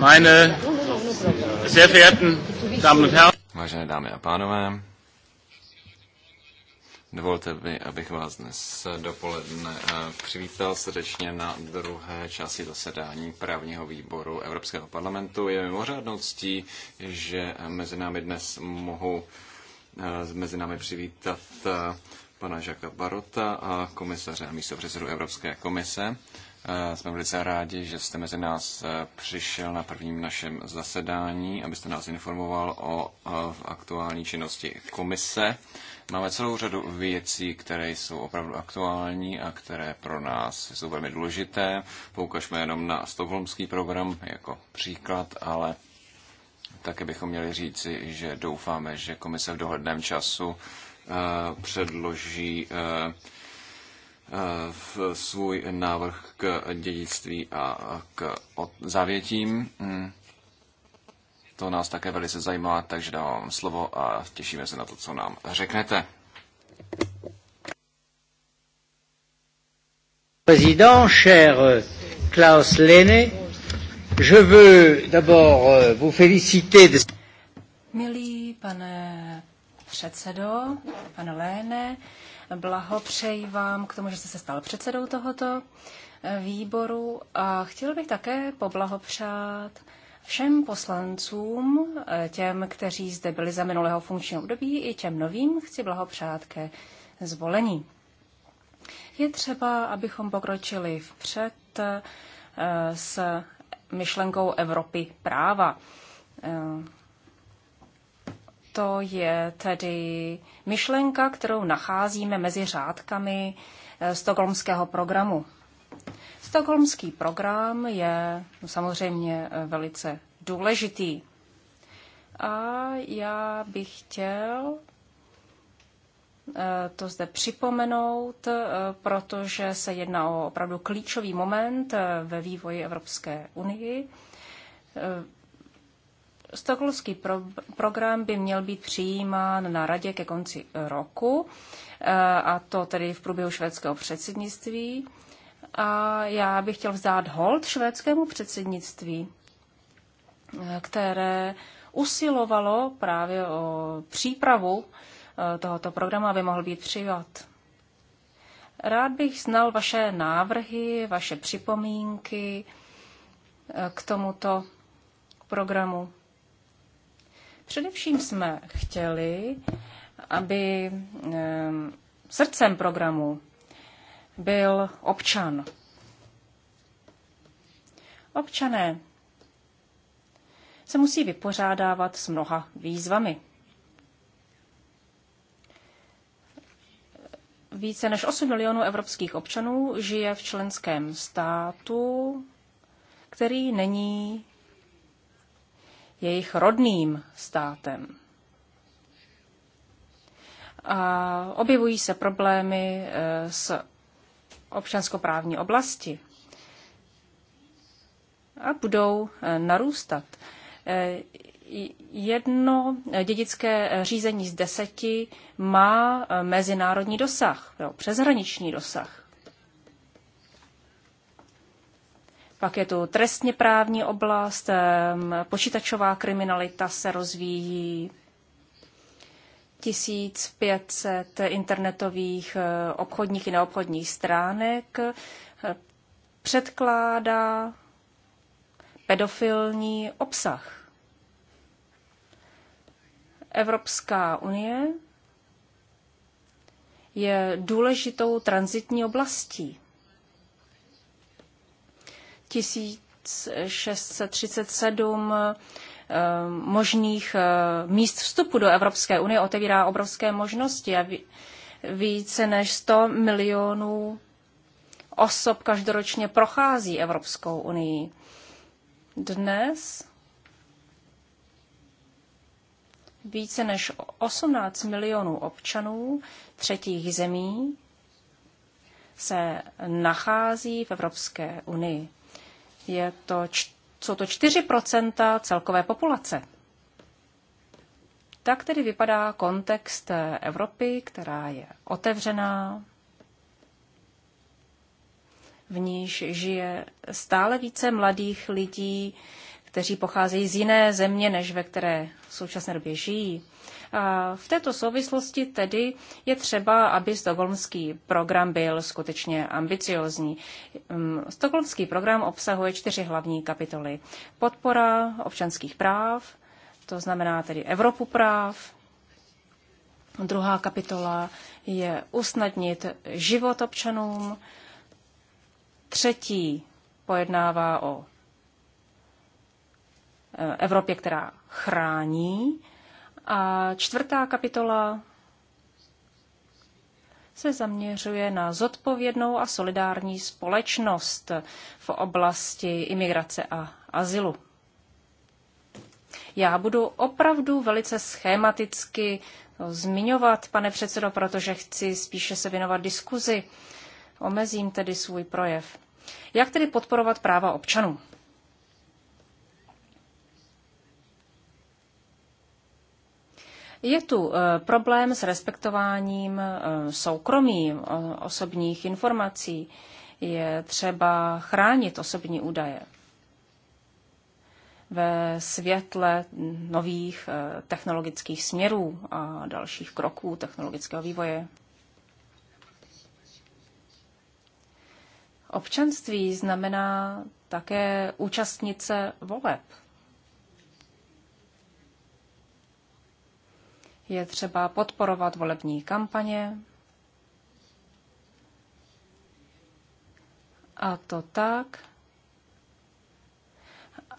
Meine sehr verehrten Damen und Herren. Vážené dámy a pánové, dovolte mi, abych vás dnes dopoledne eh, přivítal srdečně na druhé části zasedání právního výboru Evropského parlamentu. Je mimořádnou ctí, že mezi námi dnes mohu eh, mezi námi přivítat eh, pana Žaka Barota a komisaře a místopředsedu Evropské komise. Jsme velice rádi, že jste mezi nás e, přišel na prvním našem zasedání, abyste nás informoval o e, aktuální činnosti komise. Máme celou řadu věcí, které jsou opravdu aktuální a které pro nás jsou velmi důležité. Poukažme jenom na stokholmský program jako příklad, ale také bychom měli říci, že doufáme, že komise v dohledném času e, předloží v svůj návrh k dědictví a k závětím. Mm. To nás také velice zajímá, takže dávám slovo a těšíme se na to, co nám řeknete. Président, cher euh, Klaus Lene, je veux d'abord euh, vous féliciter de... Milý pane předsedo, pane Lenné. Blahopřeji vám k tomu, že jste se stal předsedou tohoto eh, výboru a chtěl bych také poblahopřát všem poslancům, eh, těm, kteří zde byli za minulého funkčního období i těm novým, chci blahopřát ke zvolení. Je třeba, abychom pokročili vpřed eh, s myšlenkou Evropy práva. To je tedy myšlenka, kterou nacházíme mezi řádkami eh, stokholmského programu. Stokholmský program je no, samozřejmě eh, velice důležitý. A já bych chtěl eh, to zde připomenout, protože se jedná o opravdu klíčový moment ve vývoji Evropské unii. Stokholmský pro- program by měl být přijímán na radě ke konci roku, eh, a to tedy v průběhu švédského předsednictví. A já bych chtěl vzdát hold švédskému předsednictví, eh, které usilovalo právě o přípravu eh, tohoto programu, aby mohl být přijat. Rád bych znal vaše návrhy, vaše připomínky k tomuto programu. Především jsme chtěli, aby srdcem programu byl občan. Občané se musí vypořádávat s mnoha výzvami. Více než 8 milionů evropských občanů žije v členském státu, který není jejich rodným státem. A objevují se problémy e, s občanskoprávní oblasti a budou e, narůstat. E, jedno dědické řízení z deseti má mezinárodní dosah, přeshraniční dosah. Pak je tu trestně právní oblast, počítačová kriminalita se rozvíjí, 1500 internetových eh, obchodních i neobchodních stránek eh, předkládá pedofilní obsah. Evropská unie je důležitou transitní oblastí 1637 eh, možných eh, míst vstupu do Evropské unie otevírá obrovské možnosti a více než 100 milionů osob každoročně prochází Evropskou unii. Dnes více než 18 milionů občanů třetích zemí se nachází v Evropské unii. Je to, jsou to 4 celkové populace. Tak tedy vypadá kontext Evropy, která je otevřená, v níž žije stále více mladých lidí, kteří pocházejí z jiné země, než ve které v současné době žijí. A v této souvislosti tedy je třeba, aby stokholmský program byl skutečně ambiciozní. Hm, stokholmský program obsahuje čtyři hlavní kapitoly. Podpora občanských práv, to znamená tedy Evropu práv. Druhá kapitola je usnadnit život občanům. Třetí pojednává o Eh, Evropě, která chrání. A čtvrtá kapitola se zaměřuje na zodpovědnou a solidární společnost v oblasti imigrace a azylu. Já budu opravdu velice schematicky zmiňovat, pane předsedo, protože chci spíše se věnovat diskuzi. Omezím tedy svůj projev. Jak tedy podporovat práva občanů? Je tu eh, problém s respektováním eh, soukromí eh, osobních informací. Je třeba chránit osobní údaje ve světle nových technologických směrů a dalších kroků technologického vývoje. Občanství znamená také účastnice voleb. Je třeba podporovat volební kampaně, a to tak,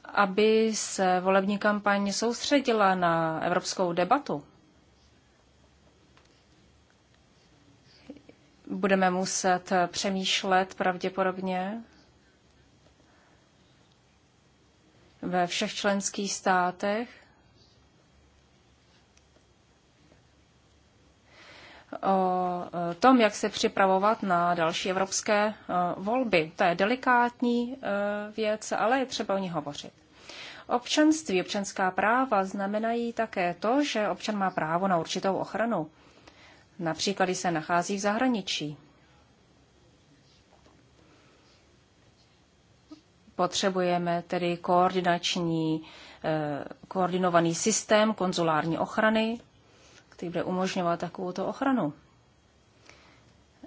aby se volební kampaň soustředila na evropskou debatu. Budeme muset přemýšlet pravděpodobně ve všech členských státech o e, tom, jak se připravovat na další evropské e, volby. To je delikátní e, věc, ale je třeba o ní hovořit. Občanství, občanská práva znamenají také to, že občan má právo na určitou ochranu. Například, když se nachází v zahraničí. Potřebujeme tedy koordinační, koordinovaný systém konzulární ochrany, který bude umožňovat takovouto ochranu.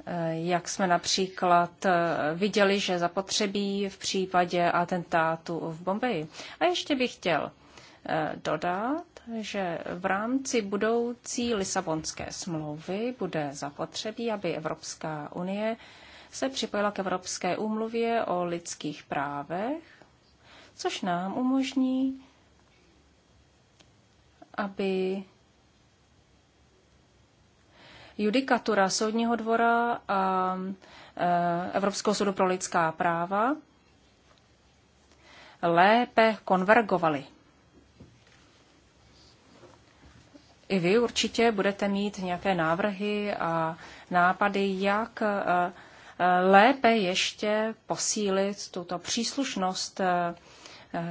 Eh, jak jsme například eh, viděli, že zapotřebí v případě atentátu v Bombeji. A ještě bych chtěl eh, dodat, že v rámci budoucí Lisabonské smlouvy bude zapotřebí, aby Evropská unie se připojila k Evropské úmluvě o lidských právech, což nám umožní, aby judikatura Soudního dvora a e, Evropského soudu pro lidská práva lépe konvergovaly. I vy určitě budete mít nějaké návrhy a nápady, jak e, e, lépe ještě posílit tuto příslušnost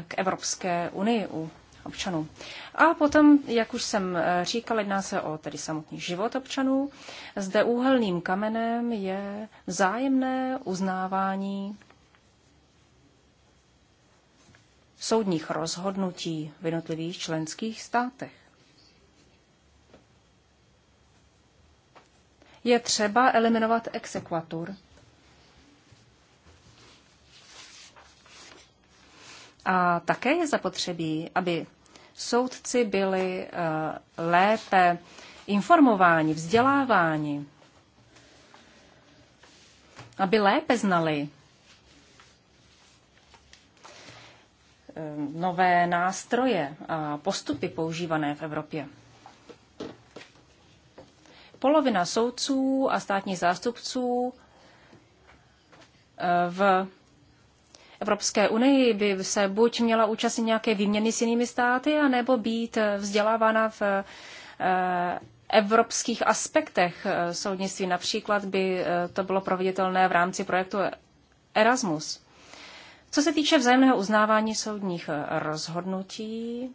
k Evropské unii u občanů. A potom, jak už jsem eh, říkal, jedná se o tedy samotný život občanů. Zde úhelným kamenem je vzájemné uznávání soudních rozhodnutí v jednotlivých členských státech. Je třeba eliminovat exekvatur A také je zapotřebí, aby soudci byli eh, lépe informováni, vzděláváni, aby lépe znali eh, nové nástroje a postupy používané v Evropě. Polovina soudců a státních zástupců eh, v Evropské unii by se buď měla účastnit nějaké výměny s jinými státy, anebo být eh, vzdělávána v eh, evropských aspektech eh, soudnictví. Například by to bylo proveditelné v rámci projektu Erasmus. Co se týče vzájemného uznávání soudních rozhodnutí,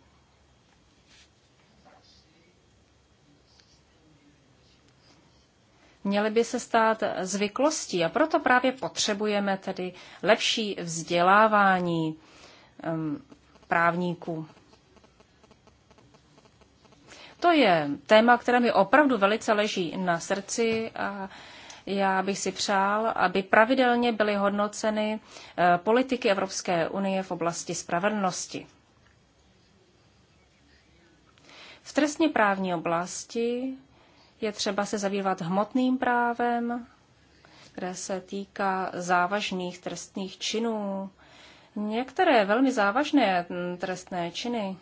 měly by se stát zvyklostí a proto právě potřebujeme tedy lepší vzdělávání um, právníků. To je téma, které mi opravdu velice leží na srdci a já bych si přál, aby pravidelně byly hodnoceny eh, politiky Evropské unie v oblasti spravedlnosti. V trestně právní oblasti je třeba se zabývat hmotným právem, které se týká závažných trestných činů. Některé velmi závažné trestné činy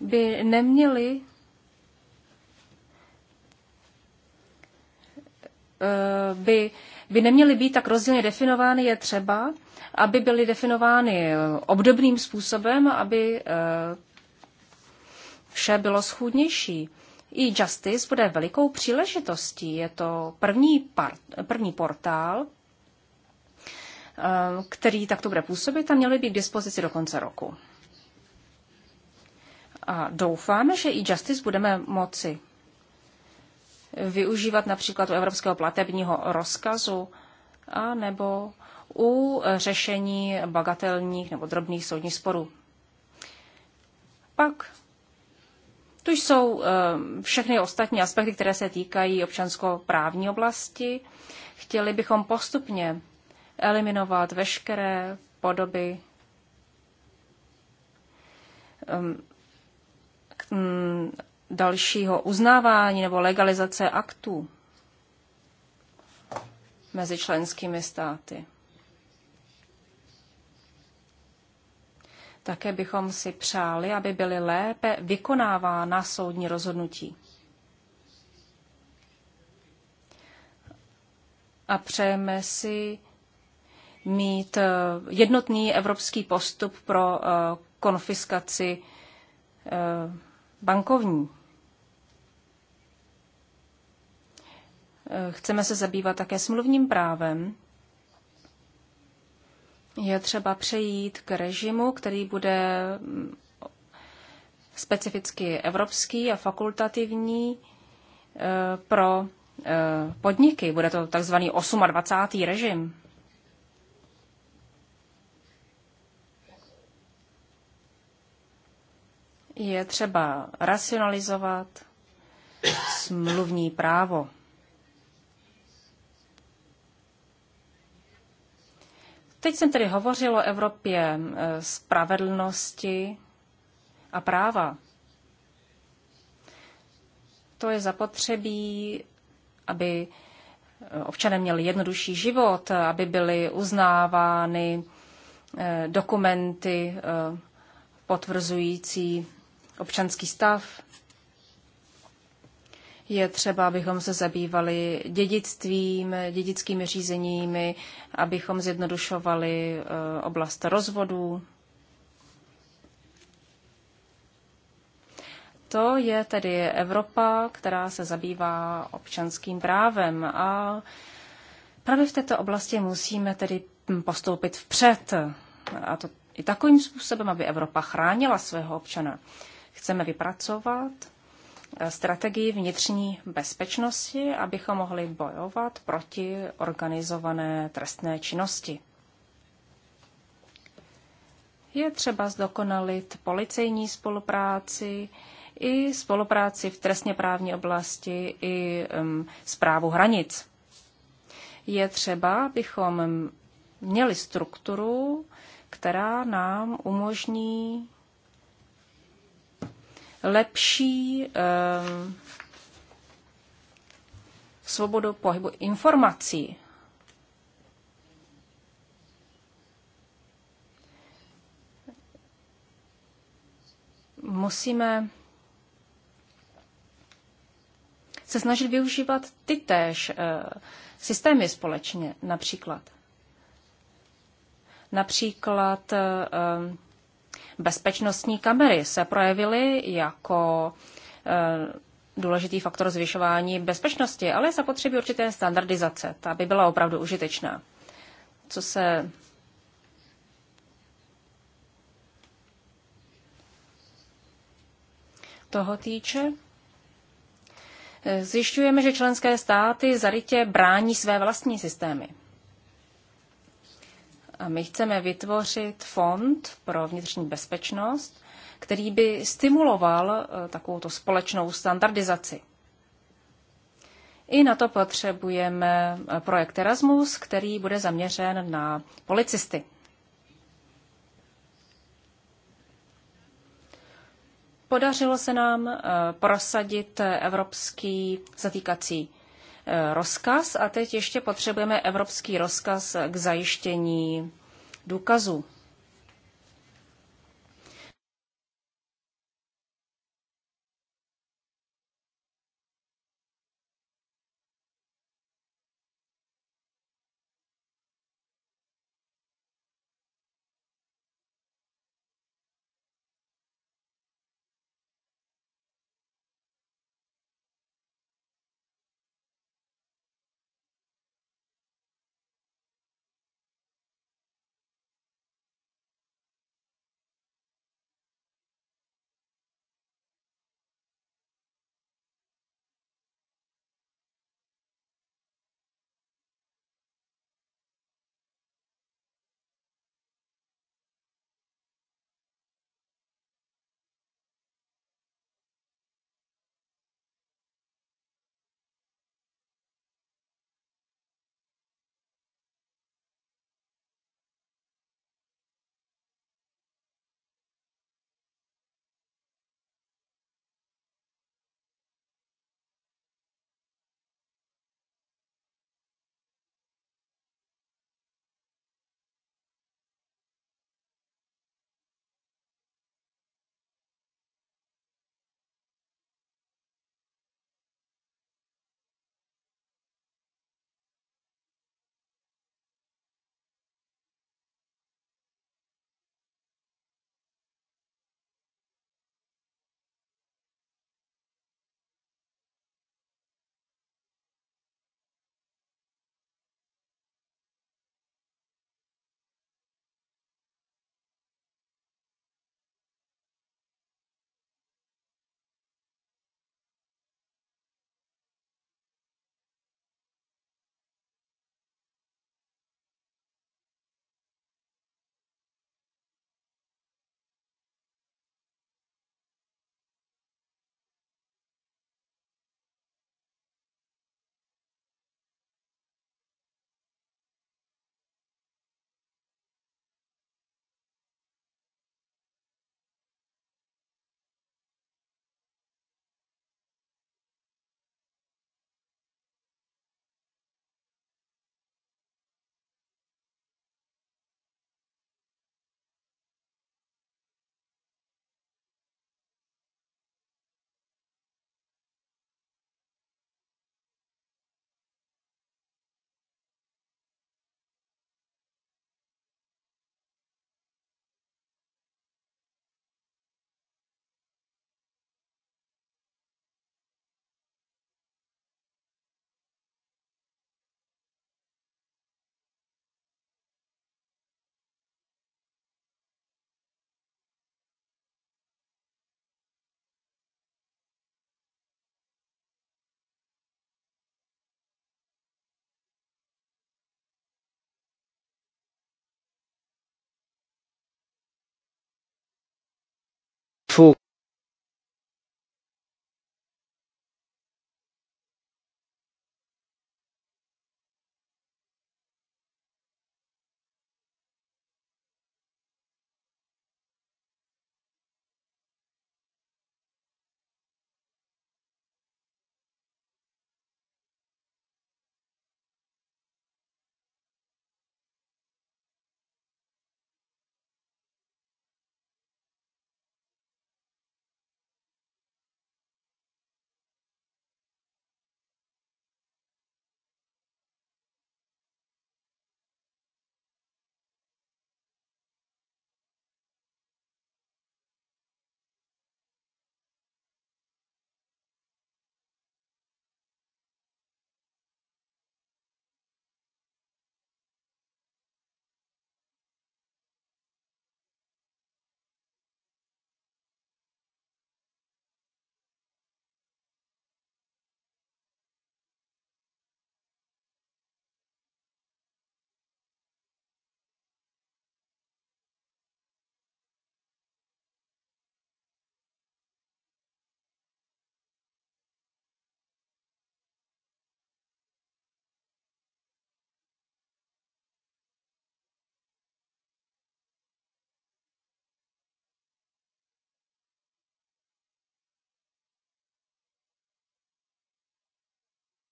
by neměly eh, by, by neměly být tak rozdílně definovány, je třeba, aby byly definovány obdobným způsobem, aby eh, vše bylo schůdnější. I Justice bude velikou příležitostí. Je to první, part, první portál, eh, který takto bude působit a měly být k dispozici do konce roku. A doufáme, že i Justice budeme moci využívat například u evropského platebního rozkazu a nebo u řešení bagatelních nebo drobných soudních sporů. Pak to jsou eh, všechny ostatní aspekty, které se týkají občanskoprávní oblasti. Chtěli bychom postupně eliminovat veškeré podoby ehm, mm, dalšího uznávání nebo legalizace aktů mezi členskými státy. Také bychom si přáli, aby byly lépe vykonávána soudní rozhodnutí. A přejeme si mít eh, jednotný evropský postup pro eh, konfiskaci eh, bankovní. Chceme se zabývat také smluvním právem je třeba přejít k režimu, který bude specificky evropský a fakultativní eh, pro eh, podniky. Bude to takzvaný 28. režim. Je třeba racionalizovat smluvní právo. Teď jsem tedy hovořil o Evropě eh, spravedlnosti a práva. To je zapotřebí, aby eh, občané měli jednodušší život, eh, aby byly uznávány dokumenty potvrzující občanský stav. Je třeba, abychom se zabývali dědictvím, dědickými řízeními, abychom zjednodušovali eh, oblast rozvodů. To je tedy Evropa, která se zabývá občanským právem a právě v této oblasti musíme tedy postoupit vpřed. A to i takovým způsobem, aby Evropa chránila svého občana. Chceme vypracovat strategii vnitřní bezpečnosti, abychom mohli bojovat proti organizované trestné činnosti. Je třeba zdokonalit policejní spolupráci, i spolupráci v trestně právní oblasti, i um, zprávu hranic. Je třeba, abychom měli strukturu, která nám umožní lepší eh, svobodu pohybu informací. Musíme se snažit využívat ty též eh, systémy společně například. Například eh, Bezpečnostní kamery se projevily jako eh, důležitý faktor zvyšování bezpečnosti, ale je zapotřebí určité standardizace. Ta by byla opravdu užitečná. Co se toho týče, eh, zjišťujeme, že členské státy zarytě brání své vlastní systémy my chceme vytvořit fond pro vnitřní bezpečnost, který by stimuloval eh, takovouto společnou standardizaci. I na to potřebujeme eh, projekt Erasmus, který bude zaměřen na policisty. Podařilo se nám eh, prosadit evropský zatýkací Eh, rozkaz a teď ještě potřebujeme evropský rozkaz k zajištění důkazů.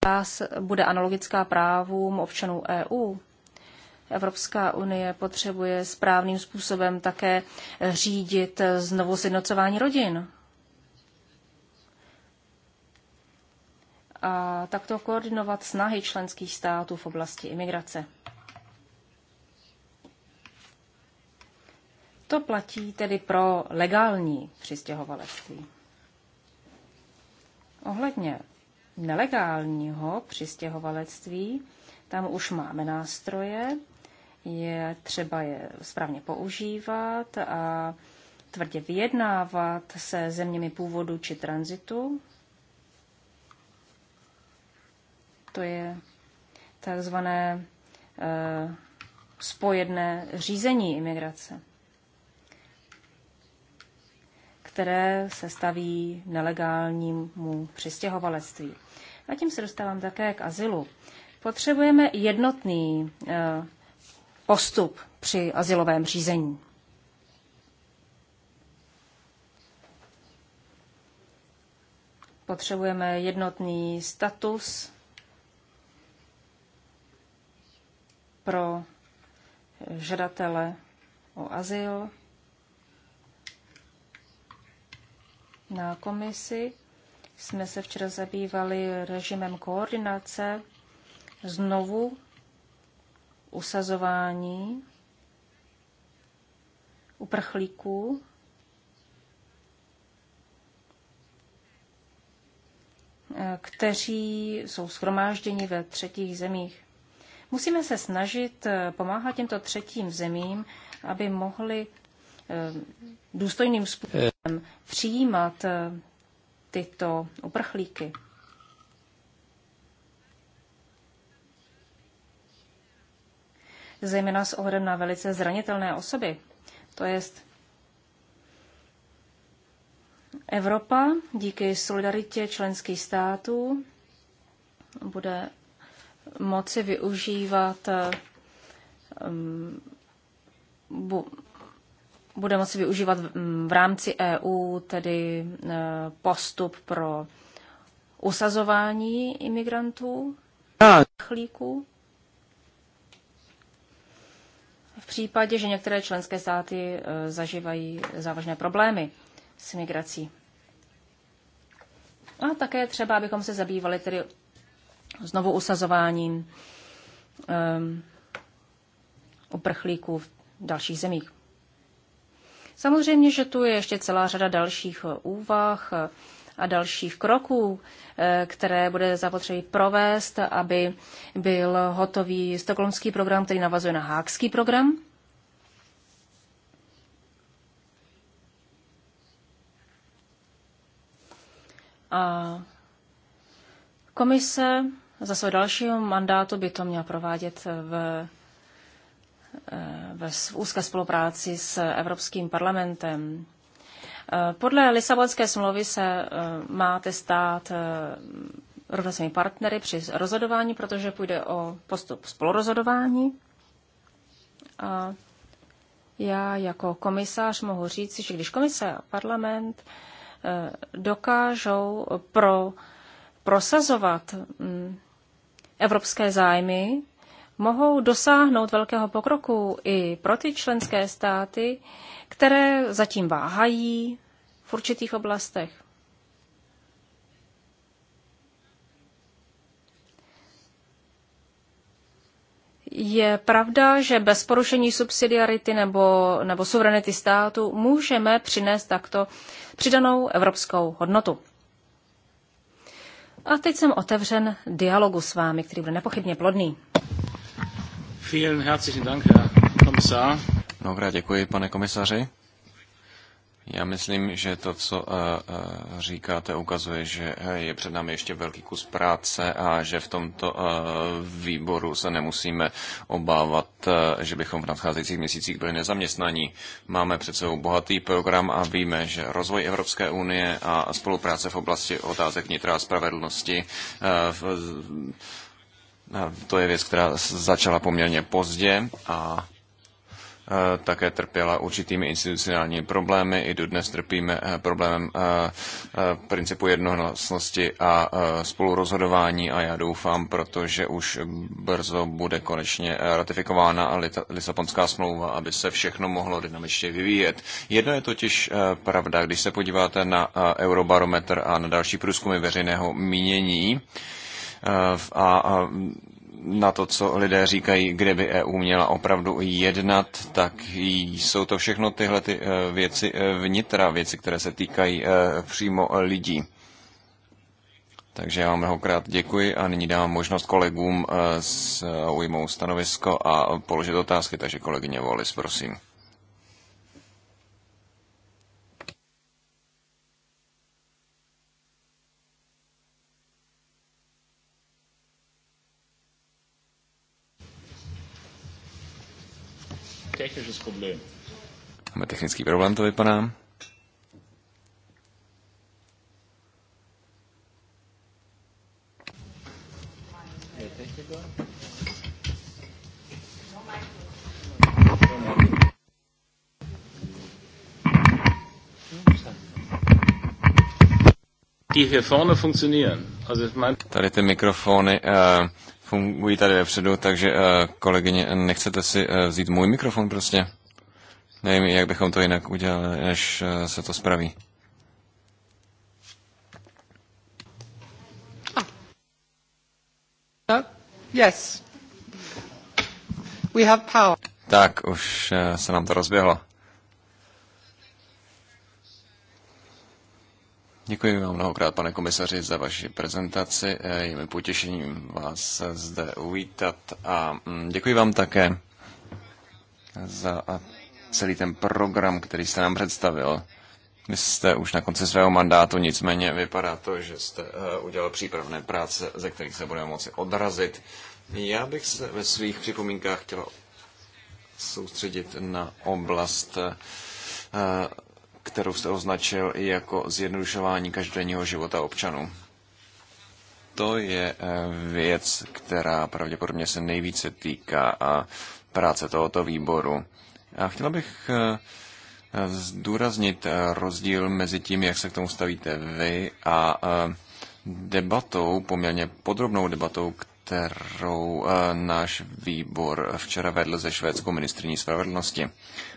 nás bude analogická právům občanů EU. Evropská unie potřebuje správným způsobem také řídit znovu sjednocování rodin. A takto koordinovat snahy členských států v oblasti imigrace. To platí tedy pro legální přistěhovalectví. Ohledně nelegálního přistěhovalectví. Tam už máme nástroje, je třeba je správně používat a tvrdě vyjednávat se zeměmi původu či tranzitu. To je takzvané eh, spojedné řízení imigrace které se staví nelegálnímu přistěhovalectví. A tím se dostávám také k azylu. Potřebujeme jednotný eh, postup při azylovém řízení. Potřebujeme jednotný status pro žadatele o azyl. Na komisi jsme se včera zabývali režimem koordinace, znovu usazování uprchlíků. Eh, kteří jsou schromážděni ve třetích zemích. Musíme se snažit eh, pomáhat těmto třetím zemím, aby mohli Eh, důstojným způsobem přijímat eh, tyto uprchlíky. Zejména s ohledem na velice zranitelné osoby. To jest Evropa díky solidaritě členských států bude moci využívat eh, mm, bude moci využívat v rámci EU tedy e, postup pro usazování imigrantů, chlíků. V případě, že některé členské státy e, zažívají závažné problémy s migrací. A také třeba, abychom se zabývali tedy znovu usazováním um, uprchlíků v dalších zemích. Samozřejmě, že tu je ještě celá řada dalších eh, úvah eh, a dalších kroků, eh, které bude zapotřebí provést, aby byl hotový stokholmský program, který navazuje na hákský program. A komise za svého dalšího mandátu by to měla provádět v v úzké spolupráci s Evropským parlamentem. Eh, podle Lisabonské smlouvy se eh, máte stát eh, rovnocenými partnery při rozhodování, protože půjde o postup spolurozhodování. A já jako komisář mohu říct, že když komise a parlament dokážou pro prosazovat mm, evropské zájmy, mohou dosáhnout velkého pokroku i pro ty členské státy, které zatím váhají v určitých oblastech. Je pravda, že bez porušení subsidiarity nebo, nebo suverenity státu můžeme přinést takto přidanou evropskou hodnotu. A teď jsem otevřen dialogu s vámi, který bude nepochybně plodný. Vielen herzlichen Dank, Herr Kommissar. Mnohokrát děkuji, pane komisaři. Já myslím, že to, co eh, eh, říkáte, ukazuje, že eh, je před námi ještě velký kus práce a že v tomto výboru se nemusíme obávat, že bychom v nadcházejících měsících byli nezaměstnaní. Máme před sebou bohatý program a víme, že rozvoj Evropské unie a spolupráce v oblasti otázek vnitra a spravedlnosti v to je věc, která začala poměrně pozdě a e, také trpěla určitými institucionálními problémy. I dodnes trpíme e, problémem e, principu jednohlasnosti a spolurozhodování a já doufám, protože už brzo bude konečně ratifikována Lisabonská smlouva, aby se všechno mohlo dynamičně vyvíjet. Jedno je totiž pravda, když se podíváte na Eurobarometr a na další průzkumy veřejného mínění, Eh, a na to, co lidé říkají, kde by EU měla opravdu jednat, tak jsou to všechno tyhle ty eh, věci eh, vnitra, věci, které se týkají přímo lidí. Takže já vám mnohokrát děkuji a nyní dám možnost kolegům s ujmou stanovisko a položit otázky, takže kolegyně Volis, prosím. technisches Problem. Máme technický problém, to vypadá. Die hier vorne funktionieren. Also ich mein... Tady ty mikrofony uh, fungují tady vepředu, takže eh, kolegyně, nechcete si eh, vzít můj mikrofon prostě? Nevím, jak bychom to jinak udělali, než eh, se to spraví. Ah. No? Yes. We have power. Tak, už se nám to rozběhlo. Děkuji vám mnohokrát, pane komisaři, za vaši prezentaci. Eh, Je mi potěšením vás zde uvítat a mm, děkuji vám také za eh, celý ten program, který jste nám představil. Vy jste už na konci svého mandátu, nicméně vypadá to, že jste eh, udělal přípravné práce, ze kterých se budeme moci odrazit. Já bych se ve svých připomínkách chtěl soustředit na oblast kterou jste označil jako zjednodušování každodenního života občanů. To je eh, věc, která pravděpodobně se nejvíce týká a práce tohoto výboru. A chtěl bych eh, zdůraznit eh, rozdíl mezi tím, jak se k tomu stavíte vy a debatou, poměrně podrobnou debatou, kterou eh, náš výbor včera vedl ze švédskou ministriní spravedlnosti.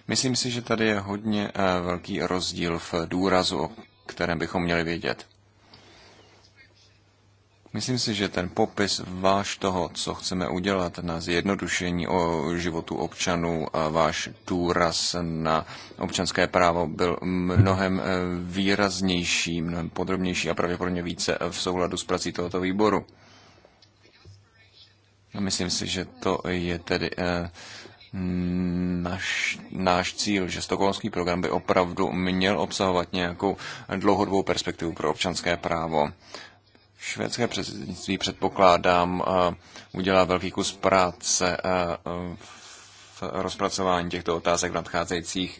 Myslím si, že tady je hodně eh, velký rozdíl v důrazu, o kterém bychom měli vědět. Myslím si, že ten popis váš toho, co chceme udělat na zjednodušení o životu občanů a váš důraz na občanské právo byl mnohem eh, výraznější, mnohem podrobnější a pravděpodobně více v souladu s prací tohoto výboru. Myslím si, že to je tedy eh, naš, náš cíl, že stokholmský program by opravdu měl obsahovat nějakou dlouhodobou perspektivu pro občanské právo. Švédské předsednictví předpokládám eh, udělá velký kus práce eh, v rozpracování těchto otázek v nadcházejících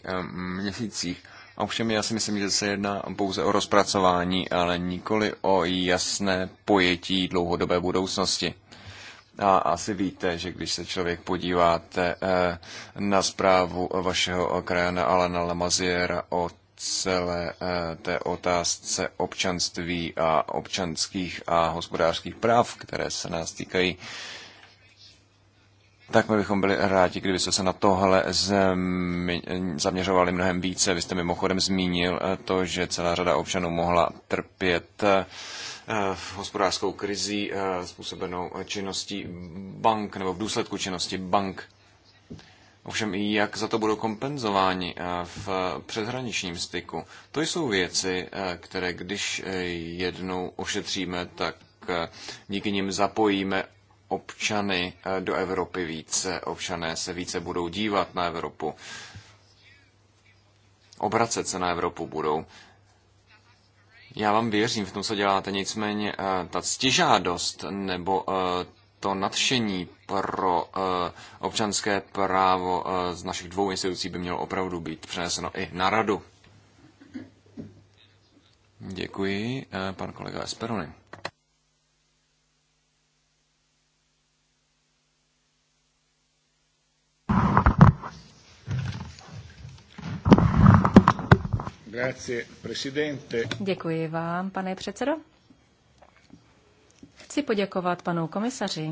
měsících. A Ovšem já si myslím, že se jedná pouze o rozpracování, ale nikoli o jasné pojetí dlouhodobé budoucnosti. A asi víte, že když se člověk podíváte eh, na zprávu vašeho krajana Alana Lamaziera o celé eh, té otázce občanství a občanských a hospodářských práv, které se nás týkají, tak my bychom byli rádi, kdybyste se na tohle zaměřovali mnohem více. Vy jste mimochodem zmínil eh, to, že celá řada občanů mohla trpět Eh, hospodářskou krizí eh, způsobenou činností bank nebo v důsledku činnosti bank. Ovšem, jak za to budou kompenzováni eh, v přeshraničním styku? To jsou věci, které když jednou ošetříme, tak díky nim zapojíme občany do Evropy více. Občané se více budou dívat na Evropu. Obracet se na Evropu budou. Já vám věřím v tom, co děláte, nicméně eh, ta stěžádost nebo eh, to nadšení pro eh, občanské právo z našich dvou institucí by mělo opravdu být přeneseno i na radu. Děkuji, pan kolega Esperony. Děkuji vám, pane předsedo. Chci poděkovat panu komisaři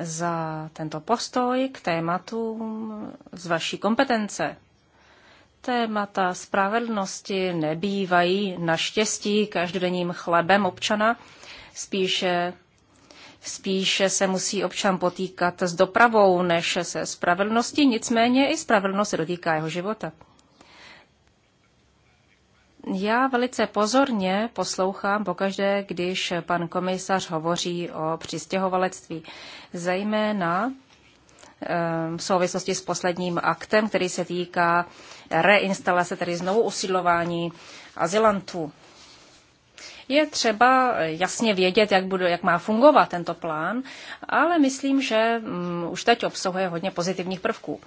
za tento postoj k tématům z vaší kompetence. Témata spravedlnosti nebývají naštěstí každodenním chlebem občana, spíše Spíše se musí občan potýkat s dopravou než se spravedlností, nicméně i spravedlnost se dotýká jeho života. Já velice pozorně poslouchám pokaždé, když pan komisař hovoří o přistěhovalectví, zejména ehm, v souvislosti s posledním aktem, který se týká reinstalace, tedy znovu usidlování azylantů. Je třeba jasně vědět, jak, bude, jak má fungovat tento plán, ale myslím, že mm, už teď obsahuje hodně pozitivních prvků.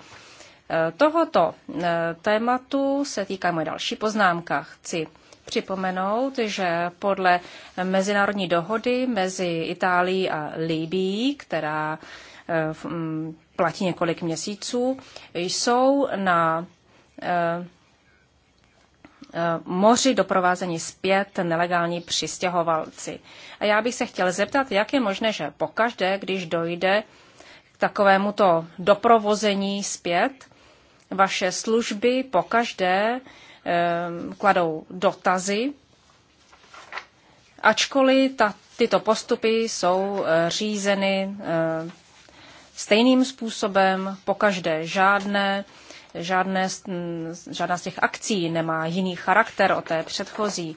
Eh, tohoto eh, tématu se týká moje další poznámka. Chci připomenout, že podle mezinárodní dohody mezi Itálií a Libií, která eh, mm, platí několik měsíců, jsou na Eh, moři doprovázeni zpět nelegální přistěhovalci. A já bych se chtěl zeptat, jak je možné, že pokaždé, když dojde k takovémuto doprovození zpět, vaše služby pokaždé eh, kladou dotazy, ačkoliv ta, tyto postupy jsou eh, řízeny stejným způsobem, pokaždé žádné žádné, žádná z těch akcí nemá jiný charakter od té předchozí.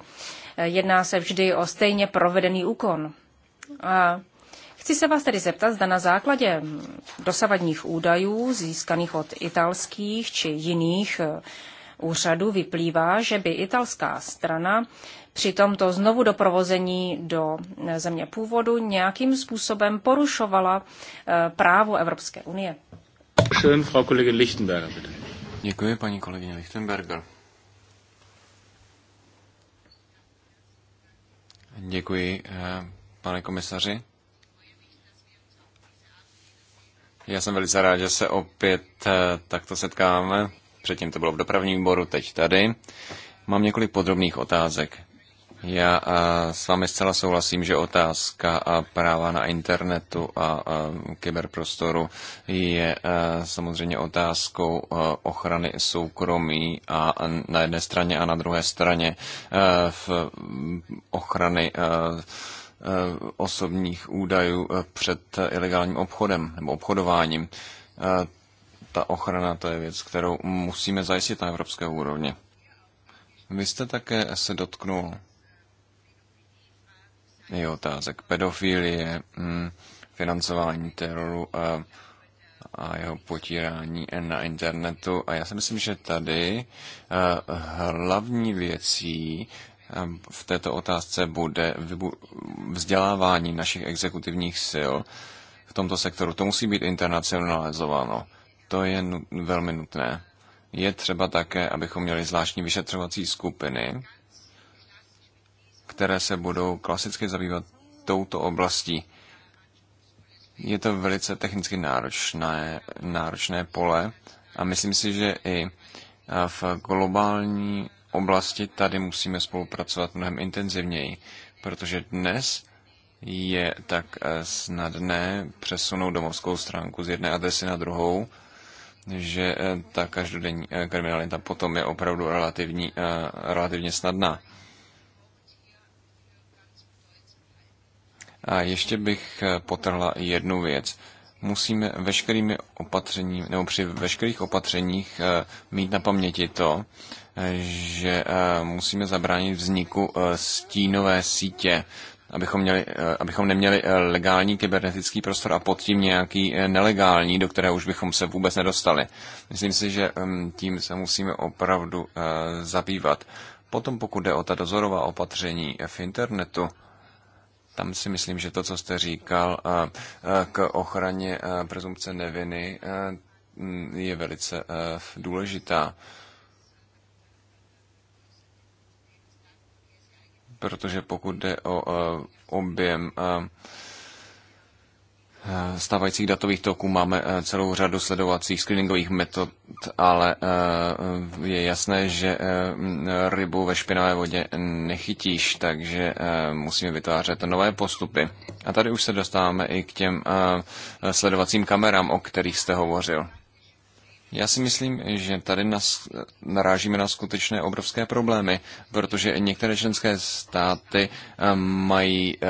Eh, jedná se vždy o stejně provedený úkon. A chci se vás tedy zeptat, zda na základě hm, dosavadních údajů získaných od italských či jiných eh, úřadů vyplývá, že by italská strana při tomto znovu doprovození do eh, země původu nějakým způsobem porušovala právo Evropské unie. Schön, Frau Kollegin Lichtenberger, bitte. Děkuji, paní kolegyně Lichtenberger. Děkuji, eh, pane komisaři. Já jsem velice rád, že se opět eh, takto setkáme. Předtím to bylo v dopravním boru, teď tady. Mám několik podrobných otázek. Já s vámi zcela souhlasím, že otázka a práva na internetu a kyberprostoru je samozřejmě otázkou ochrany soukromí a na jedné straně a na druhé straně v ochrany osobních údajů před ilegálním obchodem nebo obchodováním. Ta ochrana to je věc, kterou musíme zajistit na evropské úrovni. Vy jste také se dotknul je otázek pedofilie, mm, financování teroru a, a jeho potírání na internetu. A já si myslím, že tady hlavní věcí v této otázce bude vzdělávání našich exekutivních sil v tomto sektoru. To musí být internacionalizováno. To je velmi nutné. Je třeba také, abychom měli zvláštní vyšetřovací skupiny, které se budou klasicky zabývat touto oblastí. Je to velice technicky náročné, náročné pole a myslím si, že i eh, v globální oblasti tady musíme spolupracovat mnohem intenzivněji, protože dnes je tak eh, snadné přesunout domovskou stránku z jedné adresy na druhou, že eh, ta každodenní kriminalita potom je opravdu relativní, relativně snadná. A ještě bych eh, potrhla jednu věc. Musíme veškerými opatření, nebo při veškerých opatřeních eh, mít na paměti to, eh, že musíme zabránit vzniku stínové sítě, abychom, měli, abychom neměli legální kybernetický prostor a pod tím nějaký nelegální, do kterého už bychom se vůbec nedostali. Myslím si, že ehm, tím se musíme opravdu zabývat. Potom pokud jde o ta dozorová opatření v internetu, tam si myslím, že to, co jste říkal k ochraně prezumpce neviny, je velice důležitá. Protože pokud jde o objem Eh, stávajících datových toků máme eh, celou řadu sledovacích screeningových metod, ale eh, je jasné, že rybu ve špinavé vodě nechytíš, takže musíme vytvářet nové postupy. A tady už se dostáváme i k těm sledovacím kamerám, o kterých jste hovořil. Já si myslím, že tady nas, narážíme na skutečné obrovské problémy, protože některé členské státy eh, mají eh,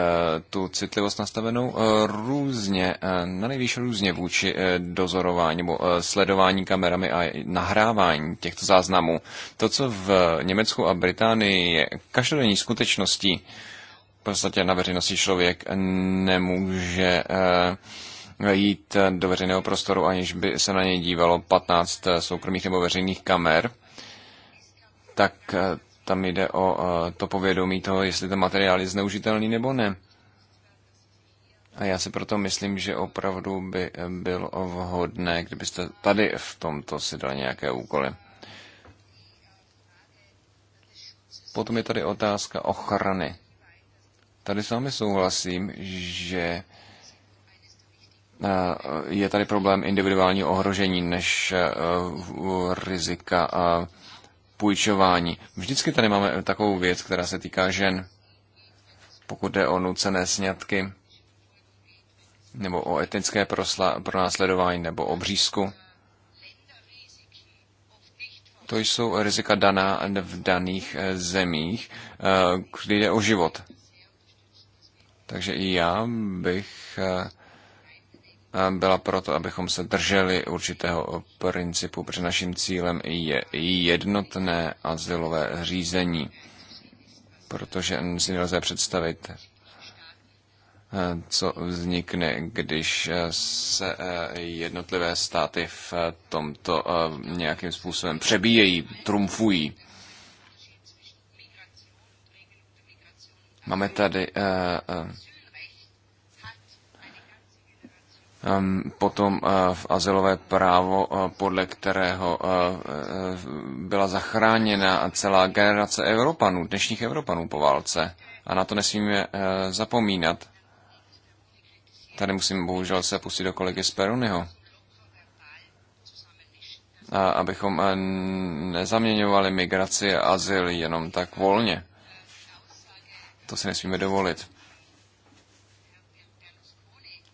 tu citlivost nastavenou eh, různě, na nejvýš různě vůči dozorování nebo sledování kamerami a nahrávání těchto záznamů. To, co v Německu a Británii je každodenní skutečností, v podstatě na veřejnosti člověk nemůže jít do veřejného prostoru, aniž by se na něj dívalo 15 eh, soukromých nebo veřejných kamer, tak eh, tam jde o eh, to povědomí toho, jestli ten materiál je zneužitelný nebo ne. A já si proto myslím, že opravdu by bylo vhodné, kdybyste tady v tomto si dali nějaké úkoly. Potom je tady otázka ochrany. Tady s vámi souhlasím, že Eh, je tady problém individuální ohrožení než eh, rizika eh, půjčování. Vždycky tady máme takovou věc, která se týká žen, pokud jde o nucené sňatky, nebo o etnické pronásledování, nebo břízku. To jsou rizika daná v daných zemích, kdy jde o život. Takže i já bych byla proto, abychom se drželi určitého principu, protože naším cílem je jednotné azylové řízení, protože si nelze představit, eh, co vznikne, když eh, se eh, jednotlivé státy v tomto nějakým způsobem přebíjejí, trumfují. Máme tady uh, uh, Ehm, potom eh, v azylové právo, eh, podle kterého eh, byla zachráněna celá generace Evropanů, dnešních Evropanů po válce. A na to nesmíme zapomínat. Tady musím bohužel se pustit do kolegy z Peruniho. Abychom nezaměňovali migraci a azyl jenom tak volně. To si nesmíme dovolit.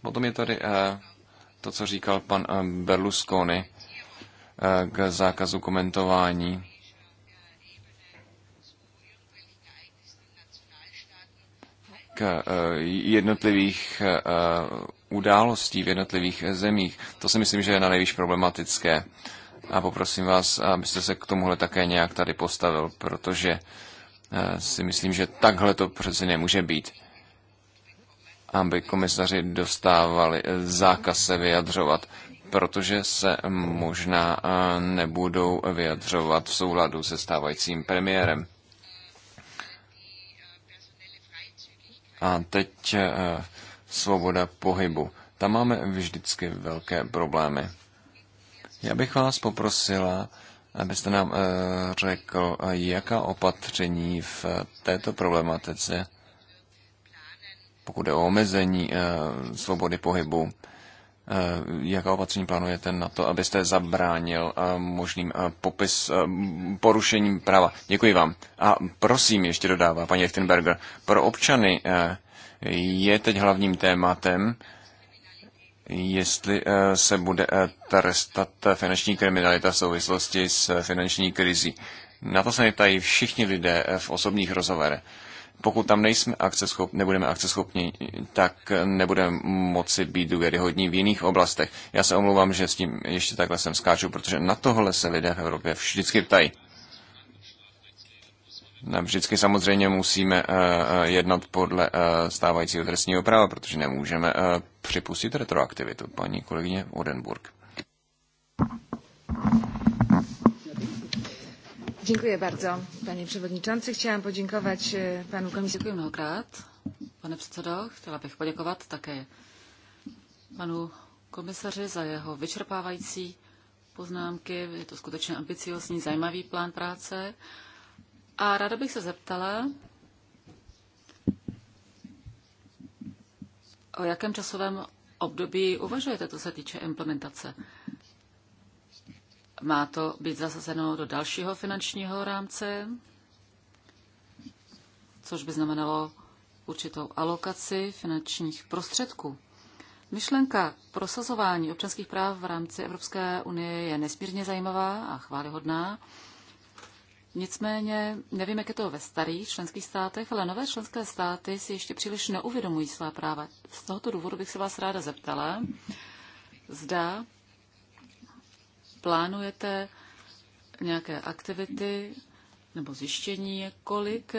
Potom je tady eh, to, co říkal pan eh, Berlusconi eh, k zákazu komentování. K jednotlivých událostí v jednotlivých zemích. To si myslím, že je na nejvíc problematické. A poprosím vás, abyste se k tomuhle také nějak tady postavil, protože si myslím, že takhle to přece nemůže být aby komisaři dostávali eh, zákaz se vyjadřovat, protože se možná eh, nebudou vyjadřovat v souladu se stávajícím premiérem. A teď eh, svoboda pohybu. Tam máme vždycky velké problémy. Já bych vás poprosila, abyste nám řekl, jaká opatření v této problematice pokud je o omezení eh, svobody pohybu, eh, jaká opatření plánujete na to, abyste zabránil eh, možným popis porušením práva. Děkuji vám. A prosím, ještě dodává paní Echtenberger, pro občany je teď hlavním tématem, jestli se bude trestat finanční kriminalita v souvislosti s finanční krizí. Na to se mi ptají všichni lidé v osobních rozhovorech pokud tam nejsme akceschop, nebudeme akceschopní, tak nebudeme moci být důvěryhodní v jiných oblastech. Já se omlouvám, že s tím ještě takhle sem skáču, protože na tohle se lidé v Evropě vždycky ptají. Vždycky samozřejmě musíme eh, eh, jednat podle eh, stávajícího trestního práva, protože nemůžeme připustit retroaktivitu. Paní kolegyně Odenburg. Děkuji bardzo, paní předsedající. Chtěla poděkovat e, panu komisaři. Děkuji mnohokrát, pane předsedo. Chtěla bych poděkovat také panu komisaři za jeho vyčerpávající poznámky. Je to skutečně ambiciozní, zajímavý plán práce. A ráda bych se zeptala, o jakém časovém období uvažujete, co se týče implementace? Má to být zasazeno do dalšího finančního rámce, což by znamenalo určitou alokaci finančních prostředků. Myšlenka prosazování občanských práv v rámci Evropské unie je nesmírně zajímavá a chválihodná. Nicméně nevím, jak je to ve starých členských státech, ale nové členské státy si ještě příliš neuvědomují svá práva. Z tohoto důvodu bych se vás ráda zeptala, zda plánujete nějaké aktivity nebo zjištění, kolik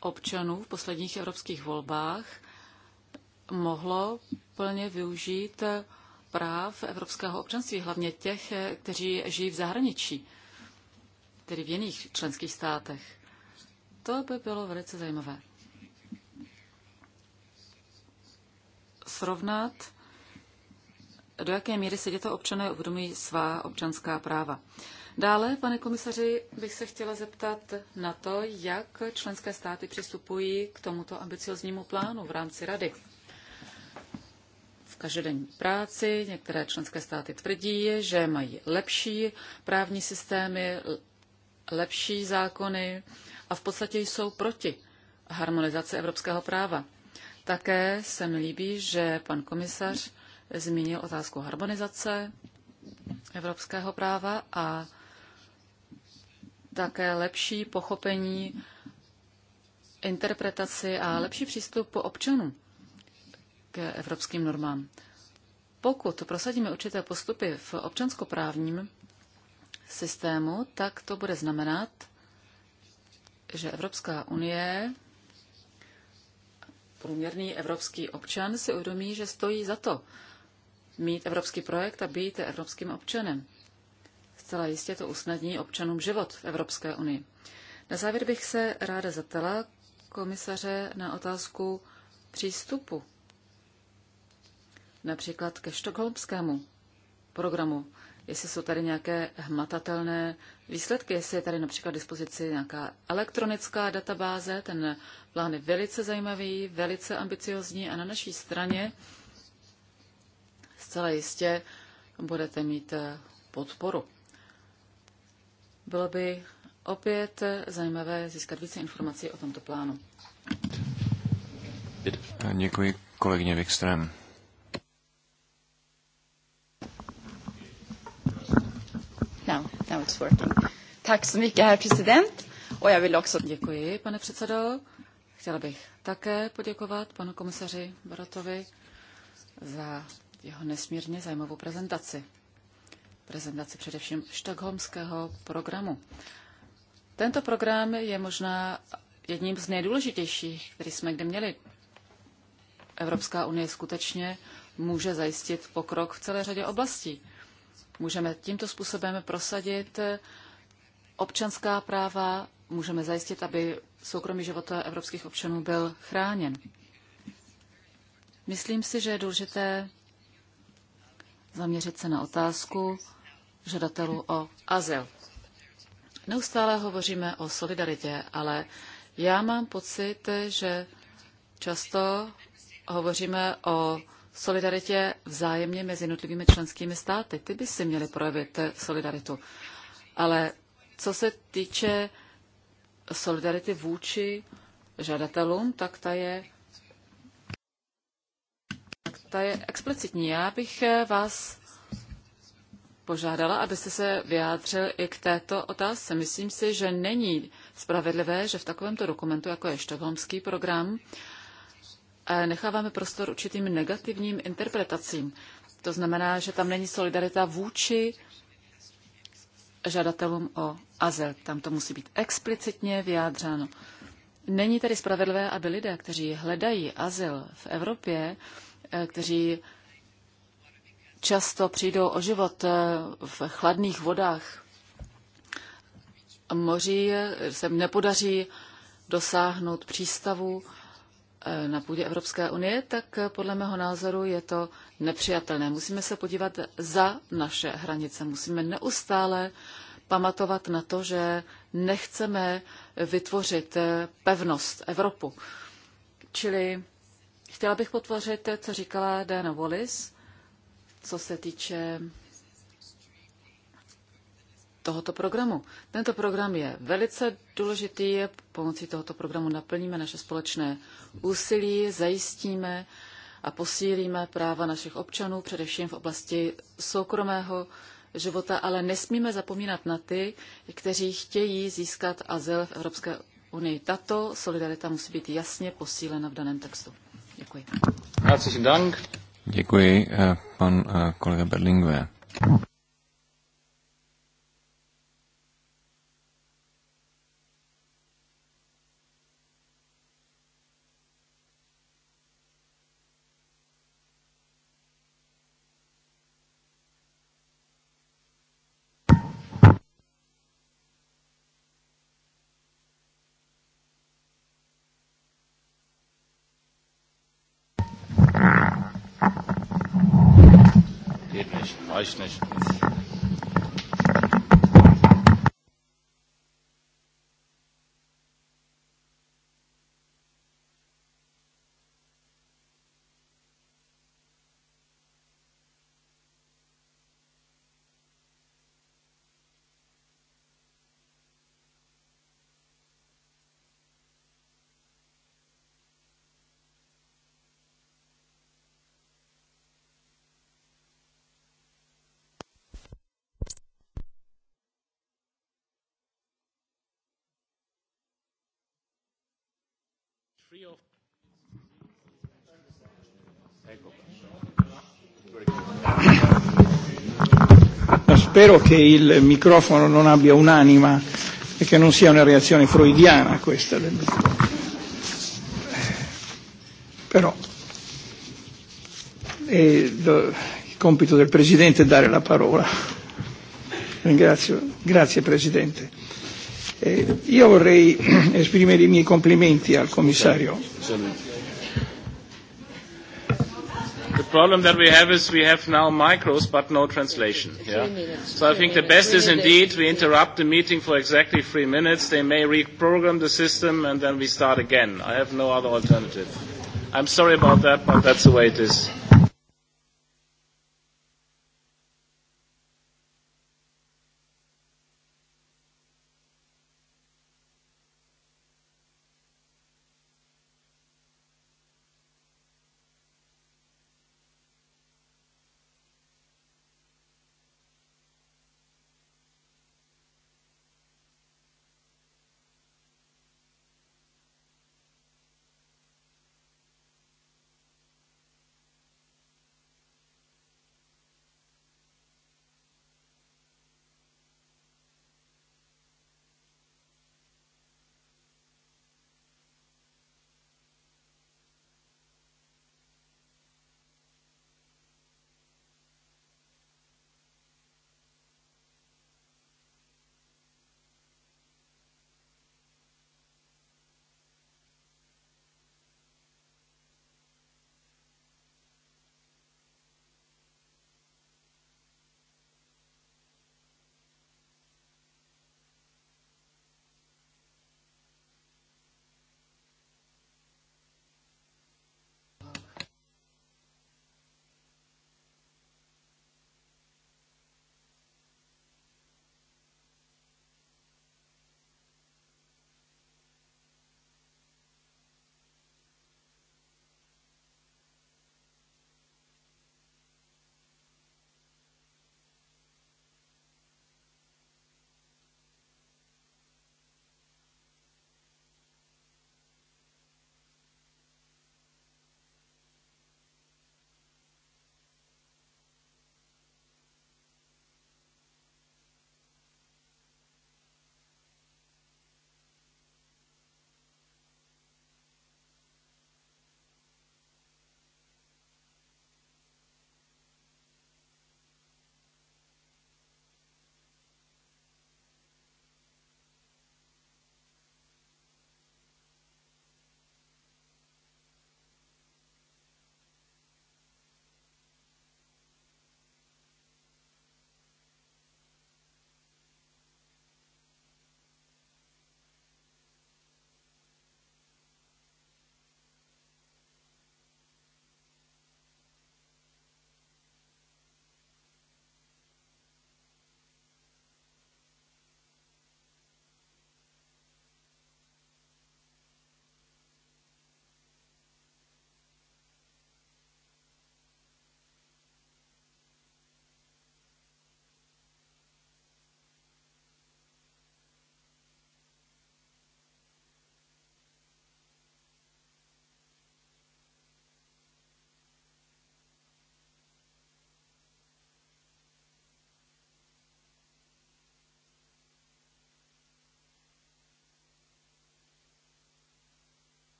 občanů v posledních evropských volbách mohlo plně využít práv evropského občanství, hlavně těch, kteří žijí v zahraničí, tedy v jiných členských státech. To by bylo velice zajímavé. Srovnat do jaké míry si tyto občané uvědomují svá občanská práva. Dále, pane komisaři, bych se chtěla zeptat na to, jak členské státy přistupují k tomuto ambicioznímu plánu v rámci Rady. V každodenní práci některé členské státy tvrdí, že mají lepší právní systémy, lepší zákony a v podstatě jsou proti harmonizaci evropského práva. Také se mi líbí, že pan komisař zmínil otázku harmonizace evropského práva a také lepší pochopení interpretaci a lepší přístup po občanů k evropským normám. Pokud prosadíme určité postupy v občanskoprávním systému, tak to bude znamenat, že Evropská unie, průměrný evropský občan si uvědomí, že stojí za to mít evropský projekt a být evropským občanem. Zcela jistě to usnadní občanům život v Evropské unii. Na závěr bych se ráda zeptala komisaře na otázku přístupu například ke štokholmskému programu. Jestli jsou tady nějaké hmatatelné výsledky, jestli je tady například dispozici nějaká elektronická databáze, ten plán je velice zajímavý, velice ambiciozní a na naší straně zcela jistě budete mít eh, podporu. Bylo by opět eh, zajímavé získat více informací o tomto plánu. Děkuji kolegyně Wikström. Now, now it's working. Tak så mycket, herr president. Och jag vill också... Děkuji, pane předsedo. Chtěla bych také poděkovat panu komisaři Baratovi za jeho nesmírně zajímavou prezentaci. Prezentaci především štokholmského programu. Tento program je možná jedním z nejdůležitějších, který jsme kdy měli. Evropská unie skutečně může zajistit pokrok v celé řadě oblastí. Můžeme tímto způsobem prosadit občanská práva, můžeme zajistit, aby soukromý život evropských občanů byl chráněn. Myslím si, že je důležité zaměřit se na otázku žadatelů o azyl. Neustále hovoříme o solidaritě, ale já mám pocit, že často hovoříme o solidaritě vzájemně mezi jednotlivými členskými státy. Ty by si měly projevit solidaritu. Ale co se týče solidarity vůči žadatelům, tak ta je ta je explicitní. Já bych eh, vás požádala, abyste se vyjádřil i k této otázce. Myslím si, že není spravedlivé, že v takovémto dokumentu, jako je štokholmský program, eh, necháváme prostor určitým negativním interpretacím. To znamená, že tam není solidarita vůči žadatelům o azyl. Tam to musí být explicitně vyjádřeno. Není tedy spravedlivé, aby lidé, kteří hledají azyl v Evropě, Eh, kteří často přijdou o život eh, v chladných vodách moří eh, se nepodaří dosáhnout přístavu na půdě Evropské unie, tak podle mého názoru je to nepřijatelné. Musíme se podívat za naše hranice. Musíme neustále pamatovat na to, že nechceme vytvořit pevnost Evropu. Čili Chtěla bych potvořit, co říkala Dana Wallis, co se týče tohoto programu. Tento program je velice důležitý. Pomocí tohoto programu naplníme naše společné úsilí, zajistíme a posílíme práva našich občanů, především v oblasti soukromého života, ale nesmíme zapomínat na ty, kteří chtějí získat azyl v Evropské unii. Tato solidarita musí být jasně posílena v daném textu. Děkuji. Herzlichen Dank. Děkuji, eh, pan eh, kolega Berlingové. než, nicht. free of... Spero che il microfono non abbia un'anima e che non sia una reazione freudiana questa del microfono. Però è il compito del Presidente dare la parola. Ringrazio. Grazie Presidente. Eh, io vorrei esprimere i miei complimenti al commissario. The problem that we have is we have now micros but no translation. Yeah? So I think the best is indeed we interrupt the meeting for exactly three minutes. They may reprogram the system and then we start again. I have no other alternative. I'm sorry about that, but that's the way it is.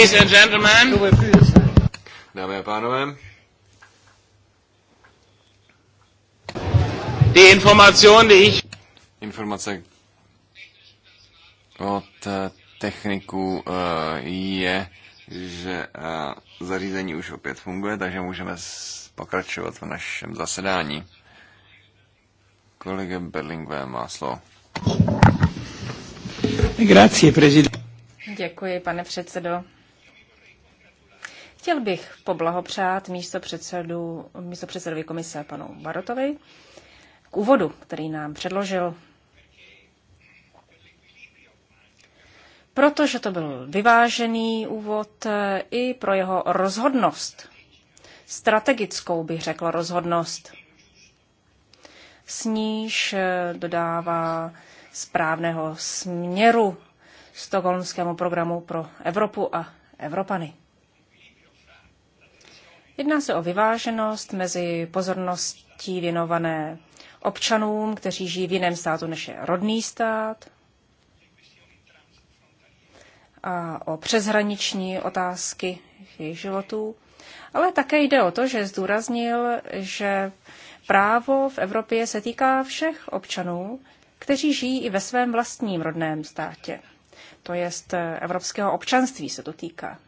Ladies and gentlemen. Dámy a pánové. Die Information, die ich... Informace od eh, techniku eh, je, že eh, zařízení už opět funguje, takže můžeme pokračovat v našem zasedání. Kolega Berlingové má slovo. Grazie, prezident. Děkuji, pane předsedo. Chtěl bych poblahopřát místo, předsedu, místo předsedovi komise panu Barotovi k úvodu, který nám předložil. Protože to byl vyvážený úvod e, i pro jeho rozhodnost. Strategickou bych řekla rozhodnost. S níž e, dodává správného směru stokholmskému programu pro Evropu a Evropany. Jedná se o vyváženost mezi pozorností věnované občanům, kteří žijí v jiném státu než je rodný stát, a o přeshraniční otázky jejich životů. Ale také jde o to, že zdůraznil, že právo v Evropě se týká všech občanů, kteří žijí i ve svém vlastním rodném státě. To jest eh, evropského občanství se to týká.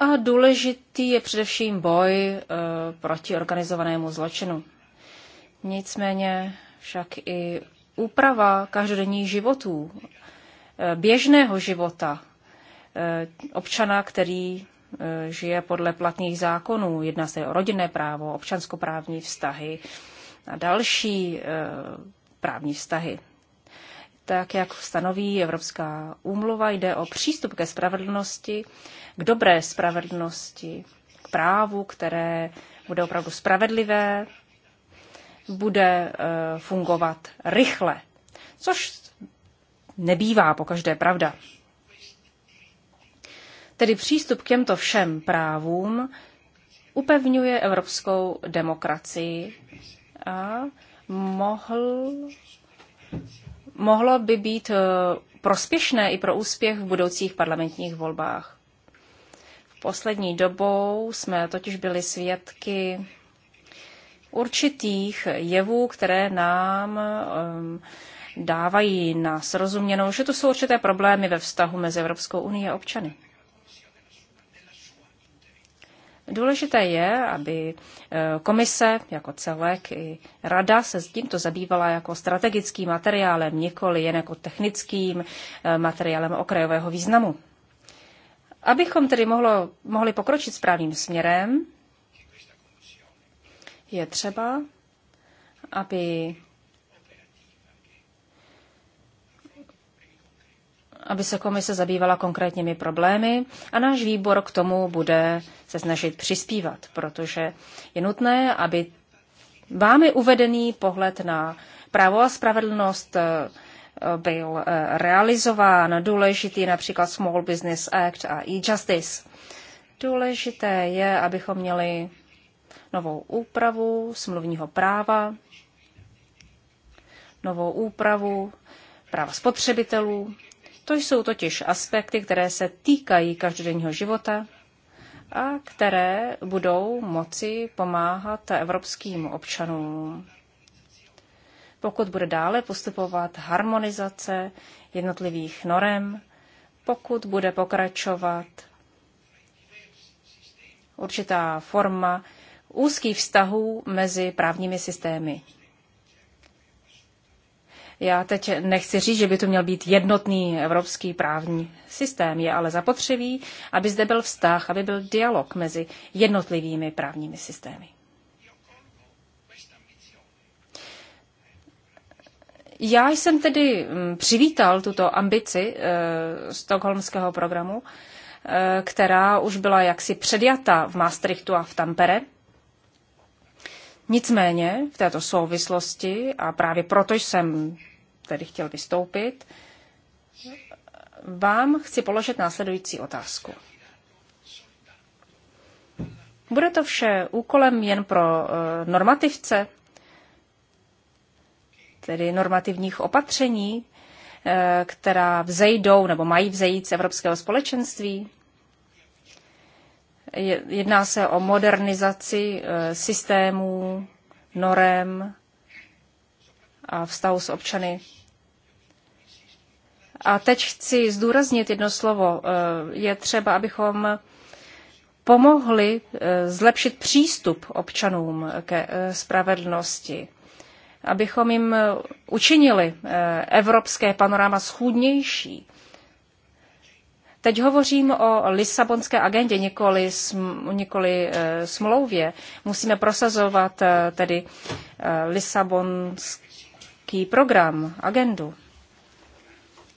A důležitý je především boj eh, proti organizovanému zločinu. Nicméně však i úprava každodenních životů, eh, běžného života eh, občana, který žije podle platných zákonů, jedná se o rodinné právo, občanskoprávní vztahy a další právní vztahy tak jak stanoví Evropská úmluva, jde o přístup ke spravedlnosti k dobré spravedlnosti, k právu, které bude opravdu spravedlivé, bude eh, fungovat rychle, což nebývá po každé pravda. Tedy přístup k těmto všem právům upevňuje evropskou demokracii a mohl, mohlo by být eh, prospěšné i pro úspěch v budoucích parlamentních volbách. Poslední dobou jsme totiž byli svědky určitých jevů, které nám um, dávají na srozuměnou, že to jsou určité problémy ve vztahu mezi Evropskou unii a občany. Důležité je, aby eh, komise jako celek i rada se s tímto zabývala jako strategickým materiálem, nikoli jen jako technickým eh, materiálem okrajového významu. Abychom tedy mohlo, mohli pokročit správným směrem, je třeba, aby, aby se komise zabývala konkrétními problémy a náš výbor k tomu bude se snažit přispívat, protože je nutné, aby vámi uvedený pohled na právo a spravedlnost byl eh, realizován. Důležitý například Small Business Act a e-justice. Důležité je, abychom měli novou úpravu smluvního práva, novou úpravu práva spotřebitelů. To jsou totiž aspekty, které se týkají každodenního života a které budou moci pomáhat evropským občanům pokud bude dále postupovat harmonizace jednotlivých norem, pokud bude pokračovat určitá forma úzkých vztahů mezi právními systémy. Já teď nechci říct, že by to měl být jednotný evropský právní systém. Je ale zapotřebí, aby zde byl vztah, aby byl dialog mezi jednotlivými právními systémy. Já jsem tedy mm, přivítal tuto ambici e, stokholmského programu, e, která už byla jaksi předjata v Maastrichtu a v Tampere. Nicméně v této souvislosti, a právě proto jsem tedy chtěl vystoupit, vám chci položit následující otázku. Bude to vše úkolem jen pro eh, normativce, tedy normativních opatření, eh, která vzejdou nebo mají vzejít z Evropského společenství. Jedná se o modernizaci eh, systémů, norem a vztahu s občany. A teď chci zdůraznit jedno slovo. Eh, je třeba, abychom pomohli zlepšit přístup občanům ke spravedlnosti abychom jim eh, učinili eh, evropské panorama schůdnější. Teď hovořím o Lisabonské agendě, nikoli, sm, nikoli e, smlouvě. Musíme prosazovat e, tedy e, Lisabonský program, agendu.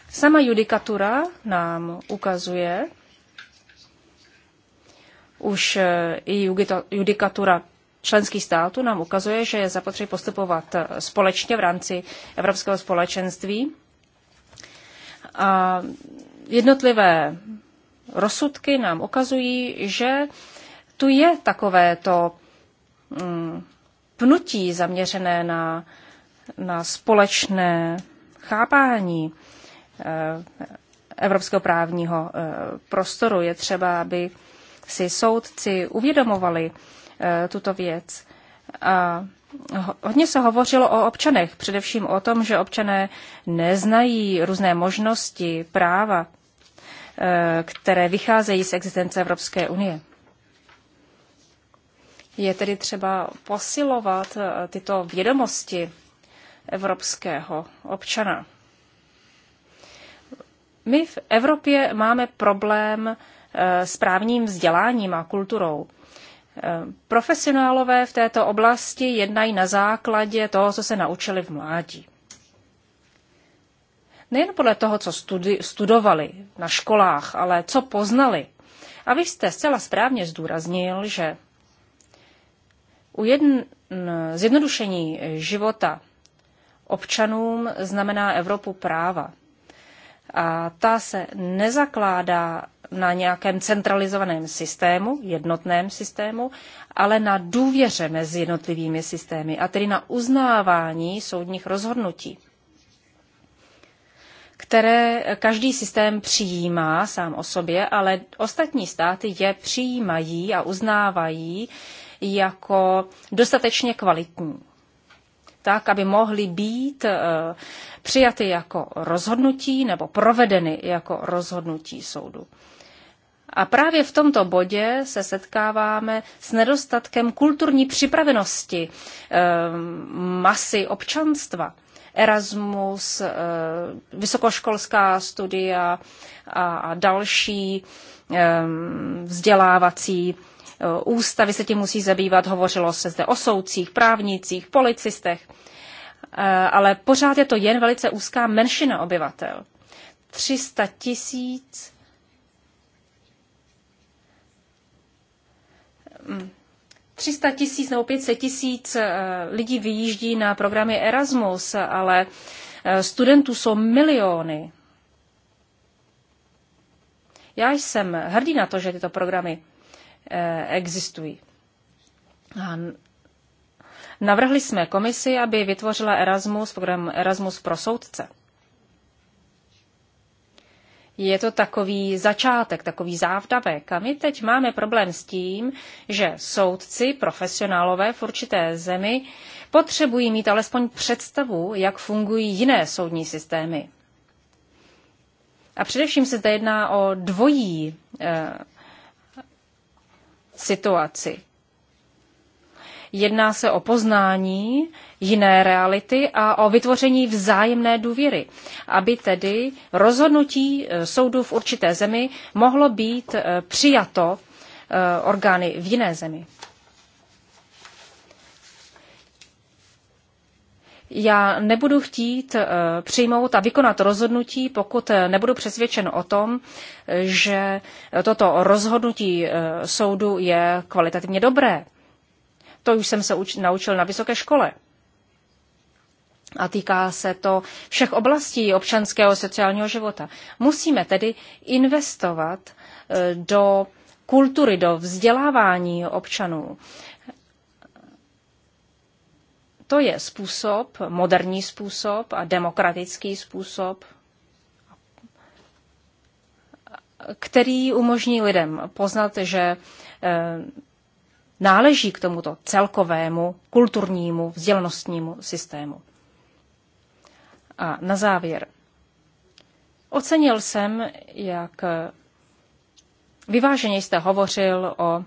Sama judikatura nám ukazuje, už i judikatura členských států nám ukazuje, že je zapotřebí postupovat eh, společně v rámci Evropského společenství. A jednotlivé rozsudky nám ukazují, že tu je takové to mm, pnutí zaměřené na, na společné chápání eh, evropského právního eh, prostoru. Je třeba, aby si soudci uvědomovali, Eh, tuto věc. A hodně se hovořilo o občanech, především o tom, že občané neznají různé možnosti, práva, eh, které vycházejí z existence Evropské unie. Je tedy třeba posilovat eh, tyto vědomosti evropského občana. My v Evropě máme problém s právním vzděláním a kulturou. Profesionálové v této oblasti jednají na základě toho, co se naučili v mládí. Nejen podle toho, co studi- studovali na školách, ale co poznali. A vy jste zcela správně zdůraznil, že u jedn- zjednodušení života občanům znamená Evropu práva a ta se nezakládá na nějakém centralizovaném systému, jednotném systému, ale na důvěře mezi jednotlivými systémy a tedy na uznávání soudních rozhodnutí, které každý systém přijímá sám o sobě, ale ostatní státy je přijímají a uznávají jako dostatečně kvalitní tak, aby mohly být eh, přijaty jako rozhodnutí nebo provedeny jako rozhodnutí soudu. A právě v tomto bodě se setkáváme s nedostatkem kulturní připravenosti eh, masy občanstva. Erasmus, eh, vysokoškolská studia a další vzdělávací Eh, ústavy se tím musí zabývat. Hovořilo se zde o soudcích, právnících, policistech, eh, ale pořád je to jen velice úzká menšina obyvatel. 300 tisíc mm. Hm, 300 tisíc nebo 500 tisíc eh, lidí vyjíždí na programy Erasmus, ale studentů jsou miliony. Já jsem hrdý na to, že tyto programy Eh, existují. navrhli jsme komisi, aby vytvořila Erasmus, program Erasmus pro soudce. Je to takový začátek, takový závdavek. A my teď máme problém s tím, že soudci, profesionálové v určité zemi potřebují mít alespoň představu, jak fungují jiné soudní systémy. A především se zde jedná o dvojí eh, situaci. Jedná se o poznání jiné reality a o vytvoření vzájemné důvěry, aby tedy rozhodnutí eh, soudu v určité zemi mohlo být eh, přijato eh, orgány v jiné zemi. já nebudu chtít eh, přijmout a vykonat rozhodnutí, pokud eh, nebudu přesvědčen o tom, že toto rozhodnutí eh, soudu je kvalitativně dobré. To už jsem se naučil na vysoké škole. A týká se to všech oblastí občanského sociálního života. Musíme tedy investovat do kultury, do vzdělávání občanů. To je způsob, moderní způsob a demokratický způsob, který umožní lidem poznat, že eh, náleží k tomuto celkovému kulturnímu vzdělnostnímu systému. A na závěr. Ocenil jsem, jak vyváženě jste hovořil o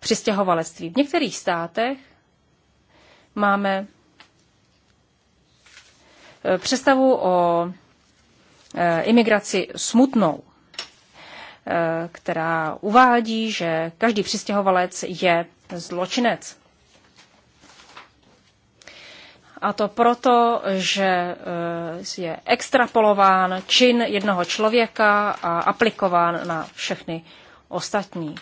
přistěhovalectví. V některých státech máme představu o e, imigraci smutnou, e, která uvádí, že každý přistěhovalec je zločinec. A to proto, že e, je extrapolován čin jednoho člověka a aplikován na všechny ostatní.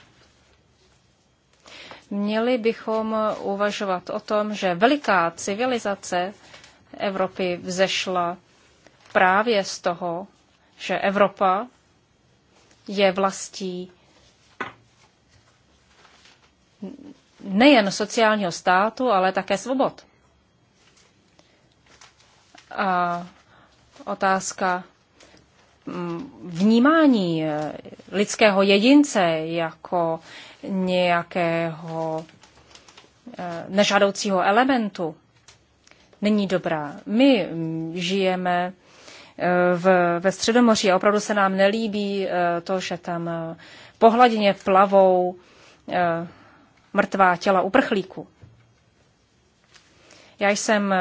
Měli bychom uvažovat o tom, že veliká civilizace Evropy vzešla právě z toho, že Evropa je vlastí nejen sociálního státu, ale také svobod. A otázka mm, vnímání eh, lidského jedince jako nějakého eh, nežadoucího elementu není dobrá. My mm, žijeme eh, v, ve Středomoří a opravdu se nám nelíbí eh, to, že tam eh, pohladině plavou mrtvá těla uprchlíku. Já jsem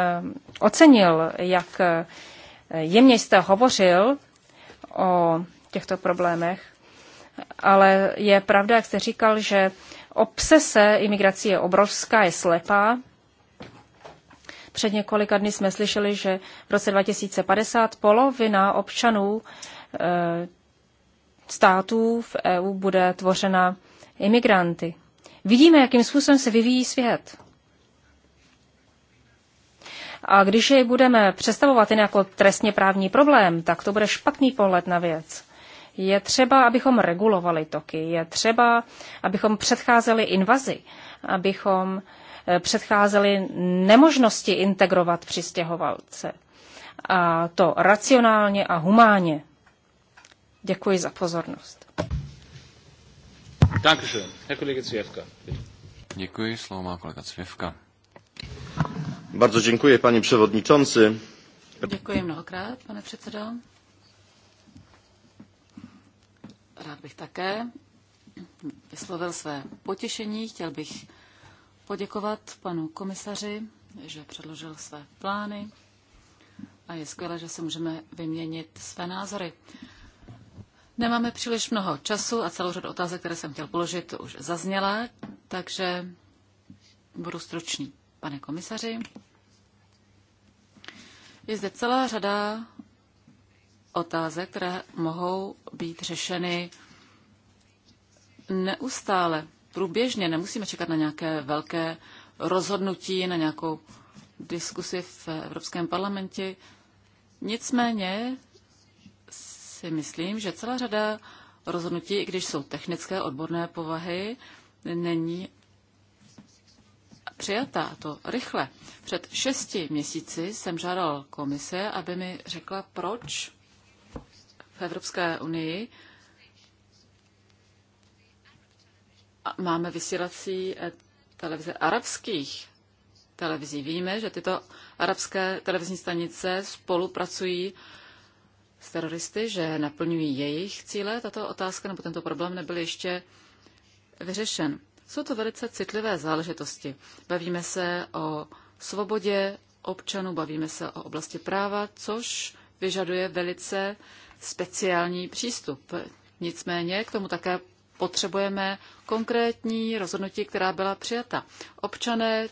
ocenil, jak jemně jste hovořil o těchto problémech, ale je pravda, jak jste říkal, že obsese imigrace je obrovská, je slepá před několika dny jsme slyšeli, že v roce 2050 polovina občanů eh, států v EU bude tvořena imigranty. Vidíme, jakým způsobem se vyvíjí svět. A když jej budeme představovat jen jako trestně právní problém, tak to bude špatný pohled na věc. Je třeba, abychom regulovali toky, je třeba, abychom předcházeli invazi, abychom Eh, předcházely nemožnosti integrovat přistěhovalce. A to racionálně a humánně. Děkuji za pozornost. Dankeschön. Herr Kollege Děkuji, slovo má kolega Cvěvka. Bardzo děkuji, paní převodničonci. Děkuji mnohokrát, pane předsedo. Rád bych také vyslovil své potěšení. Chtěl bych poděkovat panu komisaři, že předložil své plány a je skvělé, že se můžeme vyměnit své názory. Nemáme příliš mnoho času a celou řadu otázek, které jsem chtěl položit, už zazněla, takže budu stručný. Pane komisaři, je zde celá řada otázek, které mohou být řešeny neustále průběžně, nemusíme čekat na nějaké velké rozhodnutí, na nějakou diskusi v Evropském parlamentě. Nicméně si myslím, že celá řada rozhodnutí, i když jsou technické odborné povahy, není přijatá to rychle. Před šesti měsíci jsem žádal komise, aby mi řekla, proč v Evropské unii máme vysílací eh, televize arabských televizí. Víme, že tyto arabské televizní stanice spolupracují s teroristy, že naplňují jejich cíle. Tato otázka nebo tento problém nebyl ještě vyřešen. Jsou to velice citlivé záležitosti. Bavíme se o svobodě občanů, bavíme se o oblasti práva, což vyžaduje velice speciální přístup. Nicméně k tomu také potřebujeme konkrétní rozhodnutí, která byla přijata. Občané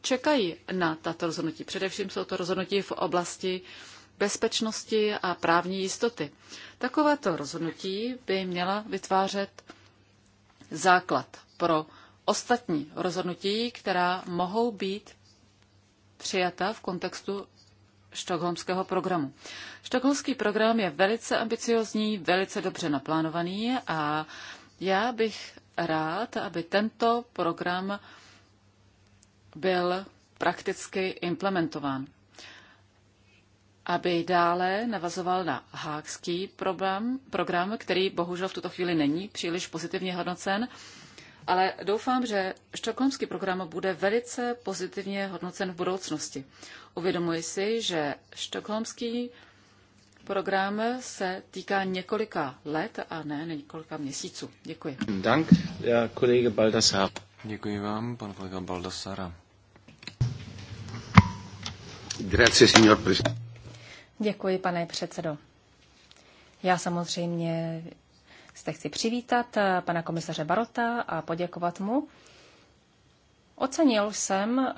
čekají na tato rozhodnutí. Především jsou to rozhodnutí v oblasti bezpečnosti a právní jistoty. Takovéto rozhodnutí by měla vytvářet základ pro ostatní rozhodnutí, která mohou být přijata v kontextu štokholmského programu. Štokholmský program je velice ambiciozní, velice dobře naplánovaný a já bych rád, aby tento program byl prakticky implementován, aby dále navazoval na hákský program, program, který bohužel v tuto chvíli není příliš pozitivně hodnocen, ale doufám, že štokholmský program bude velice pozitivně hodnocen v budoucnosti. Uvědomuji si, že štokholmský Program se týká několika let a ne několika měsíců. Děkuji. Dank, kolega Baldassar. Děkuji vám, pan kolega Baldassara. Grazie, signor Děkuji, pane předsedo. Já samozřejmě zde chci přivítat eh, pana komisaře Barota a poděkovat mu. Ocenil jsem eh,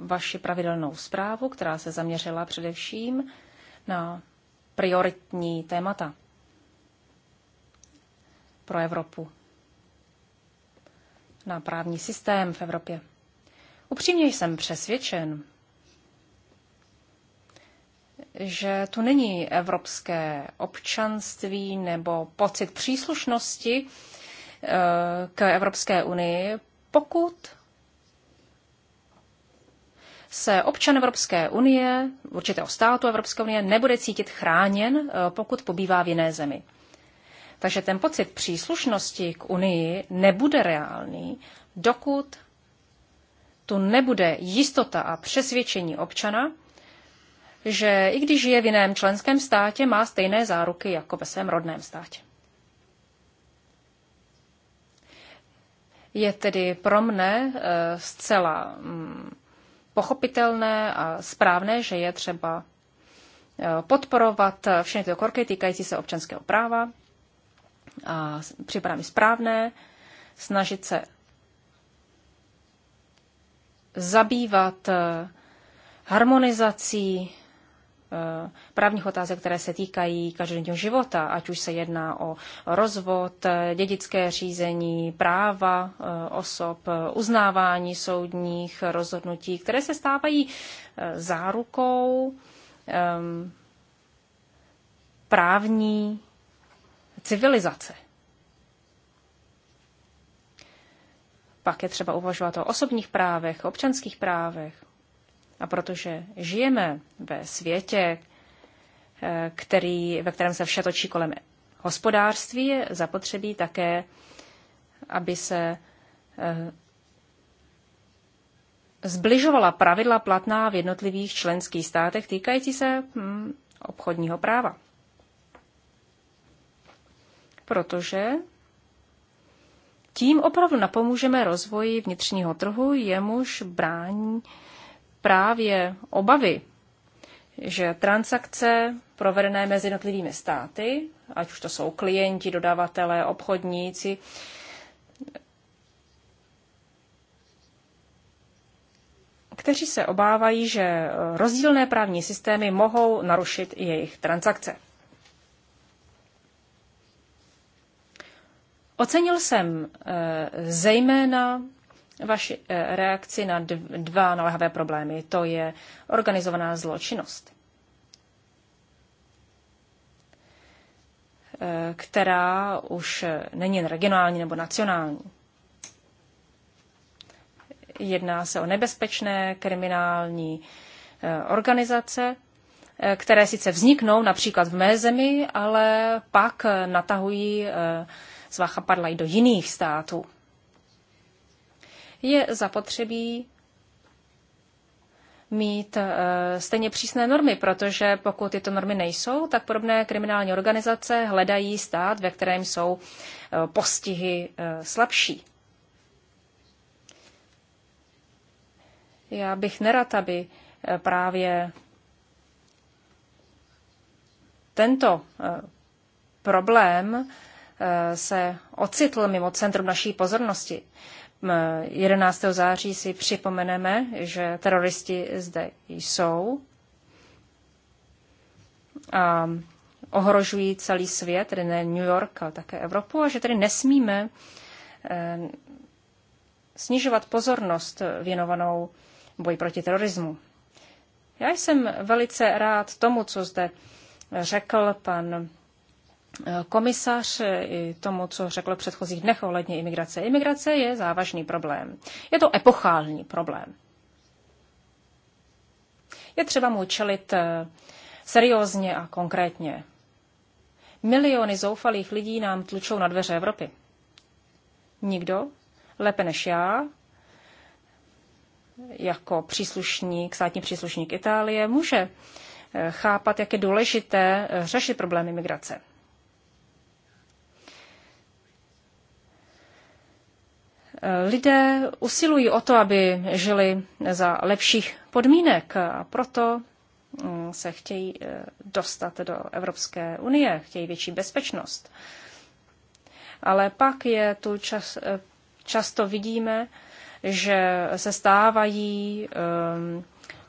vaši pravidelnou zprávu, která se zaměřila především na prioritní témata pro Evropu, na právní systém v Evropě. Upřímně jsem přesvědčen, že tu není evropské občanství nebo pocit příslušnosti eh, k Evropské unii, pokud se občan Evropské unie, určitého státu Evropské unie, nebude cítit chráněn, eh, pokud pobývá v jiné zemi. Takže ten pocit příslušnosti k Unii nebude reálný, dokud tu nebude jistota a přesvědčení občana, že i když žije v jiném členském státě, má stejné záruky jako ve svém rodném státě. Je tedy pro mne eh, zcela mm, pochopitelné a správné, že je třeba e, podporovat všechny ty korky týkající se občanského práva. A připadá mi správné snažit se zabývat e, harmonizací Eh, právních otázek, které se týkají každodenního života, ať už se jedná o rozvod, eh, dědické řízení, práva eh, osob, uznávání soudních rozhodnutí, které se stávají zárukou právní civilizace. Pak je třeba uvažovat o osobních právech, občanských právech. A protože žijeme ve světě, eh, který, ve kterém se vše točí kolem hospodářství, je zapotřebí také, aby se eh, zbližovala pravidla platná v jednotlivých členských státech týkající se hm, obchodního práva. Protože tím opravdu napomůžeme rozvoji vnitřního trhu, jemuž brání právě obavy, že transakce provedené mezi jednotlivými státy, ať už to jsou klienti, dodavatelé, obchodníci, kteří se obávají, že rozdílné právní systémy mohou narušit i jejich transakce. Ocenil jsem eh, zejména vaši eh, reakci na dva naléhavé problémy. To je organizovaná zločinnost, eh, která už eh, není regionální nebo nacionální. Jedná se o nebezpečné kriminální organizace, které sice vzniknou například v mé zemi, ale pak natahují svá chapadla i do jiných států je zapotřebí mít eh, stejně přísné normy, protože pokud tyto normy nejsou, tak podobné kriminální organizace hledají stát, ve kterém jsou eh, postihy eh, slabší. Já bych nerad, aby právě tento problém se ocitl mimo centrum naší pozornosti. 11. září si připomeneme, že teroristi zde jsou a ohrožují celý svět, tedy ne New York, ale také Evropu, a že tedy nesmíme eh, snižovat pozornost věnovanou boji proti terorismu. Já jsem velice rád tomu, co zde řekl pan komisař eh, i tomu, co řekl v předchozích dnech ohledně imigrace. Imigrace je závažný problém. Je to epochální problém. Je třeba mu čelit eh, seriózně a konkrétně. Miliony zoufalých lidí nám tlučou na dveře Evropy. Nikdo, lépe než já, jako příslušník, státní příslušník Itálie, může eh, chápat, jak je důležité řešit problémy migrace. Lidé usilují o to, aby žili za lepších podmínek a proto mm, se chtějí eh, dostat do Evropské unie, chtějí větší bezpečnost. Ale pak je tu čas, eh, často vidíme, že se stávají um,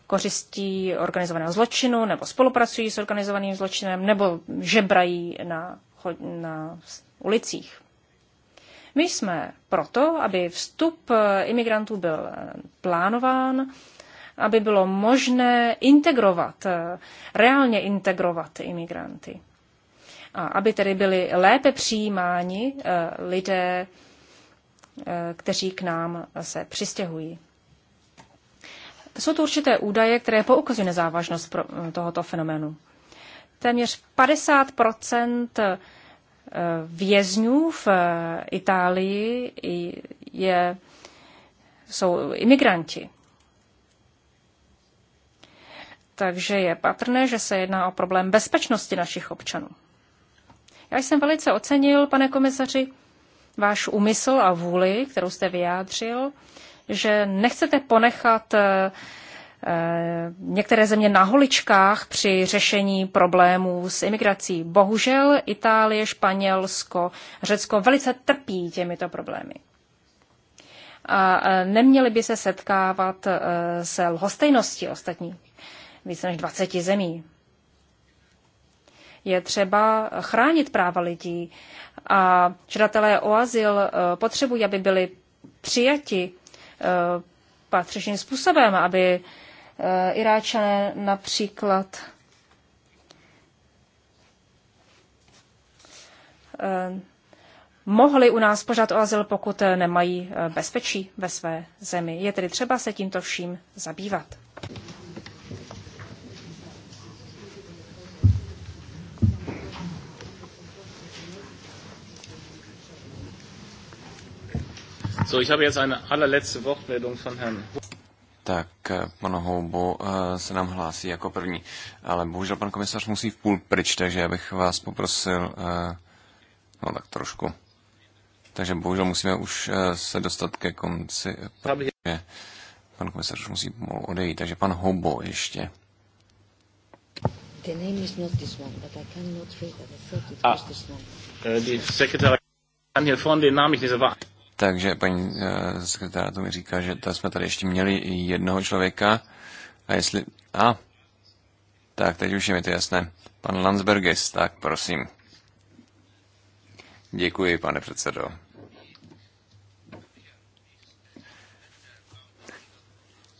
kořistí organizovaného zločinu nebo spolupracují s organizovaným zločinem nebo žebrají na, na ulicích. My jsme proto, aby vstup eh, imigrantů byl eh, plánován, aby bylo možné integrovat, eh, reálně integrovat imigranty. A aby tedy byli lépe přijímáni lidé, kteří k nám se přistěhují. Jsou to určité údaje, které poukazují nezávažnost tohoto fenoménu. Téměř 50 Eh, vězňů v eh, Itálii je, jsou imigranti. Takže je patrné, že se jedná o problém bezpečnosti našich občanů. Já jsem velice ocenil, pane komisaři, váš úmysl a vůli, kterou jste vyjádřil, že nechcete ponechat eh, Eh, některé země na holičkách při řešení problémů s imigrací. Bohužel Itálie, Španělsko, Řecko velice trpí těmito problémy. A eh, neměli by se setkávat eh, se lhostejností ostatních více než 20 zemí. Je třeba chránit práva lidí a žadatelé o azyl potřebují, aby byli přijati patřičným způsobem, aby Eh, Iráčané například eh, mohli u nás požádat o azyl, pokud eh, nemají bezpečí ve své zemi. Je tedy třeba se tímto vším zabývat. So, ich habe jetzt eine allerletzte Wortmeldung von Herrn tak eh, pan Houbo, eh, se nám hlásí jako první. Ale bohužel pan komisař musí v půl pryč, takže já bych vás poprosil, eh, no tak trošku. Takže bohužel musíme už se dostat ke konci, protože pan komisař už musí pomalu odejít. Takže pan Houbo ještě. The name is not this one, but I ah. one. Uh, nicht, takže paní eh, sekretář to mi říká, že tady jsme tady ještě měli jednoho člověka a jestli... A, tak teď už je mi to jasné. Pan Landsbergis, tak prosím. Děkuji, pane předsedo.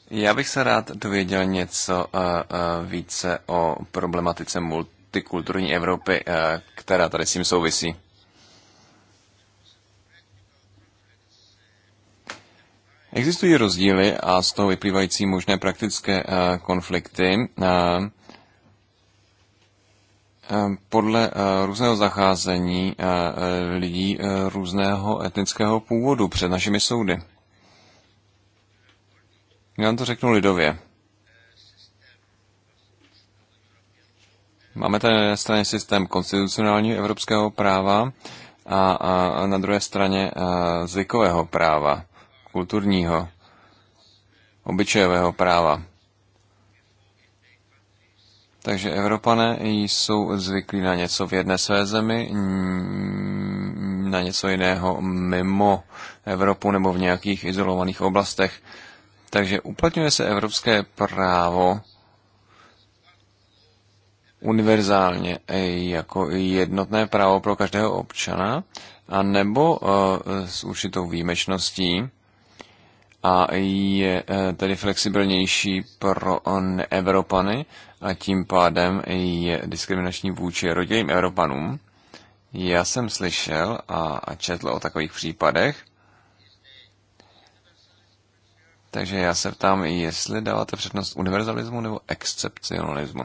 Já bych se rád dověděl něco uh, uh, více o problematice multikulturní Evropy, uh, která tady s tím souvisí. Existují rozdíly a z toho vyplývající možné praktické eh, konflikty eh, eh, podle různého zacházení lidí různého etnického původu před našimi soudy. Já vám to řeknu lidově. Máme tady na straně systém konstitucionálního evropského práva a, a na druhé straně zvykového práva kulturního, obyčejového práva. Takže Evropané jsou zvyklí na něco v jedné své zemi, mm, na něco jiného mimo Evropu nebo v nějakých izolovaných oblastech. Takže uplatňuje se evropské právo univerzálně jako jednotné právo pro každého občana, a nebo eh, s určitou výjimečností a je eh, tedy flexibilnější pro eh, Evropany a tím pádem je diskriminační vůči rodilým Evropanům. Já jsem slyšel a četl o takových případech, takže já se ptám, jestli dáváte přednost univerzalismu nebo excepcionalismu.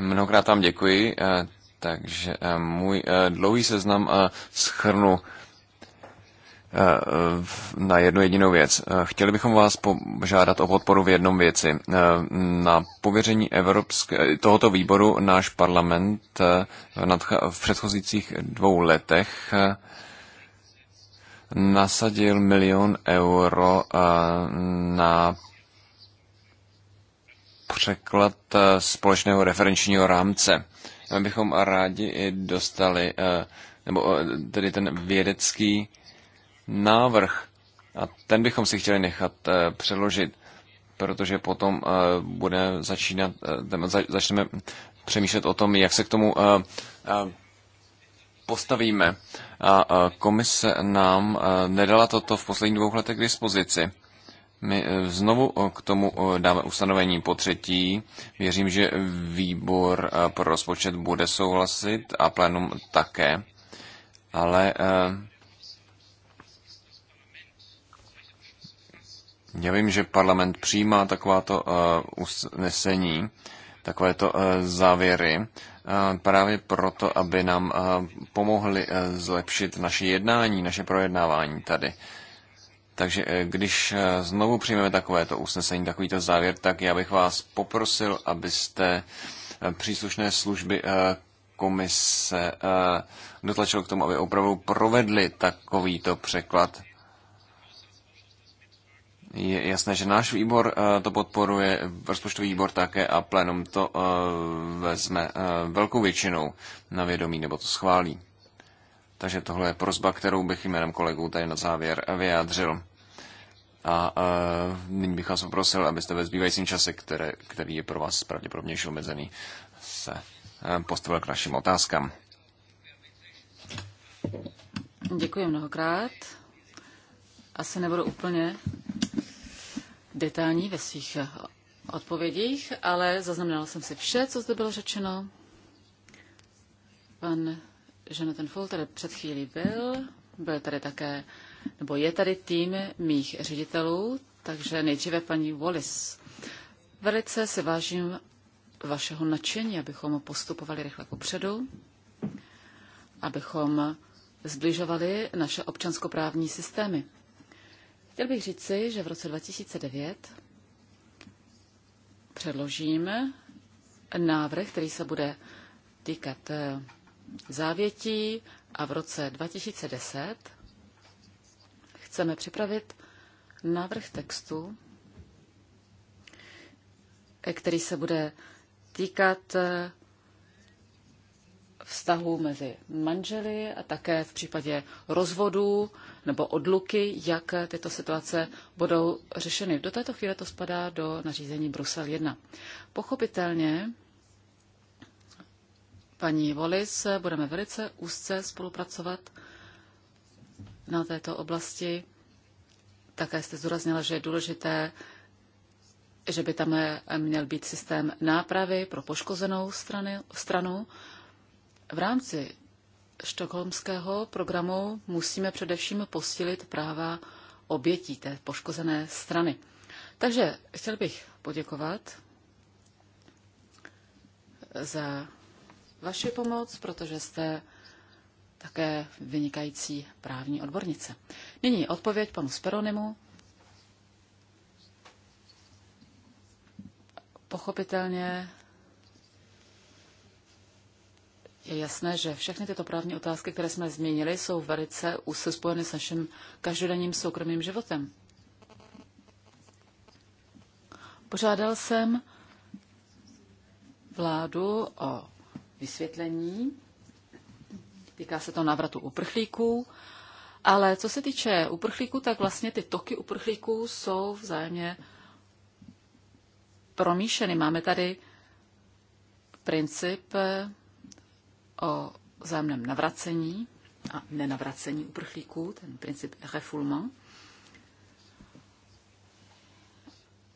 Mnohokrát vám děkuji, eh, takže můj dlouhý seznam schrnu Eh, na jednu jedinou věc. Eh, chtěli bychom vás požádat o podporu v jednom věci. Eh, na pověření Evropské, tohoto výboru náš parlament v předchozích dvou letech nasadil milion euro na překlad společného referenčního rámce. My bychom rádi i dostali, nebo tedy ten vědecký návrh a ten bychom si chtěli nechat eh, přeložit, protože potom eh, bude začínat, eh, začneme přemýšlet o tom, jak se k tomu postavíme. A komise nám nedala toto v posledních dvou letech k dispozici. My znovu k tomu dáme ustanovení po třetí. Věřím, že výbor pro rozpočet bude souhlasit a plénum také. Ale uh, Já vím, že parlament přijímá takováto eh, usnesení, takovéto eh, závěry eh, právě proto, aby nám pomohli zlepšit naše jednání, naše projednávání tady. Takže když znovu přijmeme takovéto usnesení, takovýto závěr, tak já bych vás poprosil, abyste příslušné služby komise dotlačil k tomu, aby opravdu provedli takovýto překlad je jasné, že náš výbor eh, to podporuje, rozpočtový výbor také a plénum to eh, vezme eh, velkou většinou na vědomí nebo to schválí. Takže tohle je prozba, kterou bych jménem kolegů tady na závěr vyjádřil. A uh, nyní bych vás poprosil, abyste ve zbývajícím čase, které, který je pro vás pravděpodobně omezený, se uh, postavil k našim otázkám. Děkuji mnohokrát. Asi nebudu úplně detailní ve svých eh, odpovědích, ale zaznamenala jsem si vše, co zde bylo řečeno. Pan Jonathan Full tady před chvílí byl, byl tady také, nebo je tady tým mých ředitelů, takže nejdříve paní Wallis. Velice si vážím vašeho nadšení, abychom postupovali rychle kupředu, abychom zbližovali naše občanskoprávní systémy. Chtěl bych říci, že v roce 2009 předložím návrh, který se bude týkat eh, závětí a v roce 2010 chceme připravit návrh textu, eh, který se bude týkat eh, vztahu mezi manželi a také v případě rozvodů nebo odluky, jak tyto situace budou řešeny. Do této chvíle to spadá do nařízení Brusel 1. Pochopitelně paní Volis budeme velice úzce spolupracovat na této oblasti. Také jste zdůraznila, že je důležité, že by tam měl být systém nápravy pro poškozenou strany, stranu v rámci štokholmského programu musíme především posílit práva obětí té poškozené strany. Takže chtěl bych poděkovat za vaši pomoc, protože jste také vynikající právní odbornice. Nyní odpověď panu Speronimu. Pochopitelně Je jasné, že všechny tyto právní otázky, které jsme změnili, jsou velice úzce spojeny s naším každodenním soukromým životem. Požádal jsem vládu o vysvětlení. Týká se to návratu uprchlíků. Ale co se týče uprchlíků, tak vlastně ty toky uprchlíků jsou vzájemně promíšeny. Máme tady princip eh, o vzájemném navracení a nenavracení uprchlíků, ten princip refoulement.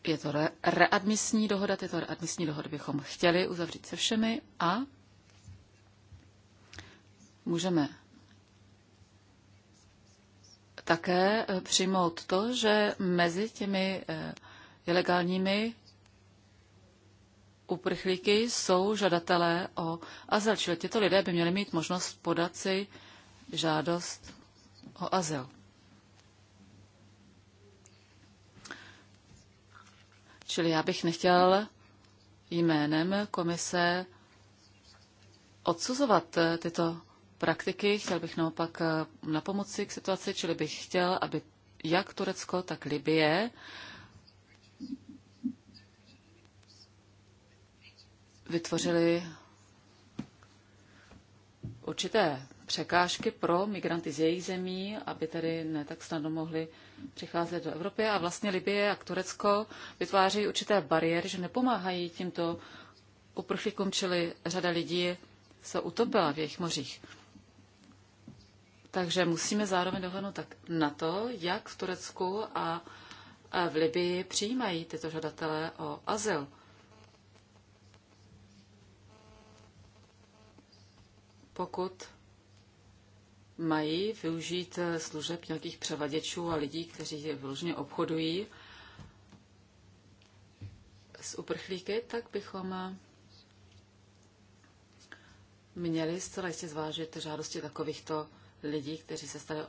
Je to re- readmisní dohoda, tyto readmisní dohody bychom chtěli uzavřít se všemi a můžeme také eh, přijmout to, že mezi těmi eh, ilegálními uprchlíky jsou žadatelé o azyl, čili tyto lidé by měli mít možnost podat si žádost o azyl. Čili já bych nechtěl jménem komise odsuzovat tyto praktiky, chtěl bych naopak na pomoci k situaci, čili bych chtěl, aby jak Turecko, tak Libie vytvořili určité překážky pro migranty z jejich zemí, aby tedy ne tak snadno mohli přicházet do Evropy. A vlastně Libie a Turecko vytvářejí určité bariéry, že nepomáhají tímto uprchlíkům, čili řada lidí se utopila v jejich mořích. Takže musíme zároveň dohodnout tak na to, jak v Turecku a v Libii přijímají tyto žadatelé o azyl. pokud mají využít eh, služeb nějakých převaděčů a lidí, kteří je vložně obchodují s uprchlíky, tak bychom eh, měli zcela jistě zvážit žádosti takovýchto lidí, kteří se stali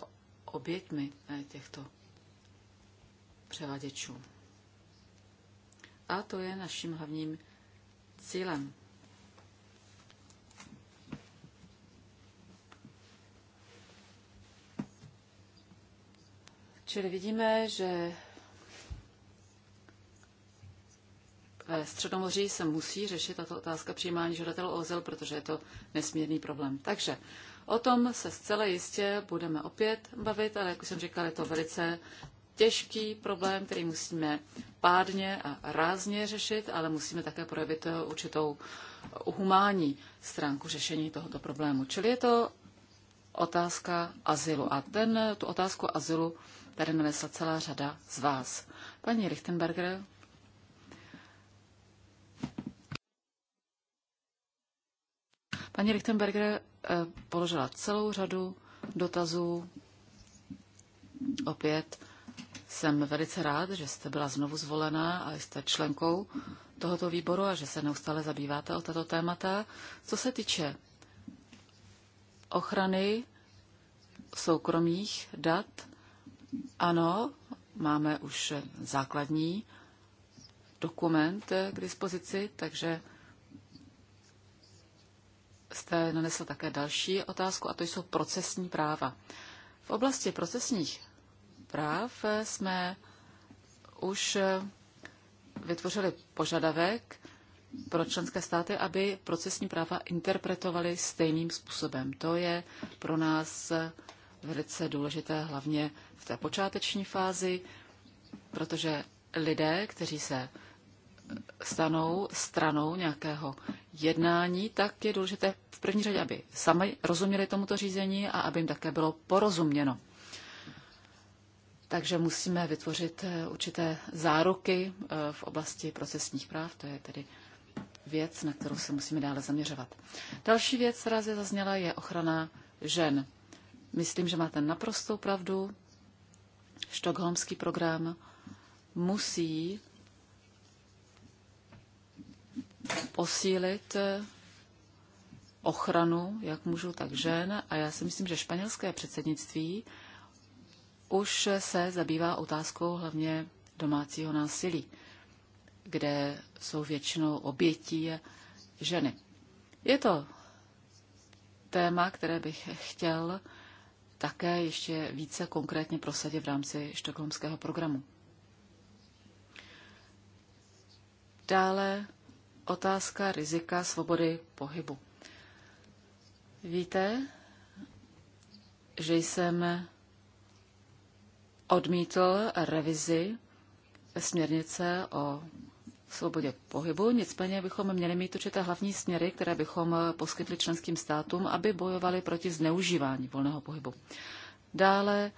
oběťmi eh, těchto převaděčů. A to je naším hlavním cílem. Čili vidíme, že ve eh, Středomoří se musí řešit tato otázka přijímání žadatelů o azyl, protože je to nesmírný problém. Takže o tom se zcela jistě budeme opět bavit, ale jak už jsem říkala, je to velice těžký problém, který musíme pádně a rázně řešit, ale musíme také projevit eh, určitou humánní stránku řešení tohoto problému. Čili je to otázka azylu. A ten, tu otázku azylu tady nanesla celá řada z vás. Paní Richtenberger. Paní Richtenberger eh, položila celou řadu dotazů. Opět jsem velice rád, že jste byla znovu zvolená a jste členkou tohoto výboru a že se neustále zabýváte o tato témata. Co se týče ochrany soukromých dat, ano, máme už základní dokument k dispozici, takže jste nanesl také další otázku, a to jsou procesní práva. V oblasti procesních práv jsme už vytvořili požadavek pro členské státy, aby procesní práva interpretovaly stejným způsobem. To je pro nás velice důležité, hlavně v té počáteční fázi, protože lidé, kteří se eh, stanou stranou nějakého jednání, tak je důležité v první řadě, aby sami rozuměli tomuto řízení a aby jim také bylo porozuměno. Takže musíme vytvořit eh, určité záruky eh, v oblasti procesních práv, to je tedy věc, na kterou se musíme dále zaměřovat. Další věc, která zazněla, je ochrana žen. Myslím, že máte naprostou pravdu. Štokholmský program musí posílit ochranu jak mužů, tak žen. A já si myslím, že španělské předsednictví už se zabývá otázkou hlavně domácího násilí, kde jsou většinou obětí ženy. Je to téma, které bych chtěl také ještě více konkrétně prosadit v rámci štokholmského programu. Dále otázka rizika svobody pohybu. Víte, že jsem odmítl revizi směrnice o svobodě pohybu, nicméně bychom měli mít určité hlavní směry, které bychom poskytli členským státům, aby bojovali proti zneužívání volného pohybu. Dále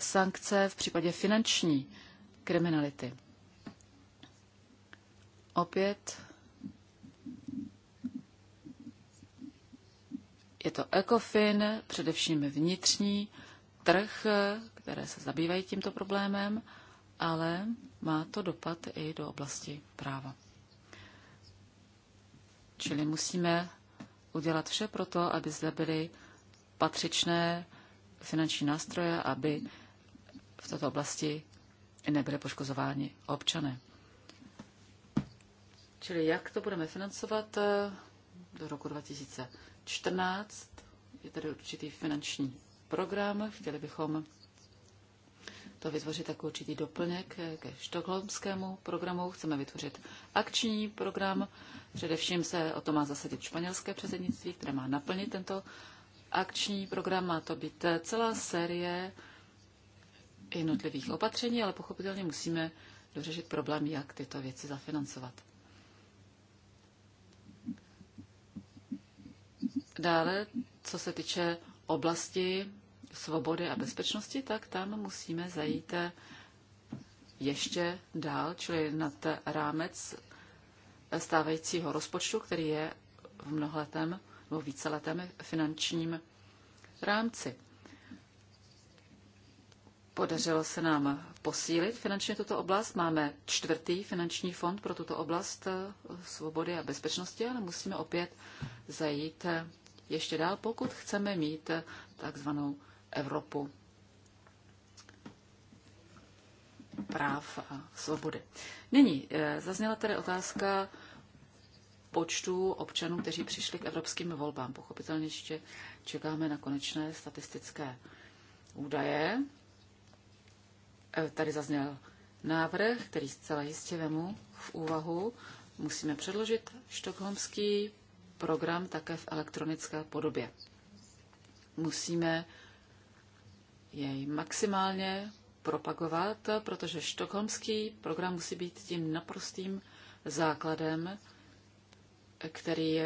sankce v případě finanční kriminality. Opět je to ECOFIN, především vnitřní trh, které se zabývají tímto problémem ale má to dopad i do oblasti práva. Čili musíme udělat vše pro to, aby zde byly patřičné finanční nástroje, aby v této oblasti nebyly poškozováni občané. Čili jak to budeme financovat eh, do roku 2014? Je tady určitý finanční program. Chtěli bychom to vytvořit jako určitý doplněk ke štokholmskému programu. Chceme vytvořit akční program. Především se o to má zasadit španělské předsednictví, které má naplnit tento akční program. Má to být celá série jednotlivých opatření, ale pochopitelně musíme dořešit problém, jak tyto věci zafinancovat. Dále, co se týče oblasti svobody a bezpečnosti, tak tam musíme zajít ještě dál, čili nad rámec stávajícího rozpočtu, který je v mnohletém nebo víceletém finančním rámci. Podařilo se nám posílit finančně tuto oblast. Máme čtvrtý finanční fond pro tuto oblast svobody a bezpečnosti, ale musíme opět zajít ještě dál, pokud chceme mít takzvanou Evropu práv a svobody. Nyní eh, zazněla tedy otázka počtu občanů, kteří přišli k evropským volbám. Pochopitelně ještě čekáme na konečné statistické údaje. Eh, tady zazněl návrh, který zcela jistě vemu v úvahu. Musíme předložit štokholmský program také v elektronické podobě. Musíme jej maximálně propagovat, protože štokholmský program musí být tím naprostým základem, který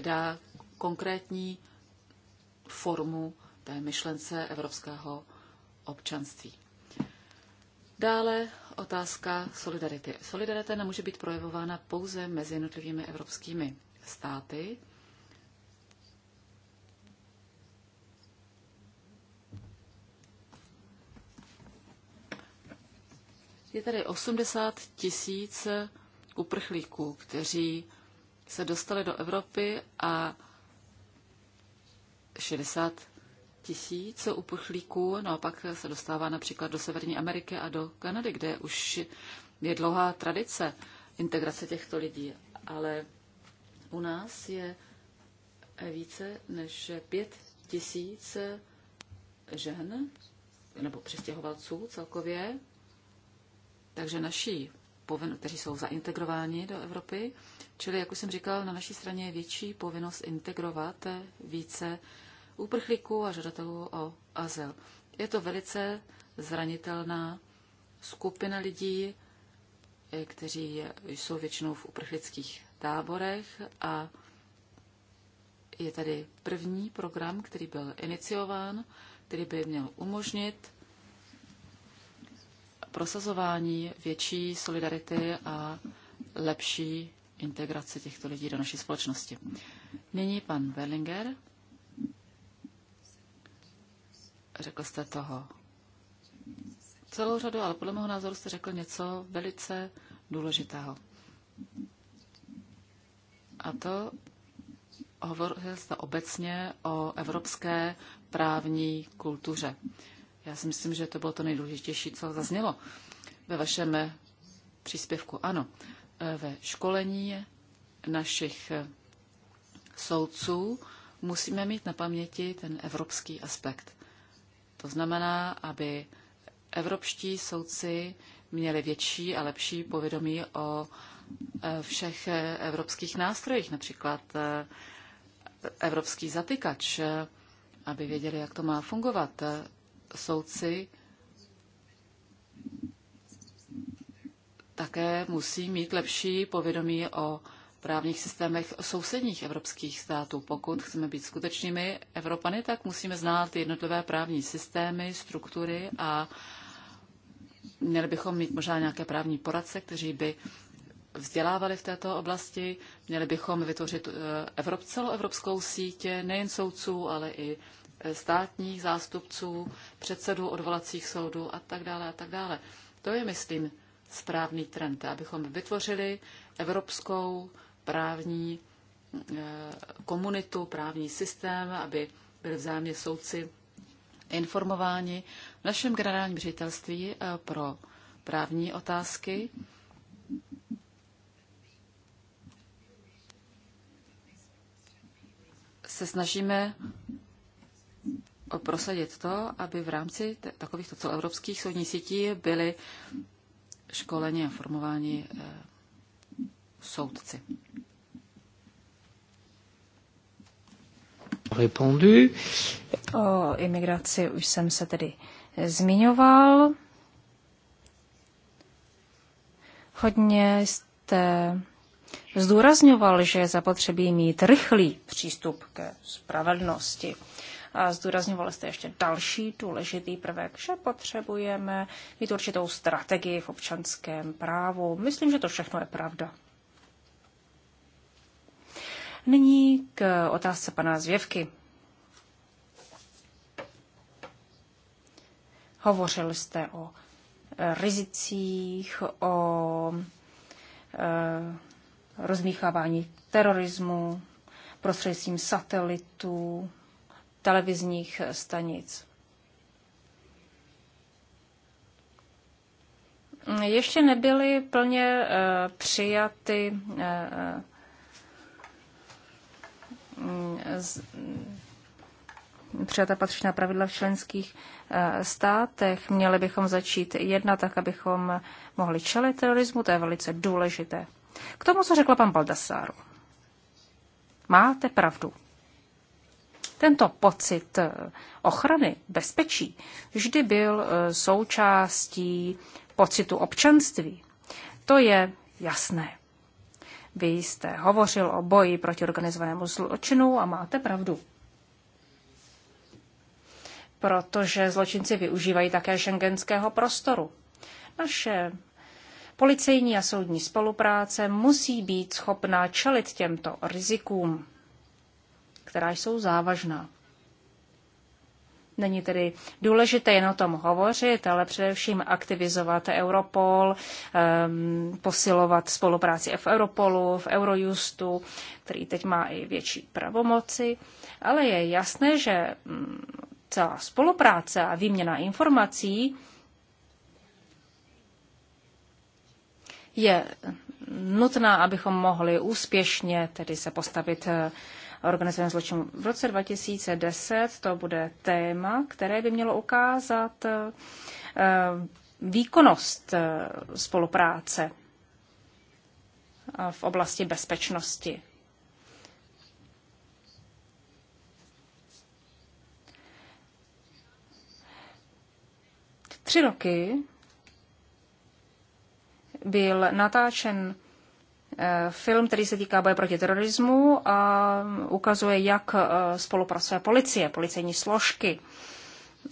dá konkrétní formu té myšlence evropského občanství. Dále otázka solidarity. Solidarita nemůže být projevována pouze mezi jednotlivými evropskými státy, Je tady 80 tisíc uprchlíků, kteří se dostali do Evropy a 60 tisíc uprchlíků no a pak se dostává například do Severní Ameriky a do Kanady, kde už je dlouhá tradice integrace těchto lidí. Ale u nás je více než 5 tisíc žen nebo přestěhovalců celkově, takže naší povinno, kteří jsou zaintegrováni do Evropy. Čili, jak už jsem říkal, na naší straně je větší povinnost integrovat více úprchlíků a žadatelů o azyl. Je to velice zranitelná skupina lidí, kteří jsou většinou v uprchlických táborech a je tady první program, který byl iniciován, který by měl umožnit prosazování větší solidarity a lepší integrace těchto lidí do naší společnosti. Nyní pan Berlinger. Řekl jste toho celou řadu, ale podle mého názoru jste řekl něco velice důležitého. A to hovořil jste obecně o evropské právní kultuře. Já si myslím, že to bylo to nejdůležitější, co zaznělo ve vašem eh, příspěvku. Ano, eh, ve školení našich eh, soudců musíme mít na paměti ten evropský aspekt. To znamená, aby evropští soudci měli větší a lepší povědomí o všech evropských nástrojích, například evropský zatykač, aby věděli, jak to má fungovat, soudci také musí mít lepší povědomí o právních systémech sousedních evropských států. Pokud chceme být skutečnými Evropany, tak musíme znát jednotlivé právní systémy, struktury a měli bychom mít možná nějaké právní poradce, kteří by vzdělávali v této oblasti. Měli bychom vytvořit eh, celoevropskou sítě nejen soudců, ale i státních zástupců, předsedů odvolacích soudů a tak dále a tak dále. To je, myslím, správný trend, abychom vytvořili evropskou právní eh, komunitu, právní systém, aby byli vzájemně soudci informováni. V našem generálním ředitelství eh, pro právní otázky se snažíme prosadit to, aby v rámci takovýchto celoevropských soudních sítí byly školeni a formováni eh, soudci. Répondu. O imigraci už jsem se tedy eh, zmiňoval. Hodně jste zdůrazňoval, že je zapotřebí mít rychlý přístup ke spravedlnosti zdůrazňovali jste ještě další důležitý prvek, že potřebujeme mít určitou strategii v občanském právu. Myslím, že to všechno je pravda. Nyní k otázce pana Zvěvky. Hovořil jste o rizicích, o e, rozmíchávání terorismu prostřednictvím satelitů, televizních eh, stanic. Mm, ještě nebyly plně eh, přijaty eh, mm, přijata patřičná pravidla v členských státech. Měli bychom začít jednat tak, abychom mohli čelit terorismu, to je velice důležité. K tomu, co řekla pan Baldassar? Máte pravdu. Tento pocit eh, ochrany, bezpečí, vždy byl eh, součástí pocitu občanství. To je jasné. Vy jste hovořil o boji proti organizovanému zločinu a máte pravdu. Protože zločinci využívají také šengenského prostoru. Naše policejní a soudní spolupráce musí být schopná čelit těmto rizikům která jsou závažná. Není tedy důležité jen o tom hovořit, ale především aktivizovat Europol, ehm, posilovat spolupráci v Europolu, v Eurojustu, který teď má i větší pravomoci. Ale je jasné, že mm, celá spolupráce a výměna informací je nutná, abychom mohli úspěšně tedy se postavit eh, organizovaném zločinu. V roce 2010 to bude téma, které by mělo ukázat eh, výkonnost eh, spolupráce eh, v oblasti bezpečnosti. Tři roky byl natáčen Eh, film, který se týká boje proti terorismu a ukazuje, jak eh, spolupracuje policie, policejní složky.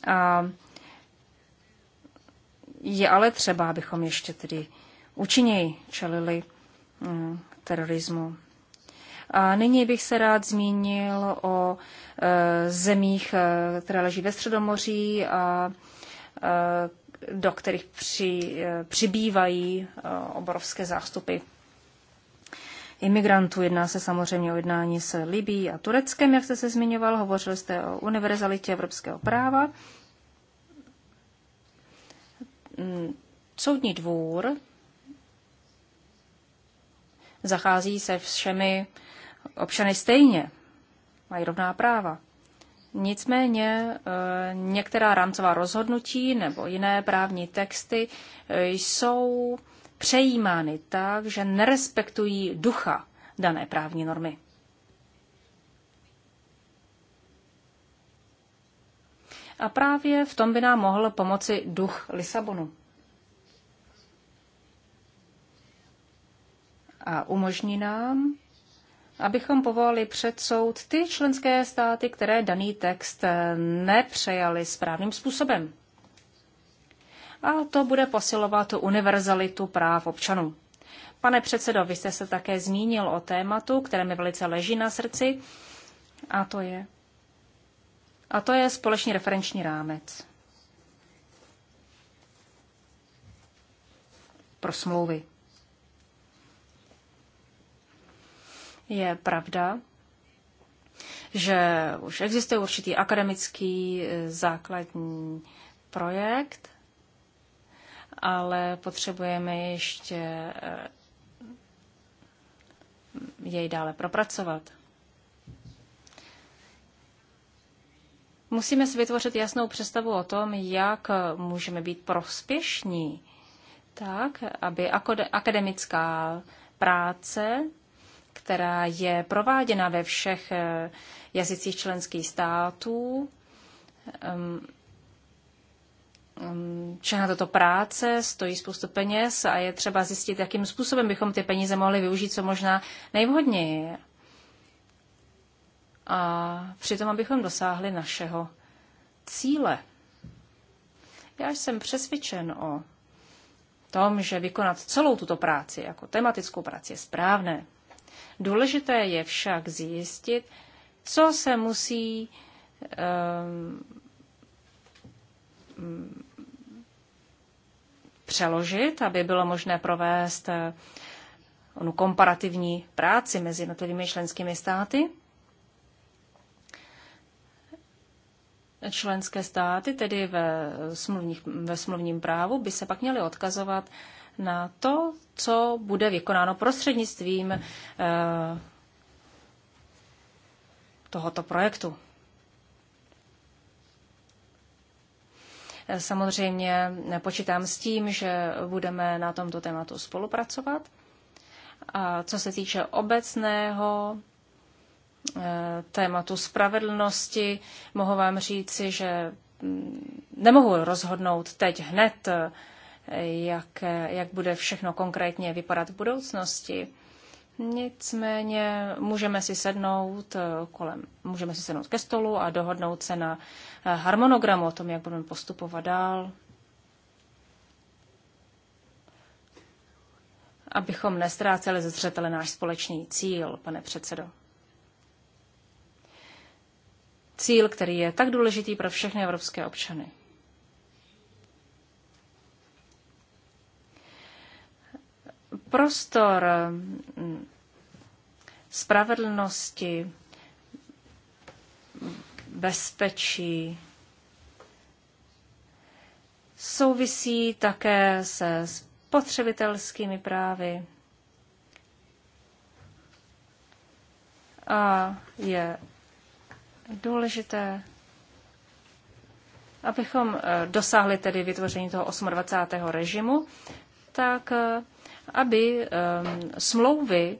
A je ale třeba, abychom ještě tedy účinněji čelili mm, terorismu. A nyní bych se rád zmínil o eh, zemích, které leží ve Středomoří a do kterých při, přibývají obrovské zástupy imigrantů. Jedná se samozřejmě o jednání s Libí a Tureckem, jak jste se zmiňoval. Hovořil jste o univerzalitě evropského práva. Mm, soudní dvůr zachází se všemi občany stejně. Mají rovná práva. Nicméně eh, některá rámcová rozhodnutí nebo jiné právní texty eh, jsou přejímány tak, že nerespektují ducha dané právní normy. A právě v tom by nám mohl pomoci duch Lisabonu. A umožní nám, abychom povolali před soud ty členské státy, které daný text nepřejali správným způsobem a to bude posilovat univerzalitu práv občanů. Pane předsedo, vy jste se také zmínil o tématu, které mi velice leží na srdci, a to je, a to je společný referenční rámec pro smlouvy. Je pravda, že už existuje určitý akademický eh, základní projekt, ale potřebujeme ještě eh, jej dále propracovat. Musíme si vytvořit jasnou představu o tom, jak můžeme být prospěšní, tak, aby akademická práce, která je prováděna ve všech eh, jazycích členských států, všechna um, tato práce stojí spoustu peněz a je třeba zjistit, jakým způsobem bychom ty peníze mohli využít co možná nejvhodněji. A přitom, abychom dosáhli našeho cíle. Já jsem přesvědčen o tom, že vykonat celou tuto práci jako tematickou práci je správné. Důležité je však zjistit, co se musí um, přeložit, aby bylo možné provést eh, onu komparativní práci mezi jednotlivými členskými státy. Členské státy, tedy ve, smluvních, ve smluvním právu, by se pak měly odkazovat na to, co bude vykonáno prostřednictvím eh, tohoto projektu. Samozřejmě počítám s tím, že budeme na tomto tématu spolupracovat. A co se týče obecného eh, tématu spravedlnosti, mohu vám říci, že mm, nemohu rozhodnout teď hned, eh, jak, eh, jak bude všechno konkrétně vypadat v budoucnosti. Nicméně můžeme si sednout eh, kolem, můžeme si sednout ke stolu a dohodnout se na eh, harmonogramu o tom, jak budeme postupovat dál. Abychom nestráceli ze zřetele náš společný cíl, pane předsedo. Cíl, který je tak důležitý pro všechny evropské občany. prostor mm, spravedlnosti, bezpečí souvisí také se spotřebitelskými právy a je důležité, abychom eh, dosáhli tedy vytvoření toho 28. režimu, tak eh, aby ehm, smlouvy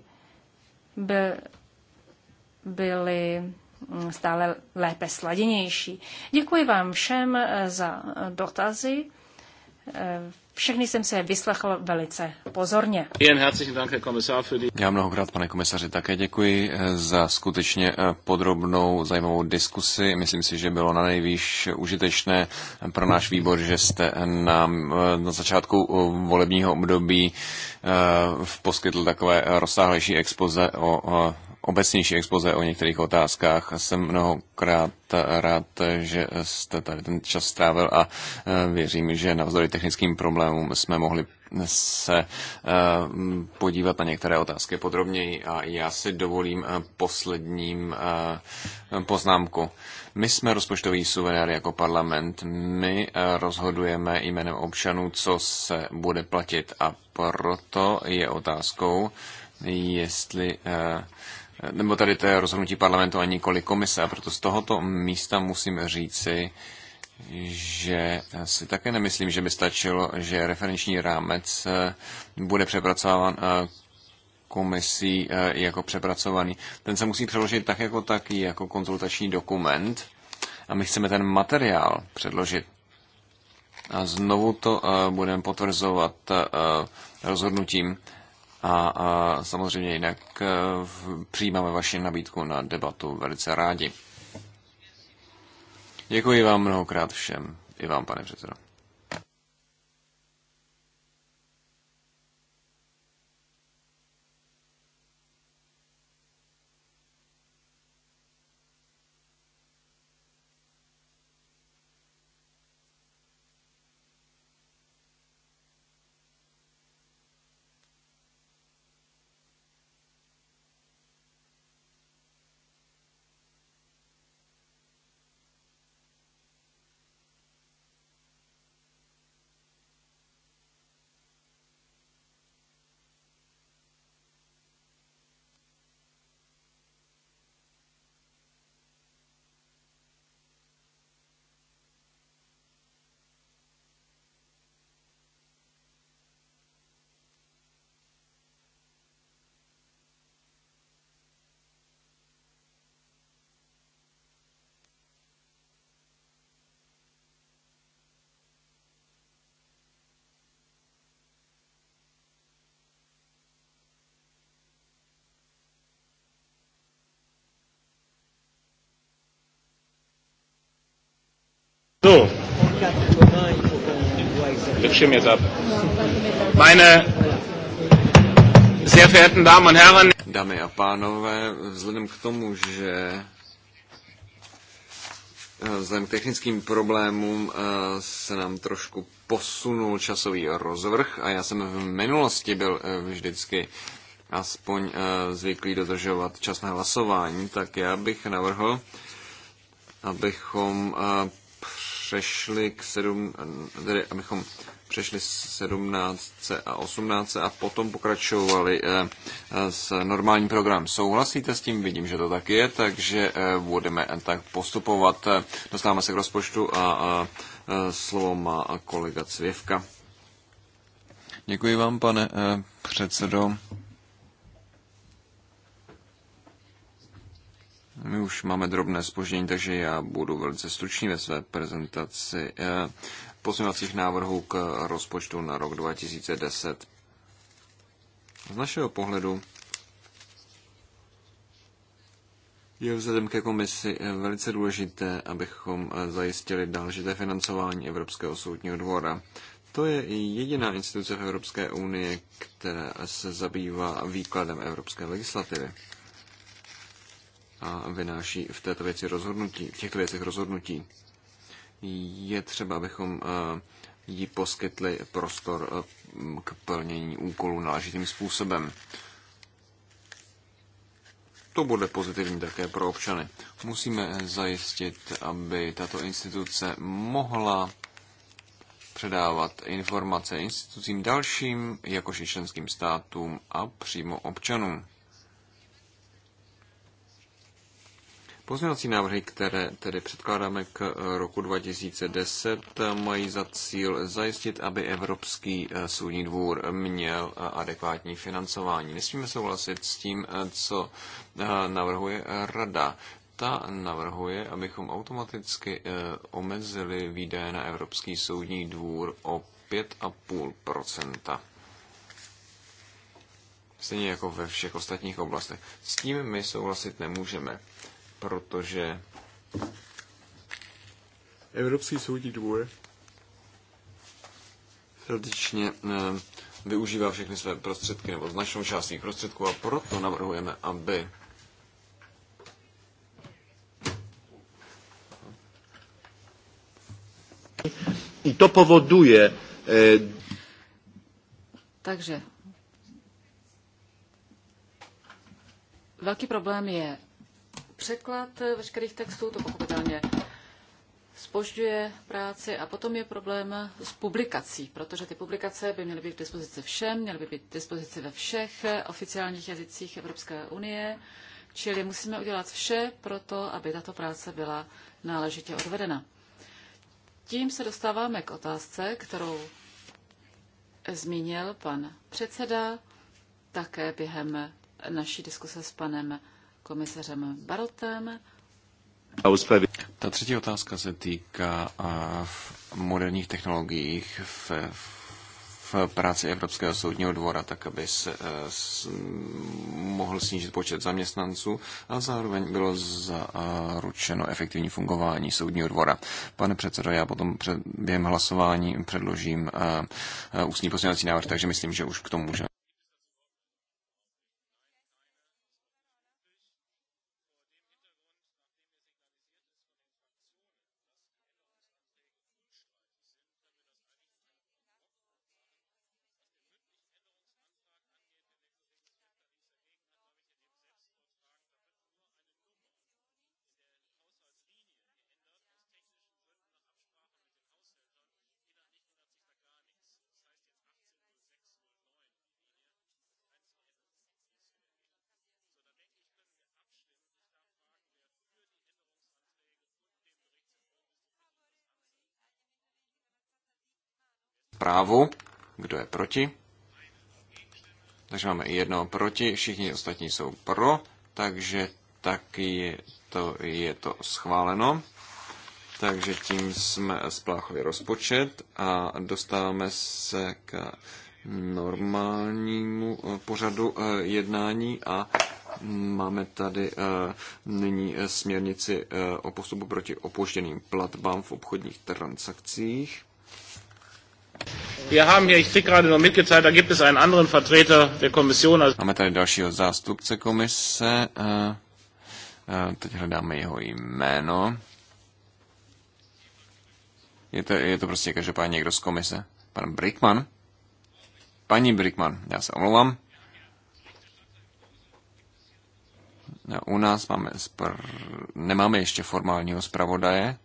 byly mm, stále lépe sladěnější. Děkuji vám všem eh, za dotazy všechny jsem se vyslechl velice pozorně. Já mnohokrát, pane komisaři, také děkuji eh, za skutečně eh, podrobnou, zajímavou diskusi. Myslím si, že bylo na nejvýš užitečné pro náš výbor, že jste nám eh, na začátku volebního období poskytl takové rozsáhlejší expoze o obecnější expoze o některých otázkách. Jsem mnohokrát rád, že jste tady ten čas strávil a e, věřím, že navzdory technickým problémům jsme mohli se e, podívat na některé otázky podrobněji a já si dovolím e, posledním poznámku. My jsme rozpočtový suverén jako parlament, my rozhodujeme jménem občanů, co se bude platit a proto je otázkou, jestli nebo tady to je rozhodnutí parlamentu a nikoli komise. A proto z tohoto místa musím říci, že si také nemyslím, že by stačilo, že referenční rámec eh, bude přepracován eh, komisí eh, jako přepracovaný. Ten se musí přeložit tak jako taky, jako konzultační dokument. A my chceme ten materiál předložit. A znovu to budeme potvrzovat rozhodnutím a, a samozřejmě jinak eh, přijímáme vaši nabídku na debatu velice rádi. Děkuji vám mnohokrát všem, i vám, pane předsedo. So. Bildschirm jetzt ab. Meine sehr verehrten Damen und Herren. Dámy a pánové, vzhledem k tomu, že eh, vzhledem k technickým problémům eh, se nám trošku posunul časový rozvrh a já jsem v minulosti byl eh, vždycky aspoň zvyklý dodržovat čas na hlasování, tak já bych navrhl, abychom přešli k sedm, tedy abychom přešli 17 a 18 a potom pokračovali eh, eh, s normálním programem. Souhlasíte s tím? Vidím, že to tak je, takže eh, budeme tak postupovat. Dostáváme se k rozpočtu a slovo má kolega Cvěvka. Děkuji vám, pane předsedo. My už máme drobné spoždění, takže já budu velice stručný ve své prezentaci eh, pozměňovacích návrhů k rozpočtu na rok 2010. Z našeho pohledu je vzhledem ke komisi eh, velice důležité, abychom eh, zajistili dalšité financování Evropského soudního dvora. To je jediná instituce v Evropské unii, která se zabývá výkladem evropské legislativy a vynáší v této věci rozhodnutí, v těchto věcech rozhodnutí. Je třeba, abychom eh, jí poskytli prostor eh, k plnění úkolů náležitým způsobem. To bude pozitivní také pro občany. Musíme zajistit, aby tato instituce mohla předávat informace institucím dalším, jakož i členským státům a přímo občanům. Pozměňovací návrhy, které tedy předkládáme k roku 2010, mají za cíl zajistit, aby Evropský eh, soudní dvůr měl eh, adekvátní financování. Nesmíme souhlasit s tím, eh, co navrhuje Rada. Ta navrhuje, abychom automaticky omezili výdaje na Evropský soudní dvůr o 5,5 Stejně jako ve všech ostatních oblastech. S tím my souhlasit nemůžeme protože Evropský soudní dvůr srdečně eh, využívá všechny své prostředky nebo značnou část svých prostředků a proto navrhujeme, aby I to povoduje. Eh, Takže velký problém je překlad veškerých textů, to pochopitelně spožďuje práci a potom je problém s publikací, protože ty publikace by měly být k dispozici všem, měly by být k dispozici ve všech oficiálních jazycích Evropské unie, čili musíme udělat vše pro to, aby tato práce byla náležitě odvedena. Tím se dostáváme k otázce, kterou zmínil pan předseda také během naší diskuse s panem komisařem Barotem. Ta třetí otázka se týká v moderních technologiích v, v práci Evropského soudního dvora, tak aby se e, s, mohl snížit počet zaměstnanců a zároveň bylo zaručeno efektivní fungování soudního dvora. Pane předsedo, já potom před, během hlasování předložím e, e, ústní pozměňovací návrh, takže myslím, že už k tomu můžeme. právu. Kdo je proti? Takže máme i jedno proti, všichni ostatní jsou pro, takže taky je to, je to schváleno. Takže tím jsme spláchli rozpočet a dostáváme se k normálnímu eh, pořadu eh, jednání a máme tady eh, nyní směrnici o postupu proti opožděným platbám v obchodních transakcích. Wir haben hier, ich gerade nur mitgeteilt, da gibt es einen anderen Vertreter der Kommission. Máme tady dalšího zástupce komise. Eh, eh, teď hledáme jeho jméno. Je to, je to prostě každopádně někdo z komise. Pan Brickman? Paní Brickman, já se omlouvám. No, u nás máme spr... nemáme ještě formálního zpravodaje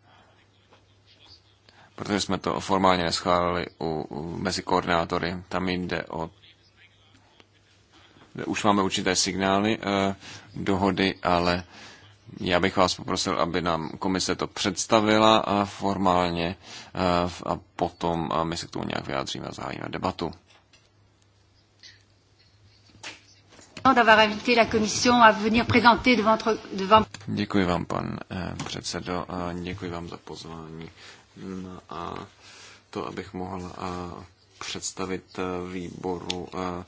protože jsme to formálně neschválili u, u, mezi koordinátory. Tam jde o už máme určité signály e, dohody, ale já bych vás poprosil, aby nám komise to představila a formálně e, a potom a my se k tomu nějak vyjádříme a zahájíme debatu. Děkuji vám, pan eh, předsedo, a děkuji vám za pozvání No a to, abych mohl představit e, výboru e,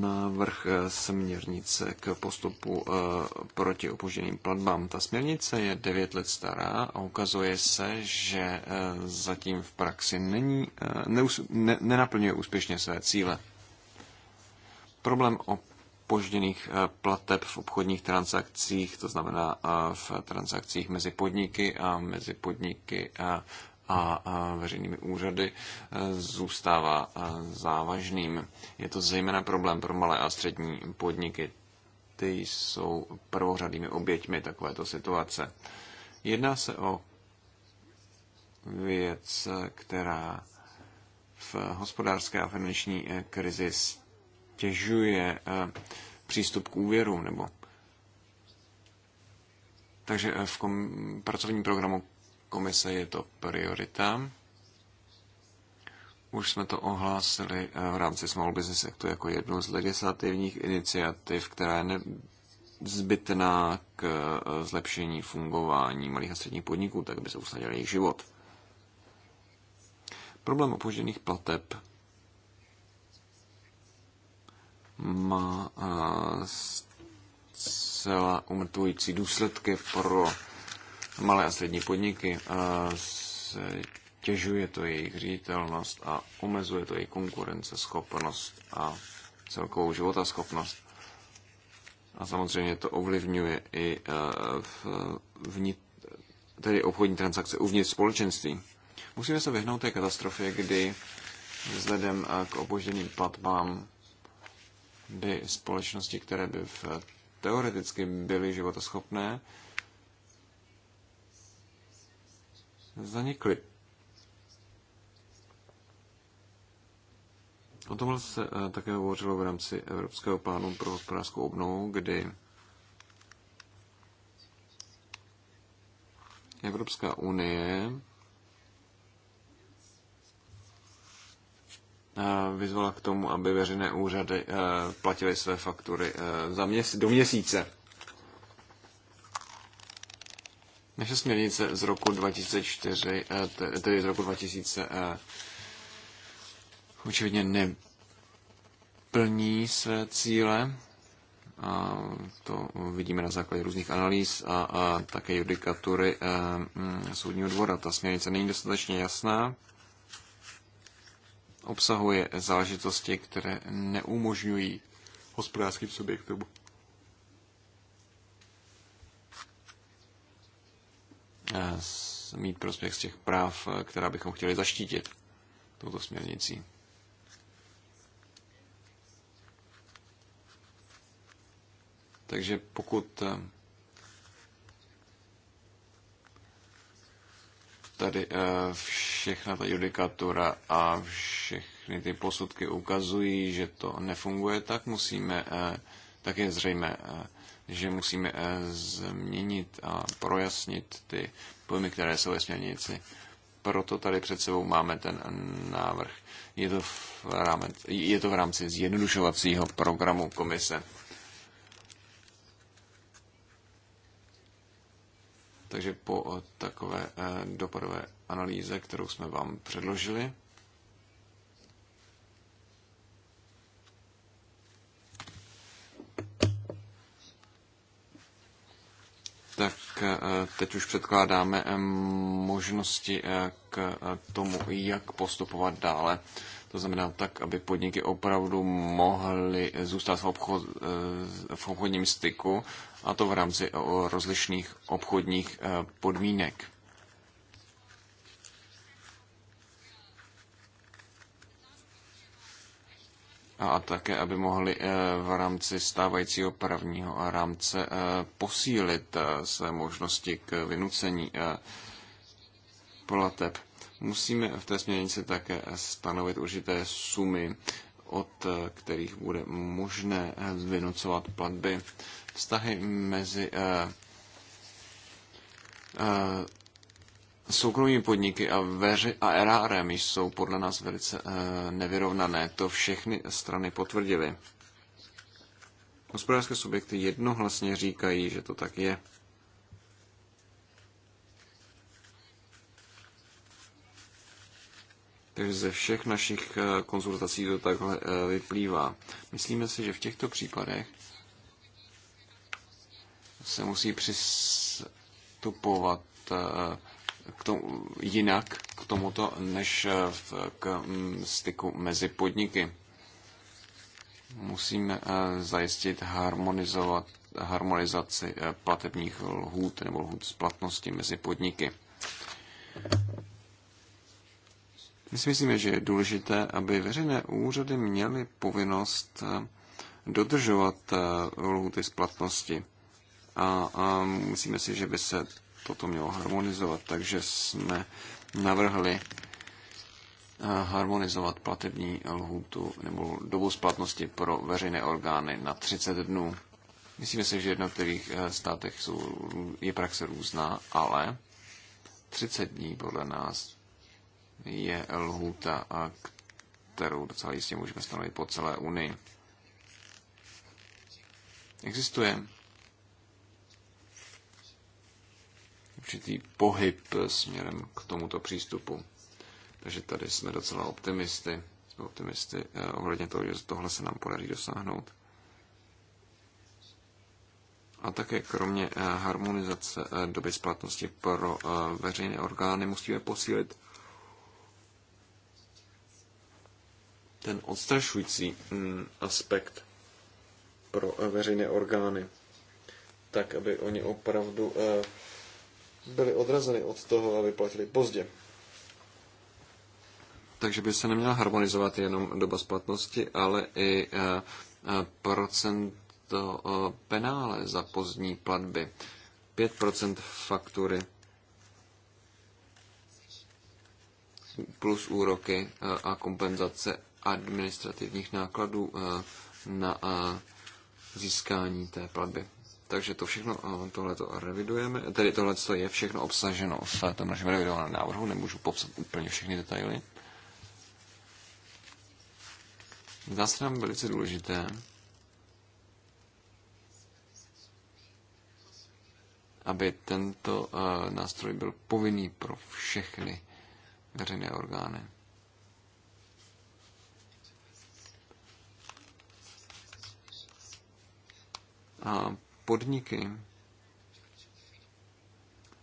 návrh e, směrnice k postupu proti opožděným platbám. Ta směrnice je 9 let stará a ukazuje se, že zatím v praxi není, neus, ne, nenaplňuje úspěšně své cíle. Problém o spožděných eh, plateb v obchodních transakcích, to znamená eh, v transakcích mezi podniky a mezi podniky eh, a, a veřejnými úřady, zůstává závažným. Je to zejména problém pro malé a střední podniky. Ty jsou prvořadými oběťmi takovéto situace. Jedná se o věc, která v hospodářské a finanční krizi stěžuje eh, přístup k úvěru, nebo takže eh, v kom- pracovním programu komise je to priorita. Už jsme to ohlásili eh, v rámci Small Business Actu jako jednu z legislativních iniciativ, která je zbytná k zlepšení fungování malých a středních podniků, tak by se usnadil jejich život. Problém opožděných plateb má zcela umrtvující důsledky pro malé a střední podniky. Těžuje to jejich ředitelnost a omezuje to jejich konkurenceschopnost a celkovou životaschopnost. A samozřejmě to ovlivňuje i v vnit, tedy obchodní transakce uvnitř společenství. Musíme se vyhnout té katastrofě, kdy vzhledem k opožděným platbám by společnosti, které by v, teoreticky byly životoschopné, zanikly. O tomhle se eh, také hovořilo v rámci Evropského plánu pro hospodářskou obnovu, kdy Evropská unie vyzvala k tomu, aby veřejné úřady e, platily své faktury e, za měs- do měsíce. Naše směrnice z roku 2004, e, tedy z roku 2000, očividně neplní své cíle. A to vidíme na základě různých analýz a, a také judikatury a, a soudního dvora. Ta směrnice není dostatečně jasná obsahuje záležitosti, které neumožňují hospodářským subjektům mít prospěch z těch práv, která bychom chtěli zaštítit touto směrnicí. Takže pokud eh, tady eh, všechna ta judikatura a všechny ty posudky ukazují, že to nefunguje, tak musíme, eh, tak je zřejmé, eh, že musíme změnit a projasnit ty pojmy, které jsou ve směrnici. Proto tady před sebou máme ten návrh. Je to v, rámec, je to v rámci zjednodušovacího programu komise. Takže po eh, takové eh, dopadové analýze, kterou jsme vám předložili, tak eh, teď už předkládáme možnosti k tomu, jak postupovat dále. To znamená tak, aby podniky opravdu mohly zůstat v, obchod, v obchodním styku a to v rámci rozlišných obchodních eh, podmínek. a také, aby mohli eh, v rámci stávajícího právního rámce eh, posílit své možnosti k vynucení plateb. Musíme v té směrnici také stanovit určité sumy, od kterých bude možné vynucovat platby vztahy mezi eh, eh, soukromými podniky a, veři, a erárem jsou podle nás velice eh, nevyrovnané. To všechny strany potvrdily. Hospodářské subjekty jednohlasně říkají, že to tak je. Takže ze všech našich konzultací to takhle vyplývá. Myslíme si, že v těchto případech se musí přistupovat eh, k tomu, jinak k tomuto, než eh, v, k mm, styku mezi podniky. Musíme eh, zajistit harmonizovat, harmonizaci platebních lhůt nebo lhůt splatnosti mezi podniky. My si myslíme, že je důležité, aby veřejné úřady měly povinnost dodržovat lhuty splatnosti a, a musíme si, že by se toto mělo harmonizovat, takže jsme navrhli eh, harmonizovat platební lhůtu nebo dobu splatnosti pro veřejné orgány na 30 dnů. Myslíme si, že v jednotlivých eh, státech jsou, je praxe různá, ale 30 dní podle nás je lhůta, kterou docela jistě můžeme stanovit po celé Unii. Existuje určitý pohyb směrem k tomuto přístupu. Takže tady jsme docela optimisty. Jsme optimisty eh, ohledně toho, že tohle se nám podaří dosáhnout. A také kromě eh, harmonizace eh, doby splatnosti pro veřejné orgány musíme posílit ten odstrašující mm, aspekt pro veřejné orgány, tak aby oni opravdu byly odrazeny od toho, aby platili pozdě. Takže by se neměla harmonizovat jenom doba splatnosti, ale i e, e, procento e, penále za pozdní platby. 5% faktury plus úroky a kompenzace administrativních nákladů na získání té platby. Takže to všechno, tohle to revidujeme, tedy tohle je všechno obsaženo v tom našem revidovaném návrhu, nemůžu popsat úplně všechny detaily. Zdá se nám velice důležité, aby tento uh, nástroj byl povinný pro všechny veřejné orgány. A podniky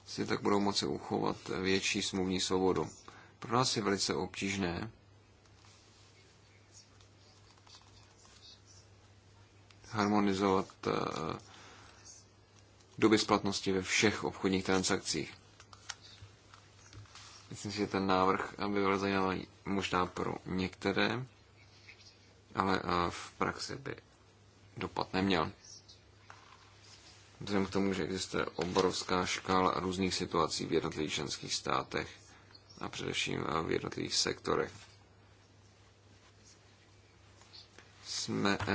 si tak budou moci uchovat větší smluvní svobodu. Pro nás je velice obtížné harmonizovat eh, doby splatnosti ve všech obchodních transakcích. Myslím si, že ten návrh by byl zajímavý možná pro některé, ale eh, v praxi by dopad neměl. Vzhledem k tomu, že existuje obrovská škála různých situací v jednotlivých členských státech a především v jednotlivých sektorech, jsme eh,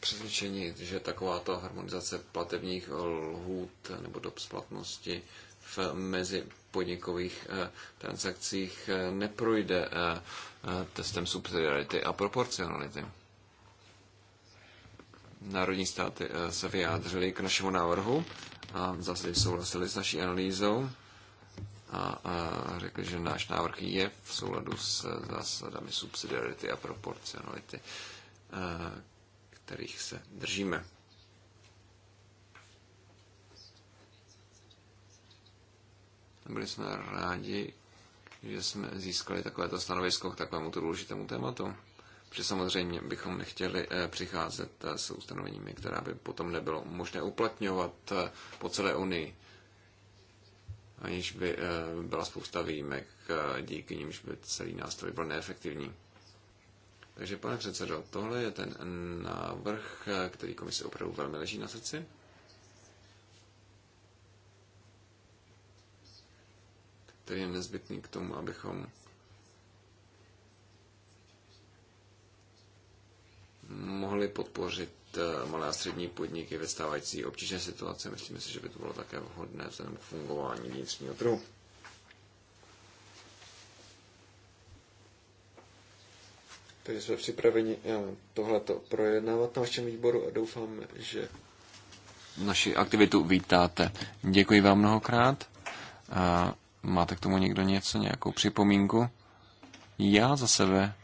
přesvědčeni, že takováto harmonizace platebních lhůt nebo dob splatnosti v mezi podnikových eh, transakcích eh, neprojde testem subsidiarity a proporcionality národní státy eh, se vyjádřily k našemu návrhu a zase souhlasili s naší analýzou a, řekli, že náš návrh je v souladu s eh, zásadami subsidiarity a proporcionality, eh, kterých se držíme. Byli jsme rádi, že jsme získali takovéto stanovisko k takovému důležitému tématu protože samozřejmě bychom nechtěli eh, přicházet eh, s ustanoveními, která by potom nebylo možné uplatňovat eh, po celé Unii, aniž by byla spousta výjimek, díky nimž by celý nástroj byl neefektivní. Takže, pane předsedo, tohle je ten návrh, který komise opravdu velmi leží na srdci. Který je nezbytný k tomu, abychom mohli podpořit eh, malé a střední podniky ve stávající obtížné situaci. Myslím si, že by to bylo také vhodné vzhledem k fungování vnitřního trhu. Takže jsme připraveni eh, tohleto projednávat na vašem výboru a doufám, že naši aktivitu vítáte. Děkuji vám mnohokrát. A máte k tomu někdo něco, nějakou připomínku? Já za sebe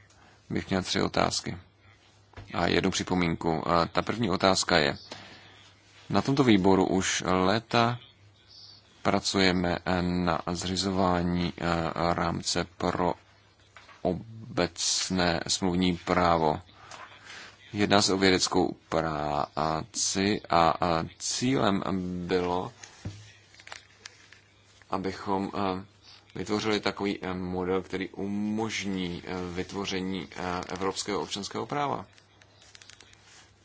bych měl tři otázky a jednu připomínku. Ta první otázka je, na tomto výboru už léta pracujeme eh, na zřizování eh, rámce pro obecné smluvní právo. Jedná se o vědeckou práci a cílem bylo, abychom eh, vytvořili takový model, který umožní vytvoření evropského občanského práva.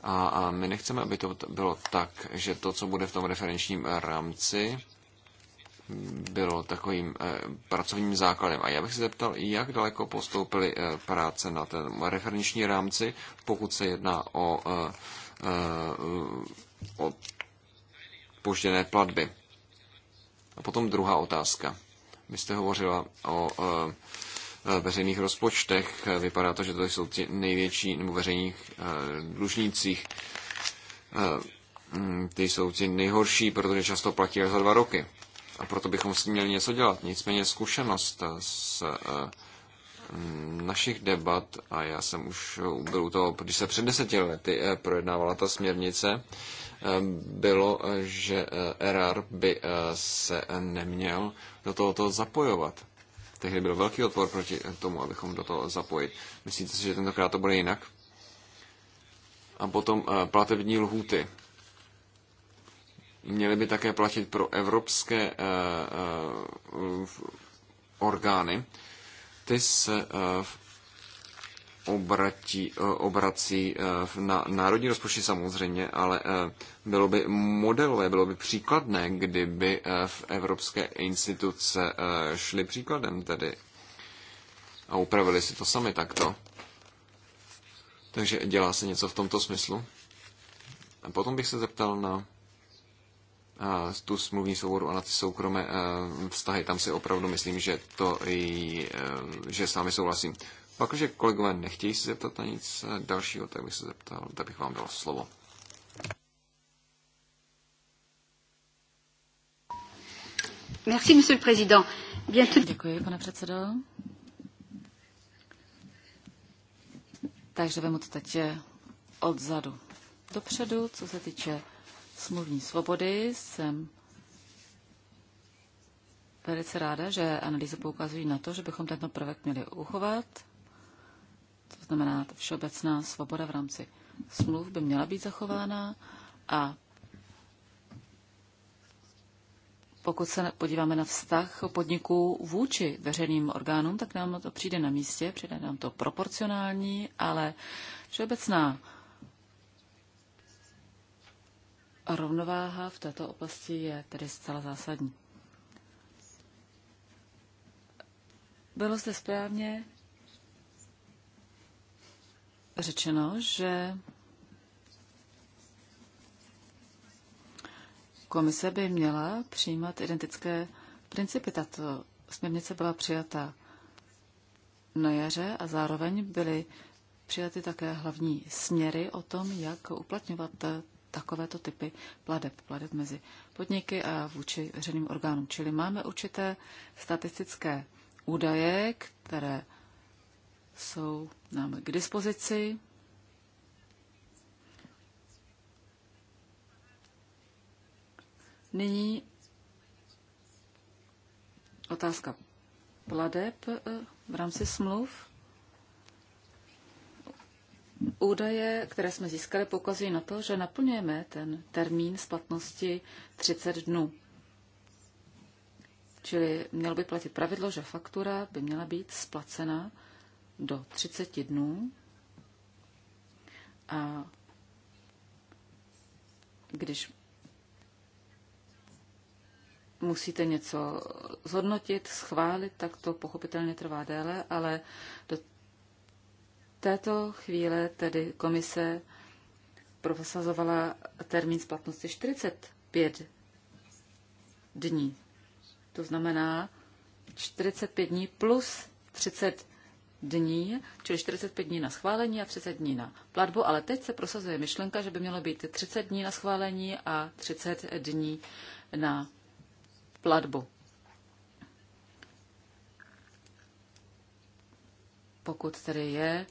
A, a my nechceme, aby to bylo tak, že to, co bude v tom referenčním rámci, bylo takovým eh, pracovním základem. A já bych se zeptal, jak daleko postoupily eh, práce na ten referenční rámci, pokud se jedná o, eh, o požděné platby. A potom druhá otázka. Vy jste hovořila o Eh, veřejných rozpočtech. Eh, vypadá to, že to jsou ti největší, nebo veřejných eh, dlužnících. Mm, ty jsou ti nejhorší, protože často platí za dva roky. A proto bychom s tím měli něco dělat. Nicméně zkušenost s mm, našich debat, a já jsem už byl u toho, když se před deseti lety projednávala ta směrnice, bylo, že RR by se neměl do tohoto zapojovat. Tehdy byl velký odpor proti tomu, abychom do toho zapojit. Myslíte si, že tentokrát to bude jinak? A potom eh, platební lhůty. Měly by také platit pro evropské eh, eh, orgány. Ty se obratí, obrací eh, eh, na národní rozpočty samozřejmě, ale eh, bylo by modelové, bylo by příkladné, kdyby v evropské instituce šly příkladem tedy a upravili si to sami takto. Takže dělá se něco v tomto smyslu. A potom bych se zeptal na a tu smluvní souboru a na ty soukromé vztahy. Tam si opravdu myslím, že to i, že s vámi souhlasím. Pak, když kolegové nechtějí se zeptat na nic dalšího, tak bych se zeptal, tak bych vám dal slovo. Merci, monsieur le président. Bientôt... Děkuji, pane předsedo. Takže vemu to teď odzadu dopředu, co se týče smluvní svobody. Jsem velice ráda, že analýzy poukazují na to, že bychom tento prvek měli uchovat to znamená ta všeobecná svoboda v rámci smluv by měla být zachována a pokud se podíváme na vztah podniků vůči veřejným orgánům, tak nám to přijde na místě, přijde nám to proporcionální, ale všeobecná rovnováha v této oblasti je tedy zcela zásadní. Bylo zde správně řečeno, že komise by měla přijímat identické principy. Tato směrnice byla přijata na jaře a zároveň byly přijaty také hlavní směry o tom, jak uplatňovat takovéto typy pladeb, pladeb mezi podniky a vůči veřejným orgánům. Čili máme určité statistické údaje, které jsou nám k dispozici. Nyní otázka pladeb eh, v rámci smluv. Údaje, které jsme získali, poukazují na to, že naplňujeme ten termín splatnosti 30 dnů. Čili mělo by platit pravidlo, že faktura by měla být splacena do 30 dnů a když musíte něco zhodnotit, schválit, tak to pochopitelně trvá déle, ale do této chvíle tedy komise prosazovala termín splatnosti 45 dní. To znamená 45 dní plus 30 dní, čili 45 dní na schválení a 30 dní na platbu, ale teď se prosazuje myšlenka, že by mělo být 30 dní na schválení a 30 dní na platbu. Pokud tedy je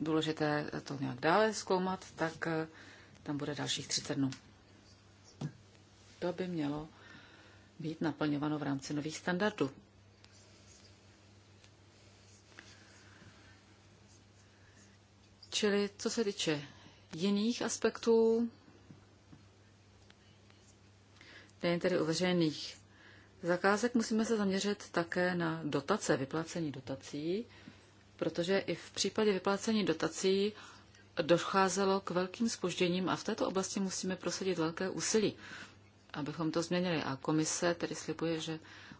důležité to nějak dále zkoumat, tak eh, tam bude dalších 30 dnů. To by mělo být naplňováno v rámci nových standardů. Čili co se týče jiných aspektů, nejen tedy u veřejných zakázek, musíme se zaměřit také na dotace, vyplácení dotací, protože i v případě vyplácení dotací docházelo k velkým spožděním a v této oblasti musíme prosadit velké úsilí, abychom to změnili. A komise tedy slibuje, že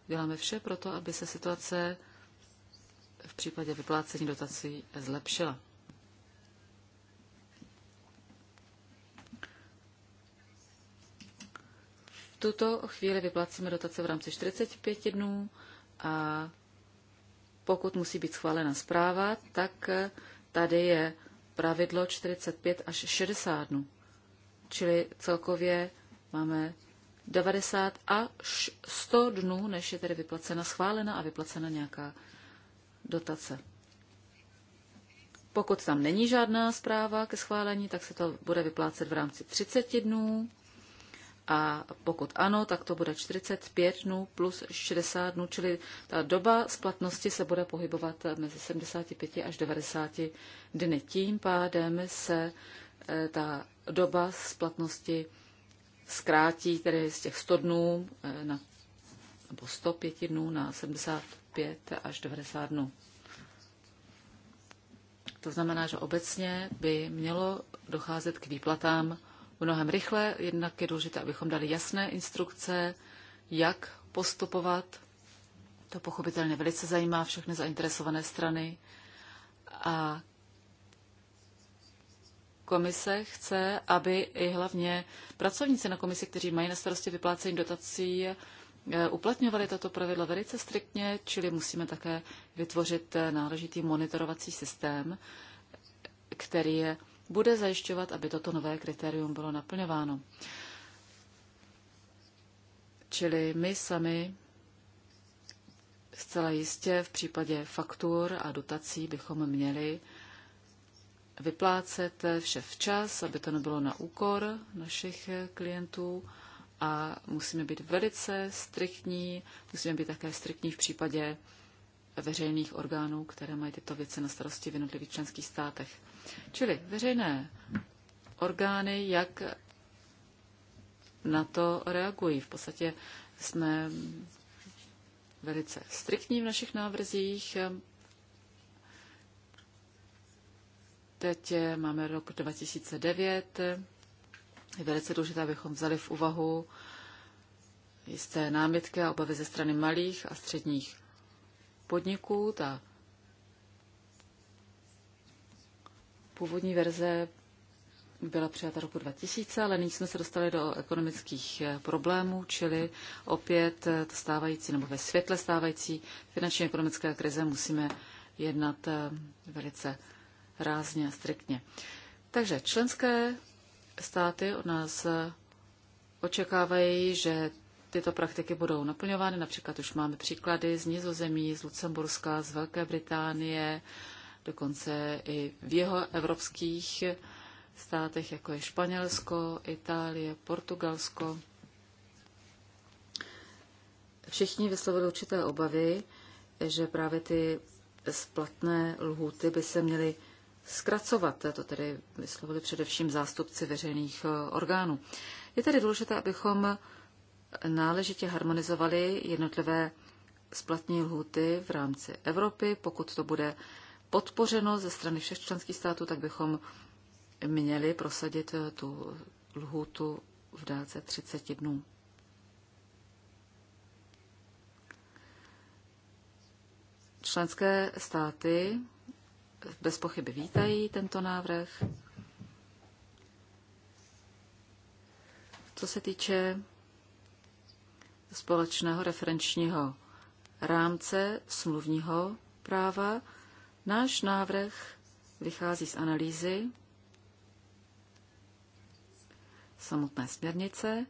uděláme vše pro to, aby se situace v případě vyplácení dotací zlepšila. tuto chvíli vyplácíme dotace v rámci 45 dnů a pokud musí být schválena zpráva, tak tady je pravidlo 45 až 60 dnů. Čili celkově máme 90 až 100 dnů, než je tedy vyplacena schválena a vyplacena nějaká dotace. Pokud tam není žádná zpráva ke schválení, tak se to bude vyplácet v rámci 30 dnů a pokud ano, tak to bude 45 dnů plus 60 dnů, čili ta doba splatnosti se bude pohybovat mezi 75 až 90 dny. Tím pádem se eh, ta doba splatnosti zkrátí tedy z těch 100 eh, dnů na, nebo 105 dnů na 75 až 90 dnů. To znamená, že obecně by mělo docházet k výplatám mnohem rychle. Jednak je důležité, abychom dali jasné instrukce, jak postupovat. To pochopitelně velice zajímá všechny zainteresované strany. A komise chce, aby i hlavně pracovníci na komisi, kteří mají na starosti vyplácení dotací, eh, uplatňovali tato pravidla velice striktně, čili musíme také vytvořit eh, náležitý monitorovací systém, který je bude zajišťovat, aby toto nové kritérium bylo naplňováno. Čili my sami zcela jistě v případě faktur a dotací bychom měli vyplácet vše včas, aby to nebylo na úkor našich klientů a musíme být velice striktní, musíme být také striktní v případě veřejných orgánů, které mají tyto věci na starosti v jednotlivých členských státech. Čili veřejné orgány, jak na to reagují. V podstatě jsme velice striktní v našich návrzích. Teď máme rok 2009. Je velice důležité, abychom vzali v úvahu jisté námitky a obavy ze strany malých a středních podniků. Ta původní verze byla přijata roku 2000, ale nyní jsme se dostali do ekonomických eh, problémů, čili opět eh, stávající nebo ve světle stávající finanční ekonomické krize musíme jednat eh, velice rázně a striktně. Takže členské státy od nás očekávají, že tyto praktiky budou naplňovány. Například už máme příklady z Nizozemí, z Lucemburska, z Velké Británie, dokonce i v jeho evropských státech, jako je Španělsko, Itálie, Portugalsko. Všichni vyslovili určité obavy, že právě ty splatné lhůty by se měly zkracovat. To tedy vyslovili především zástupci veřejných eh, orgánů. Je tedy důležité, abychom náležitě harmonizovali jednotlivé splatní lhuty v rámci Evropy. Pokud to bude podpořeno ze strany všech členských států, tak bychom měli prosadit eh, tu lhutu v délce 30 dnů. Členské státy bez pochyby vítají tento návrh. Co se týče společného referenčního rámce smluvního práva. Náš návrh vychází z analýzy samotné směrnice,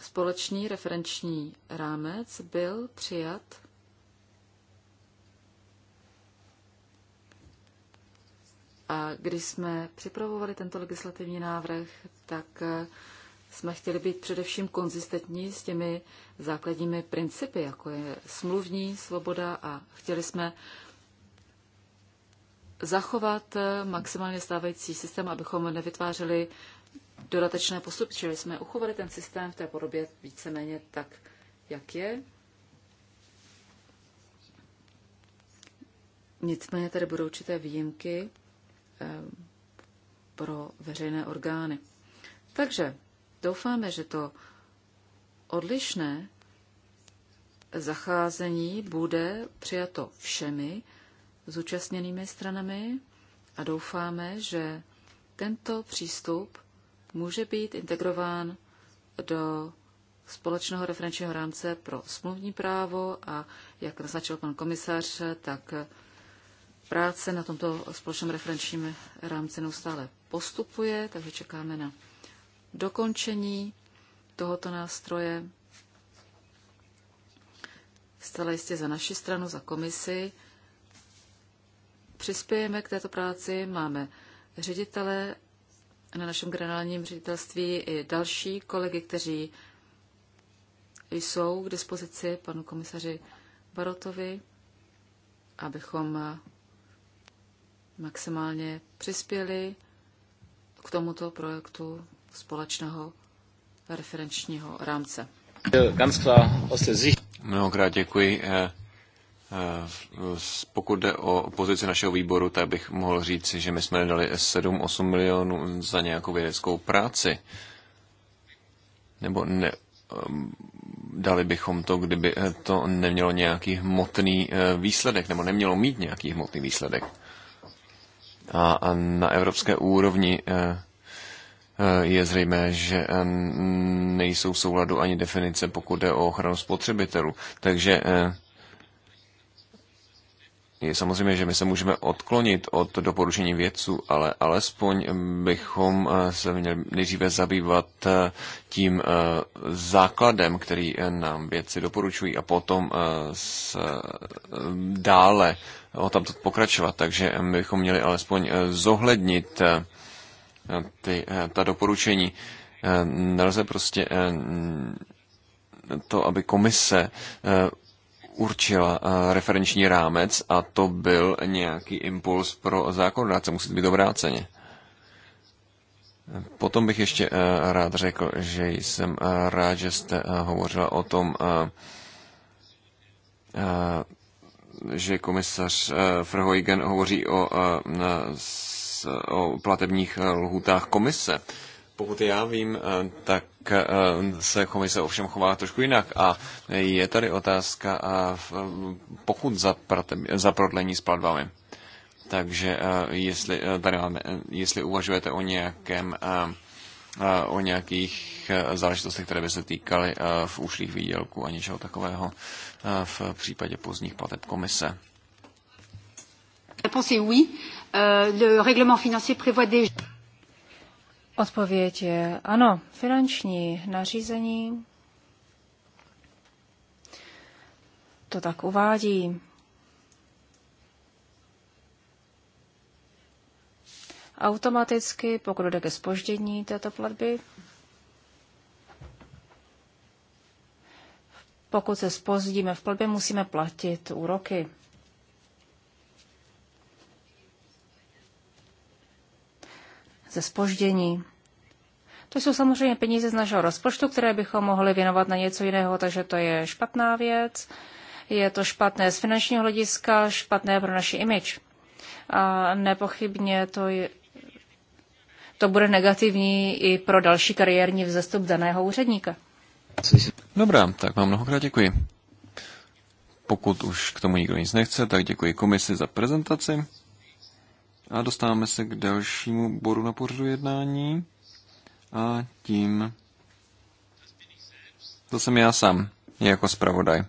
Společný referenční rámec byl přijat A když jsme připravovali tento legislativní návrh, tak eh, jsme chtěli být především konzistentní s těmi základními principy, jako je smluvní svoboda a chtěli jsme zachovat eh, maximálně stávající systém, abychom nevytvářeli dodatečné postupy, čili jsme uchovali ten systém v té podobě víceméně tak, jak je. Nicméně tady budou určité výjimky, Eh, pro veřejné orgány. Takže doufáme, že to odlišné zacházení bude přijato všemi zúčastněnými stranami a doufáme, že tento přístup může být integrován do společného referenčního rámce pro smluvní právo a jak naznačil pan komisař, tak práce na tomto společném referenčním rámci neustále postupuje, takže čekáme na dokončení tohoto nástroje. Stále jistě za naši stranu, za komisi. Přispějeme k této práci, máme ředitele na našem generálním ředitelství i další kolegy, kteří jsou k dispozici panu komisaři Barotovi, abychom maximálně přispěli k tomuto projektu společného referenčního rámce. Mnohokrát děkuji. Eh, eh, pokud jde o pozici našeho výboru, tak bych mohl říct, že my jsme dali 7-8 milionů za nějakou vědeckou práci. Nebo ne, eh, dali bychom to, kdyby to nemělo nějaký hmotný výsledek, nebo nemělo mít nějaký hmotný výsledek. A na evropské úrovni eh, eh, je zřejmé, že eh, nejsou v souladu ani definice, pokud jde o ochranu spotřebitelů. Takže je samozřejmě, že my se můžeme odklonit od doporučení vědců, ale alespoň bychom se měli nejdříve zabývat tím základem, který nám vědci doporučují a potom dále o tamto pokračovat, takže bychom měli alespoň eh, zohlednit eh, ty, eh, ta doporučení. Nelze prostě to, aby komise určila referenční rámec a to byl nějaký impuls pro zákonodáce. Musí to být obráceně. Potom bych ještě rád řekl, že jsem rád, že jste hovořila o tom že komisař Frhoigen eh, hovoří o, eh, o platebních eh, lhůtách komise. Pokud já vím, tak se komise ovšem chová trošku jinak. A je tady otázka, pokud za, pratem, za prodlení s platbami. Takže jestli, tady máme, jestli uvažujete o nějakém o nějakých e, záležitostech, které by se týkaly e, v ušlých výdělků a něčeho takového e, v případě pozdních plateb komise. Euh, Odpověď je ano, finanční nařízení to tak uvádí. automaticky, pokud jde ke spoždění této platby. Pokud se spozdíme v platbě, musíme platit úroky. Ze spoždění. To jsou samozřejmě peníze z našeho rozpočtu, které bychom mohli věnovat na něco jiného, takže to je špatná věc. Je to špatné z finančního hlediska, špatné pro naši imič. A nepochybně to je, to bude negativní i pro další kariérní vzestup daného úředníka. Dobrá, tak vám mnohokrát děkuji. Pokud už k tomu nikdo nic nechce, tak děkuji komisi za prezentaci. A dostáváme se k dalšímu bodu na pořadu jednání. A tím... To jsem já sám, jako zpravodaj.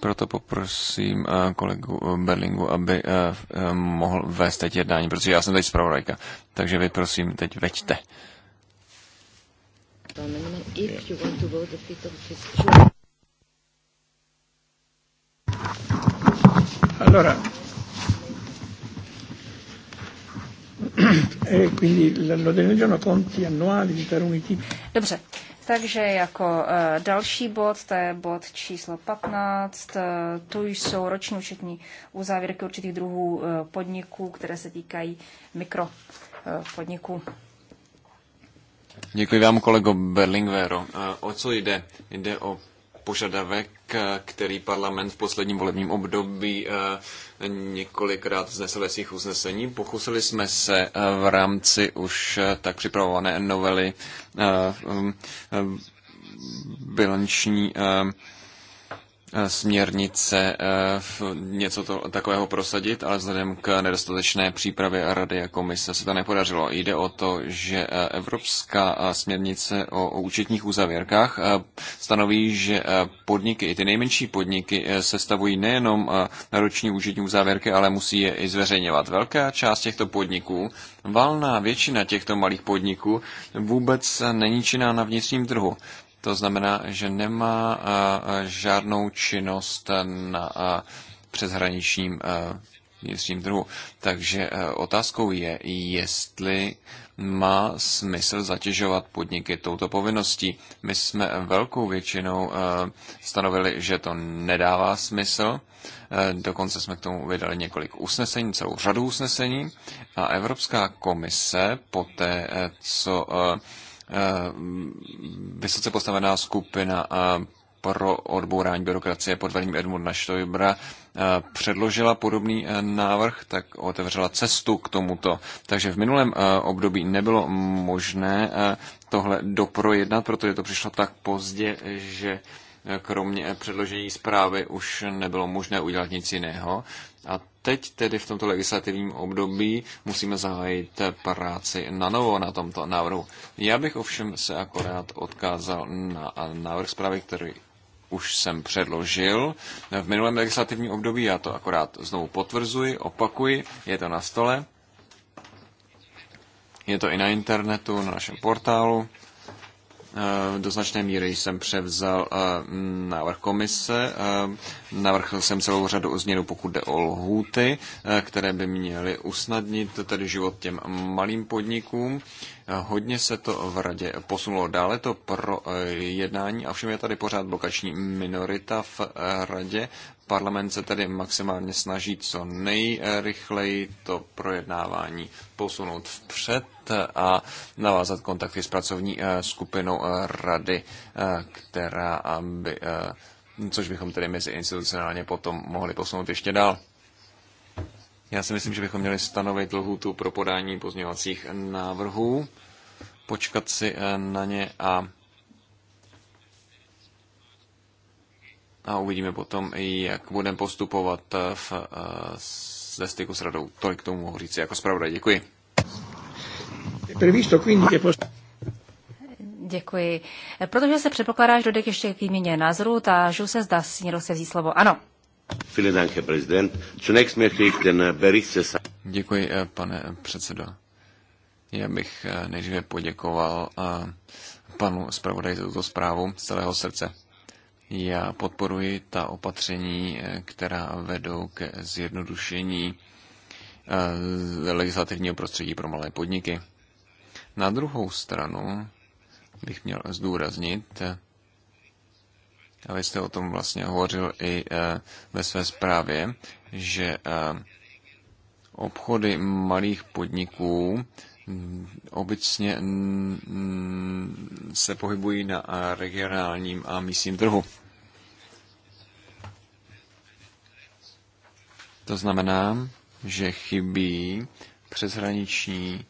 Proto poprosím eh, kolegu eh, Berlingu, aby eh, mohl vést teď jednání, protože já jsem teď zpravodajka. Takže vy prosím, teď veďte. Allora, Dobře, takže jako e, další bod, to je bod číslo 15, e, tu jsou roční účetní uzávěrky určitých druhů e, podniků, které se týkají mikropodniků. Děkuji vám, kolego Berlingvero. O co jde? Jde o požadavek, který parlament v posledním volebním období eh, několikrát vznesl ve svých usnesení. Pokusili jsme se eh, v rámci už eh, tak připravované novely bilanční Eh, směrnice eh, něco to, takového prosadit, ale vzhledem k nedostatečné přípravě Rady a komise se to nepodařilo. Jde o to, že eh, Evropská směrnice o účetních uzavěrkách stanoví, že podniky, i ty nejmenší podniky, se stavují nejenom na roční účetní uzavěrky, ale musí je i zveřejňovat. Velká část těchto podniků, valná většina těchto malých podniků vůbec není činná na vnitřním trhu. To znamená, že nemá žádnou činnost na přeshraničním vnitřním trhu. Takže otázkou je, jestli má smysl zatěžovat podniky touto povinností. My jsme velkou většinou stanovili, že to nedává smysl. Dokonce jsme k tomu vydali několik usnesení, celou řadu usnesení. A Evropská komise poté, co Eh, vysoce postavená skupina eh, pro odbourání byrokracie pod vedením Edmunda Štojbra eh, předložila podobný návrh, tak otevřela cestu k tomuto. Takže v minulém období nebylo možné tohle doprojednat, protože to přišlo tak pozdě, že kromě předložení zprávy už nebylo možné udělat nic jiného. A teď tedy v tomto legislativním období musíme zahájit práci na novo na tomto návrhu. Já bych ovšem se akorát odkázal na návrh zprávy, který už jsem předložil. V minulém legislativním období já to akorát znovu potvrzuji, opakuji, je to na stole. Je to i na internetu, na našem portálu. Eh, do značné míry jsem převzal eh, návrh komise, eh, navrhl jsem celou řadu změnu, pokud jde o lhůty, které by měly usnadnit tedy život těm malým podnikům. Hodně se to v radě posunulo. Dále to pro eh, jednání, a všem je tady pořád blokační minorita v eh, radě. Parlament se tedy maximálně snaží co nejrychleji to projednávání posunout vpřed a navázat kontakty s pracovní eh, skupinou rady, která by což bychom tedy mezi institucionálně potom mohli posunout ještě dál. Já si myslím, že bychom měli stanovit lhůtu pro podání pozměňovacích návrhů, počkat si eh, na ně a a uvidíme potom, jak budeme postupovat eh, v, eh, ve styku s radou. Tolik tomu mohu říct jako zpravodaj. Děkuji. Děkuji. Protože se předpokládáš, že dojde ještě k výměně názorů, tážu se, zda si někdo se vzít slovo. Ano. Äh, Děkuji, eh, pane eh, předsedo. Já bych eh, nejdříve poděkoval panu zpravodaji za tuto zprávu z celého srdce. Já podporuji ta opatření, která vedou ke zjednodušení legislativního prostředí pro malé podniky. Na druhou stranu bych měl zdůraznit, a vy jste o tom vlastně hovořil i eh, ve své zprávě, že eh, obchody malých podniků mm, obecně mm, mm, se pohybují na eh, regionálním a místním trhu. To znamená, že chybí přeshraniční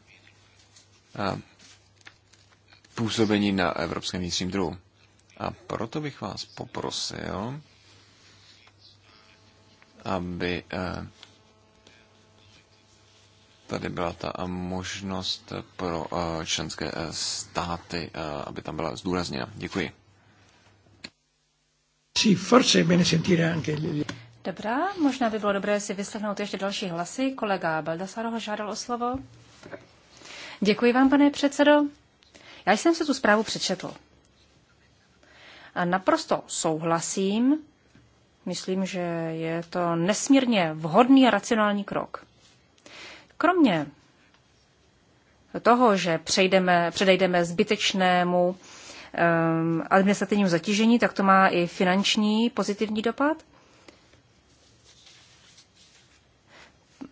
působení na evropském místním trhu. A proto bych vás poprosil, aby eh, tady byla ta možnost pro eh, členské eh, státy, aby tam byla zdůrazněna. Děkuji. Dobrá, možná by bylo dobré si vyslechnout ještě další hlasy. Kolega Baldassaro ho žádal o slovo. Děkuji vám, pane předsedo. Já jsem se tu zprávu přečetl. A naprosto souhlasím, myslím, že je to nesmírně vhodný a racionální krok. Kromě toho, že přejdeme, předejdeme zbytečnému um, administrativnímu zatížení, tak to má i finanční pozitivní dopad.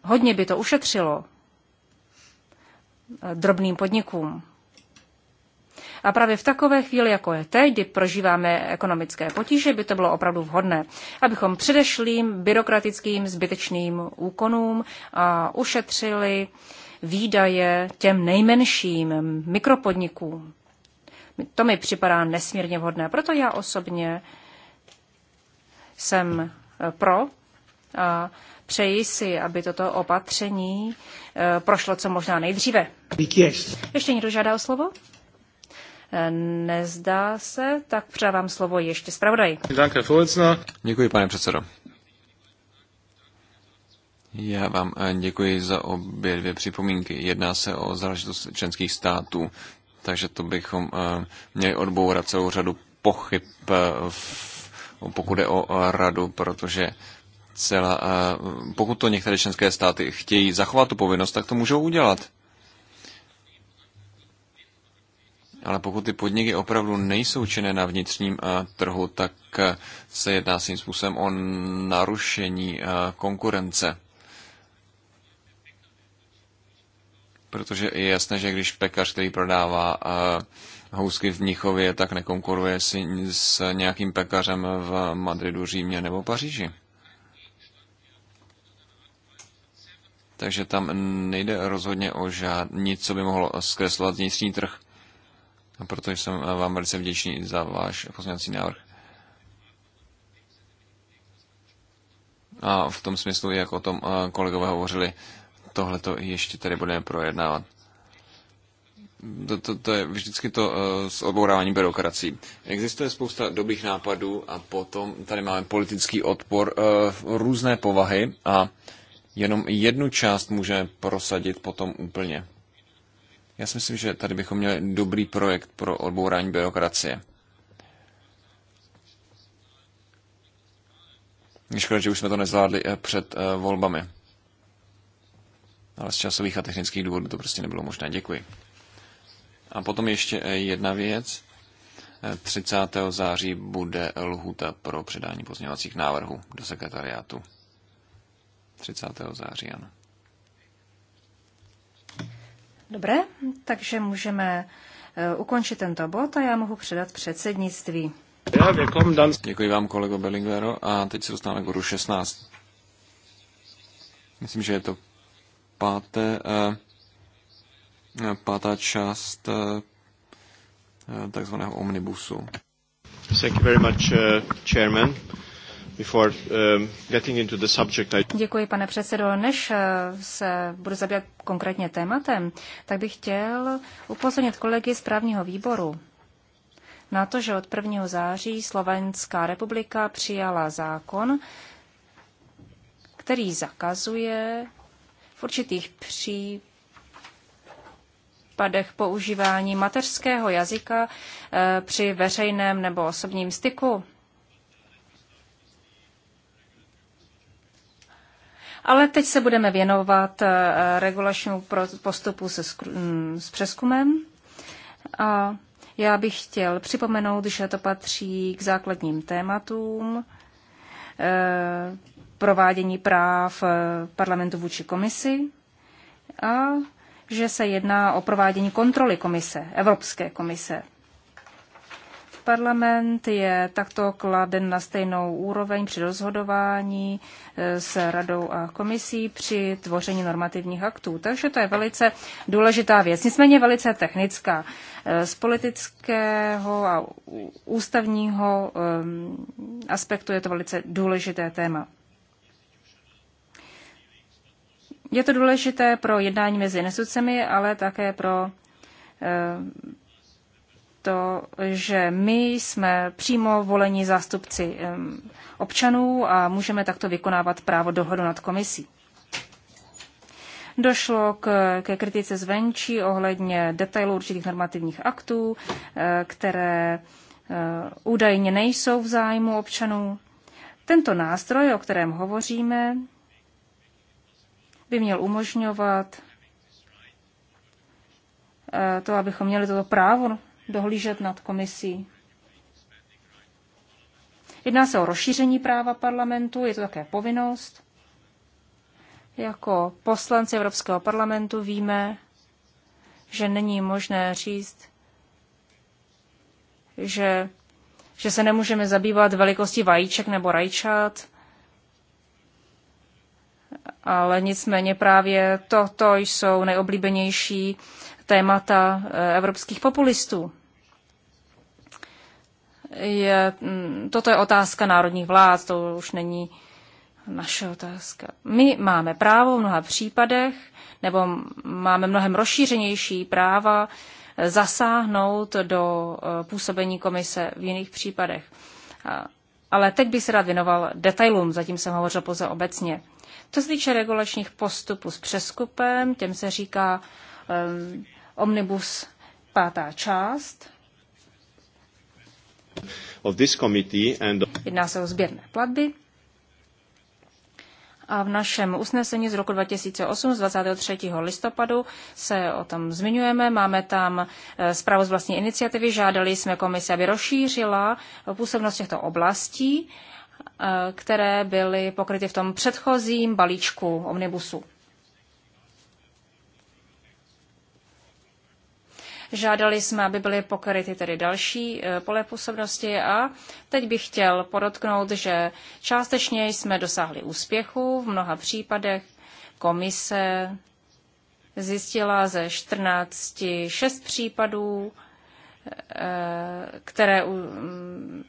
Hodně by to ušetřilo drobným podnikům. A právě v takové chvíli, jako je teď, kdy prožíváme ekonomické potíže, by to bylo opravdu vhodné, abychom předešlým byrokratickým zbytečným úkonům a ušetřili výdaje těm nejmenším mikropodnikům. To mi připadá nesmírně vhodné. Proto já osobně jsem pro a přeji si, aby toto opatření eh, prošlo co možná nejdříve. Ještě někdo žádá o slovo? Nezdá se, tak předávám slovo ještě zpravodaj. Děkuji, pane předsedo. Já vám eh, děkuji za obě dvě připomínky. Jedná se o záležitost členských států, takže to bychom eh, měli odbourat celou řadu pochyb, eh, pokud je o radu, protože celá, pokud to některé členské státy chtějí zachovat tu povinnost, tak to můžou udělat. ale pokud ty podniky opravdu nejsou činné na vnitřním eh, trhu, tak eh, se jedná svým způsobem o narušení eh, konkurence. Protože je jasné, že když pekař, který prodává housky v Mnichově, tak nekonkuruje si s nějakým pekařem v Madridu, Římě nebo Paříži. Takže tam nejde rozhodně o žád, nic, co by mohlo zkreslovat vnitřní trh. A proto jsem eh, vám velice vděčný za váš pozměňovací návrh. A v tom smyslu, jak o tom eh, kolegové hovořili, tohle to ještě tady budeme projednávat. To, to, to je vždycky to eh, s odbouráváním byrokracií. Existuje spousta dobrých nápadů a potom tady máme politický odpor v různé povahy a jenom jednu část můžeme prosadit potom úplně. Já si myslím, že tady bychom měli dobrý projekt pro odbourání byrokracie. Škoda, že už jsme to nezvládli eh, před eh, volbami. Ale z časových a technických důvodů to prostě nebylo možné. Děkuji. A potom ještě eh, jedna věc. 30. září bude lhuta pro předání pozměňovacích návrhů do sekretariátu. 30. září, ano. Dobré, takže můžeme eh, ukončit tento bod a já mohu předat předsednictví. Děkuji vám, kolego Bellingvero, a teď se dostáváme k bodu 16. Myslím, že je to páté, eh, pátá část eh, takzvaného omnibusu. Thank you very much, uh, Chairman. Um, Děkuji, pane předsedo. Než uh, se budu zabývat konkrétně tématem, tak bych chtěl upozornit kolegy z právního výboru na to, že od 1. září Slovenská republika přijala zákon, který zakazuje v určitých případech používání mateřského jazyka uh, při veřejném nebo osobním styku Ale teď se budeme věnovat eh, regulačnímu postupu se, mm, s přeskumem. A já bych chtěl připomenout, že to patří k základním tématům eh, provádění práv eh, parlamentu vůči komisi a že se jedná o provádění kontroly komise, Evropské komise. Parlament je takto kladen na stejnou úroveň při rozhodování e, s radou a komisí při tvoření normativních aktů. Takže to je velice důležitá věc, nicméně velice technická. E, z politického a ústavního e, aspektu je to velice důležité téma. Je to důležité pro jednání mezi institucemi, ale také pro to, že my jsme přímo voleni zástupci občanů a můžeme takto vykonávat právo dohodu nad komisí. Došlo k, ke kritice zvenčí ohledně detailů určitých normativních aktů, eh, které eh, údajně nejsou v zájmu občanů. Tento nástroj, o kterém hovoříme, by měl umožňovat eh, to, abychom měli toto právo dohlížet nad komisí. Jedná se o rozšíření práva parlamentu, je to také povinnost. Jako poslanci Evropského parlamentu víme, že není možné říct, že, že se nemůžeme zabývat velikostí vajíček nebo rajčat, ale nicméně právě toto jsou nejoblíbenější témata eh, evropských populistů je, mm, toto je otázka národních vlád, to už není naše otázka. My máme právo v mnoha případech, nebo máme mnohem rozšířenější práva zasáhnout do e, působení komise v jiných případech. Ale teď bych se rád věnoval detailům, zatím jsem hovořil pouze obecně. Co se týče regulačních postupů s přeskupem, těm se říká um, omnibus pátá část of this committee and... Jedná se o sběrné platby. A v našem usnesení z roku 2008 z 23. listopadu se o tom zmiňujeme. Máme tam eh, zprávu z vlastní iniciativy. Žádali jsme komisi, aby rozšířila působnost těchto oblastí, eh, které byly pokryty v tom předchozím balíčku omnibusu. Žádali jsme, aby byly pokryty tedy další e, pole působnosti a teď bych chtěl podotknout, že částečně jsme dosáhli úspěchu. V mnoha případech komise zjistila ze 14 6 případů, e, které, mm,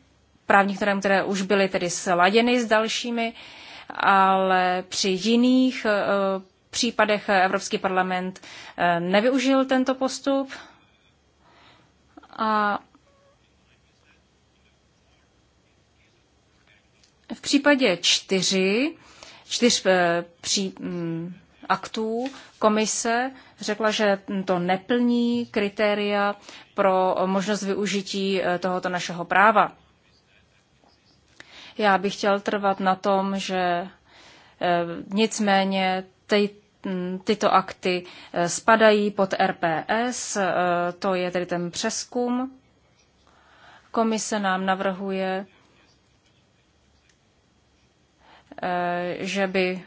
právní, které, které už byly tedy sladěny s dalšími, ale při jiných e, případech Evropský parlament nevyužil tento postup. A v případě čtyři, čtyř eh, pří, mm, aktů komise řekla, že to neplní kritéria pro možnost využití eh, tohoto našeho práva. Já bych chtěl trvat na tom, že eh, nicméně ty, Mm, tyto akty eh, spadají pod RPS, eh, to je tedy ten přeskum. Komise nám navrhuje, eh, že by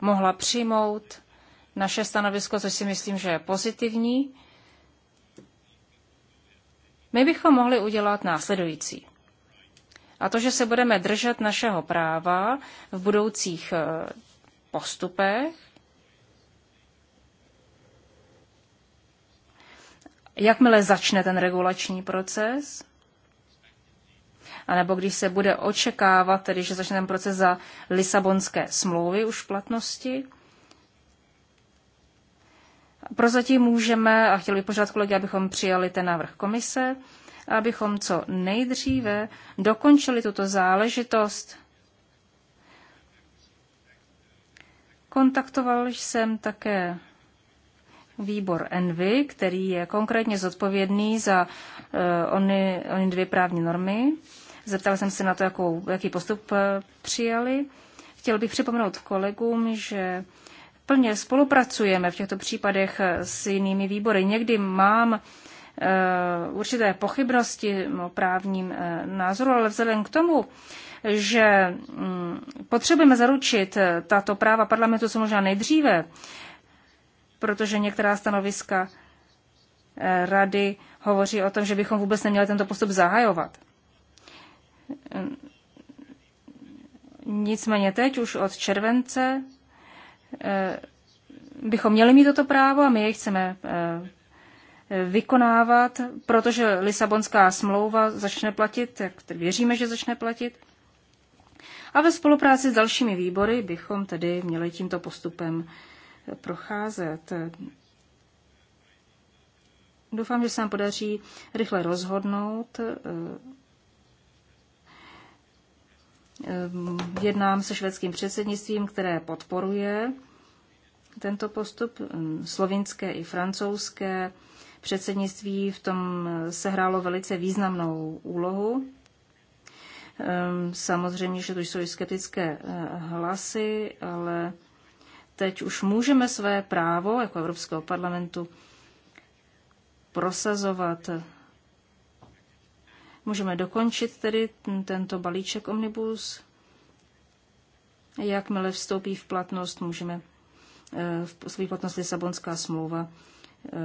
mohla přijmout naše stanovisko, což si myslím, že je pozitivní. My bychom mohli udělat následující. A to, že se budeme držet našeho práva v budoucích postupech, jakmile začne ten regulační proces, anebo když se bude očekávat, tedy že začne ten proces za Lisabonské smlouvy už v platnosti, Prozatím můžeme, a chtěl bych požádat kolegy, abychom přijali ten návrh komise, abychom co nejdříve dokončili tuto záležitost. Kontaktoval jsem také výbor ENVY, který je konkrétně zodpovědný za uh, ony, ony dvě právní normy. Zeptal jsem se na to, jakou, jaký postup uh, přijali. Chtěl bych připomenout kolegům, že plně spolupracujeme v těchto případech eh, s jinými výbory. Někdy mám uh, určité pochybnosti o právním uh, názoru, ale vzhledem k tomu, že mm, potřebujeme zaručit tato práva parlamentu co možná nejdříve, protože některá stanoviska eh, rady hovoří o tom, že bychom vůbec neměli tento postup zahajovat. Nicméně teď už od července eh, bychom měli mít toto právo a my je chceme eh, vykonávat, protože Lisabonská smlouva začne platit, jak věříme, že začne platit. A ve spolupráci s dalšími výbory bychom tedy měli tímto postupem procházet. Doufám, že se nám podaří rychle rozhodnout. Jednám se švédským předsednictvím, které podporuje tento postup. Slovinské i francouzské předsednictví v tom sehrálo velice významnou úlohu. Ehm, samozřejmě, že tu jsou i skeptické eh, hlasy, ale teď už můžeme své právo jako Evropského parlamentu prosazovat. Můžeme dokončit tedy tento balíček omnibus. Jakmile vstoupí v platnost, můžeme eh, v v platnost Lisabonská smlouva, eh,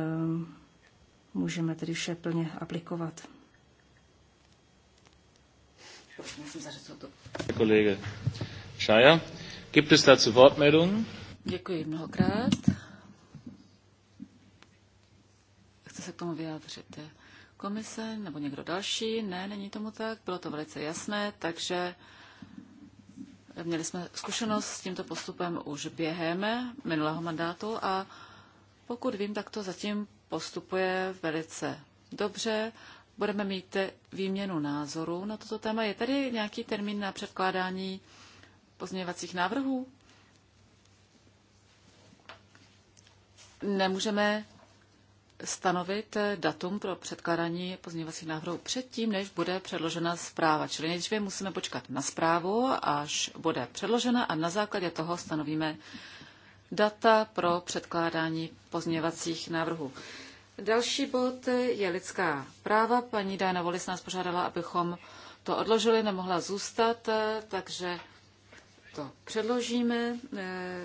můžeme tedy vše plně aplikovat. Kolege Scheier, gibt es dazu Wortmeldungen? Děkuji mnohokrát. Chce se k tomu vyjádřit komise nebo někdo další? Ne, není tomu tak. Bylo to velice jasné, takže měli jsme zkušenost s tímto postupem už během minulého mandátu a pokud vím, tak to zatím postupuje velice dobře. Budeme mít výměnu názorů na toto téma. Je tady nějaký termín na předkládání pozměňovacích návrhů? nemůžeme stanovit eh, datum pro předkládání pozměňovacích návrhů předtím, než bude předložena zpráva. Čili nejdříve musíme počkat na zprávu, až bude předložena a na základě toho stanovíme data pro předkládání pozměňovacích návrhů. Další bod je lidská práva. Paní Dana Volis nás požádala, abychom to odložili, nemohla zůstat, eh, takže to předložíme, eh,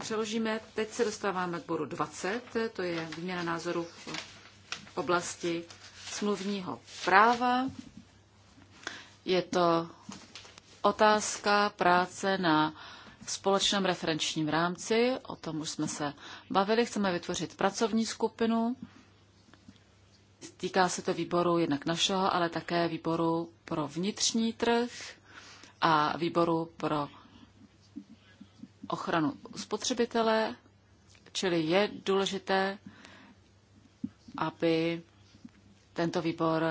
přeložíme. Teď se dostáváme k bodu 20, to je výměna názoru v oblasti smluvního práva. Je to otázka práce na společném referenčním rámci, o tom už jsme se bavili, chceme vytvořit pracovní skupinu. Týká se to výboru jednak našeho, ale také výboru pro vnitřní trh a výboru pro ochranu spotřebitele, čili je důležité, aby tento výbor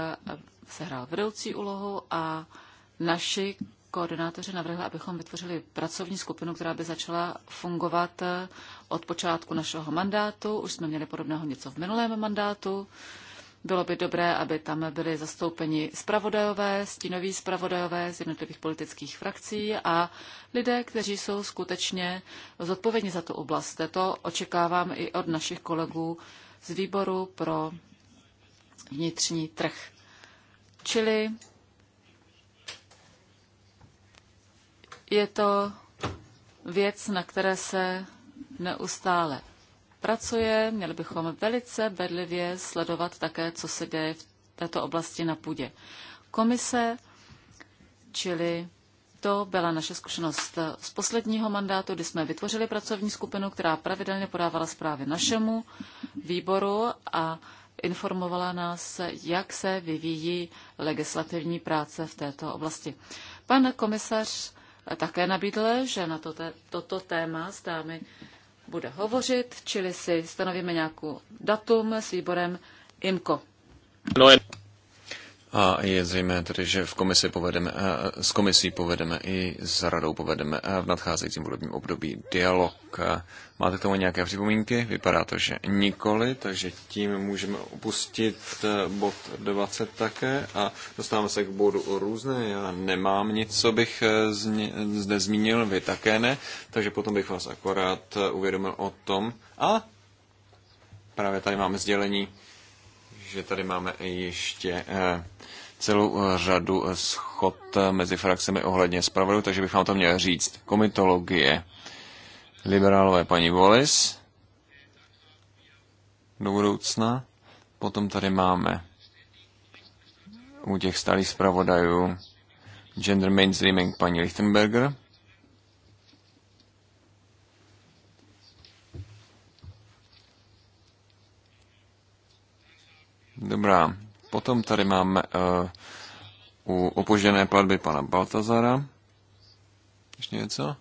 sehrál vedoucí úlohu a naši koordinátoři navrhli, abychom vytvořili pracovní skupinu, která by začala fungovat od počátku našeho mandátu. Už jsme měli podobného něco v minulém mandátu. Bylo by dobré, aby tam byly zastoupeni spravodajové, stínoví spravodajové z jednotlivých politických frakcí a lidé, kteří jsou skutečně zodpovědní za tu oblast. To očekávám i od našich kolegů z výboru pro vnitřní trh. Čili je to věc, na které se neustále pracuje. Měli bychom velice bedlivě sledovat také, co se děje v této oblasti na půdě komise, čili to byla naše zkušenost z posledního mandátu, kdy jsme vytvořili pracovní skupinu, která pravidelně podávala zprávy našemu výboru a informovala nás, jak se vyvíjí legislativní práce v této oblasti. Pan komisař také nabídl, že na to, toto téma s dámy bude hovořit, čili si stanovíme nějakou datum s výborem IMCO. No je... A je zřejmé tedy, že v komisi povedeme, eh, s komisí povedeme i s radou povedeme eh, v nadcházejícím volebním období dialog. Eh, máte k tomu nějaké připomínky? Vypadá to, že nikoli, takže tím můžeme opustit bod 20 také a dostáváme se k bodu o různé. Já nemám nic, co bych zde zmínil, vy také ne, takže potom bych vás akorát uvědomil o tom. A právě tady máme sdělení, že tady máme ještě eh, celou eh, řadu eh, schod eh, mezi frakcemi ohledně zpravodu, takže bych vám to měl říct. Komitologie. Liberálové paní Wallis. Do budoucna. Potom tady máme u těch stálých zpravodajů gender mainstreaming paní Lichtenberger. Dobrá, Potom tady máme uh, u opožděné platby pana Baltazara. Ještě něco?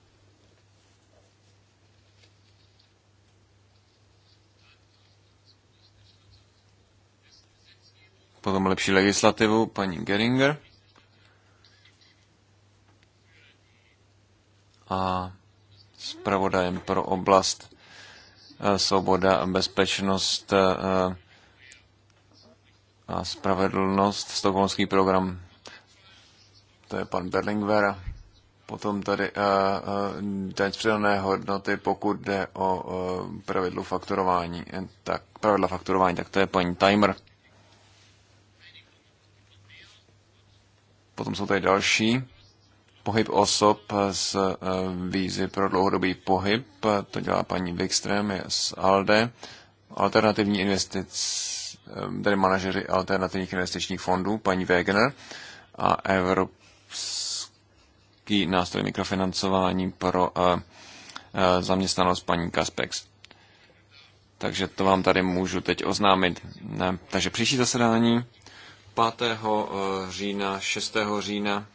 Potom lepší legislativu paní Geringer. A zpravodajem pro oblast eh, svoboda, a bezpečnost, eh, a spravedlnost, stokholmský program, to je pan Berlingwer. Potom tady eh, eh, daň z přidané hodnoty, pokud jde o eh, pravidlu fakturování, tak pravidla fakturování, tak to je paní Timer. Potom jsou tady další. Pohyb osob z vízy pro dlouhodobý pohyb, to dělá paní Wikström z ALDE. Alternativní investice Ehm, tedy manažeři alternativních investičních fondů, paní Wegener, a Evropský nástroj mikrofinancování pro eh, eh, zaměstnanost paní Kaspex. Takže to vám tady můžu teď oznámit. Ne. Takže příští zasedání 5. Eh, října, 6. října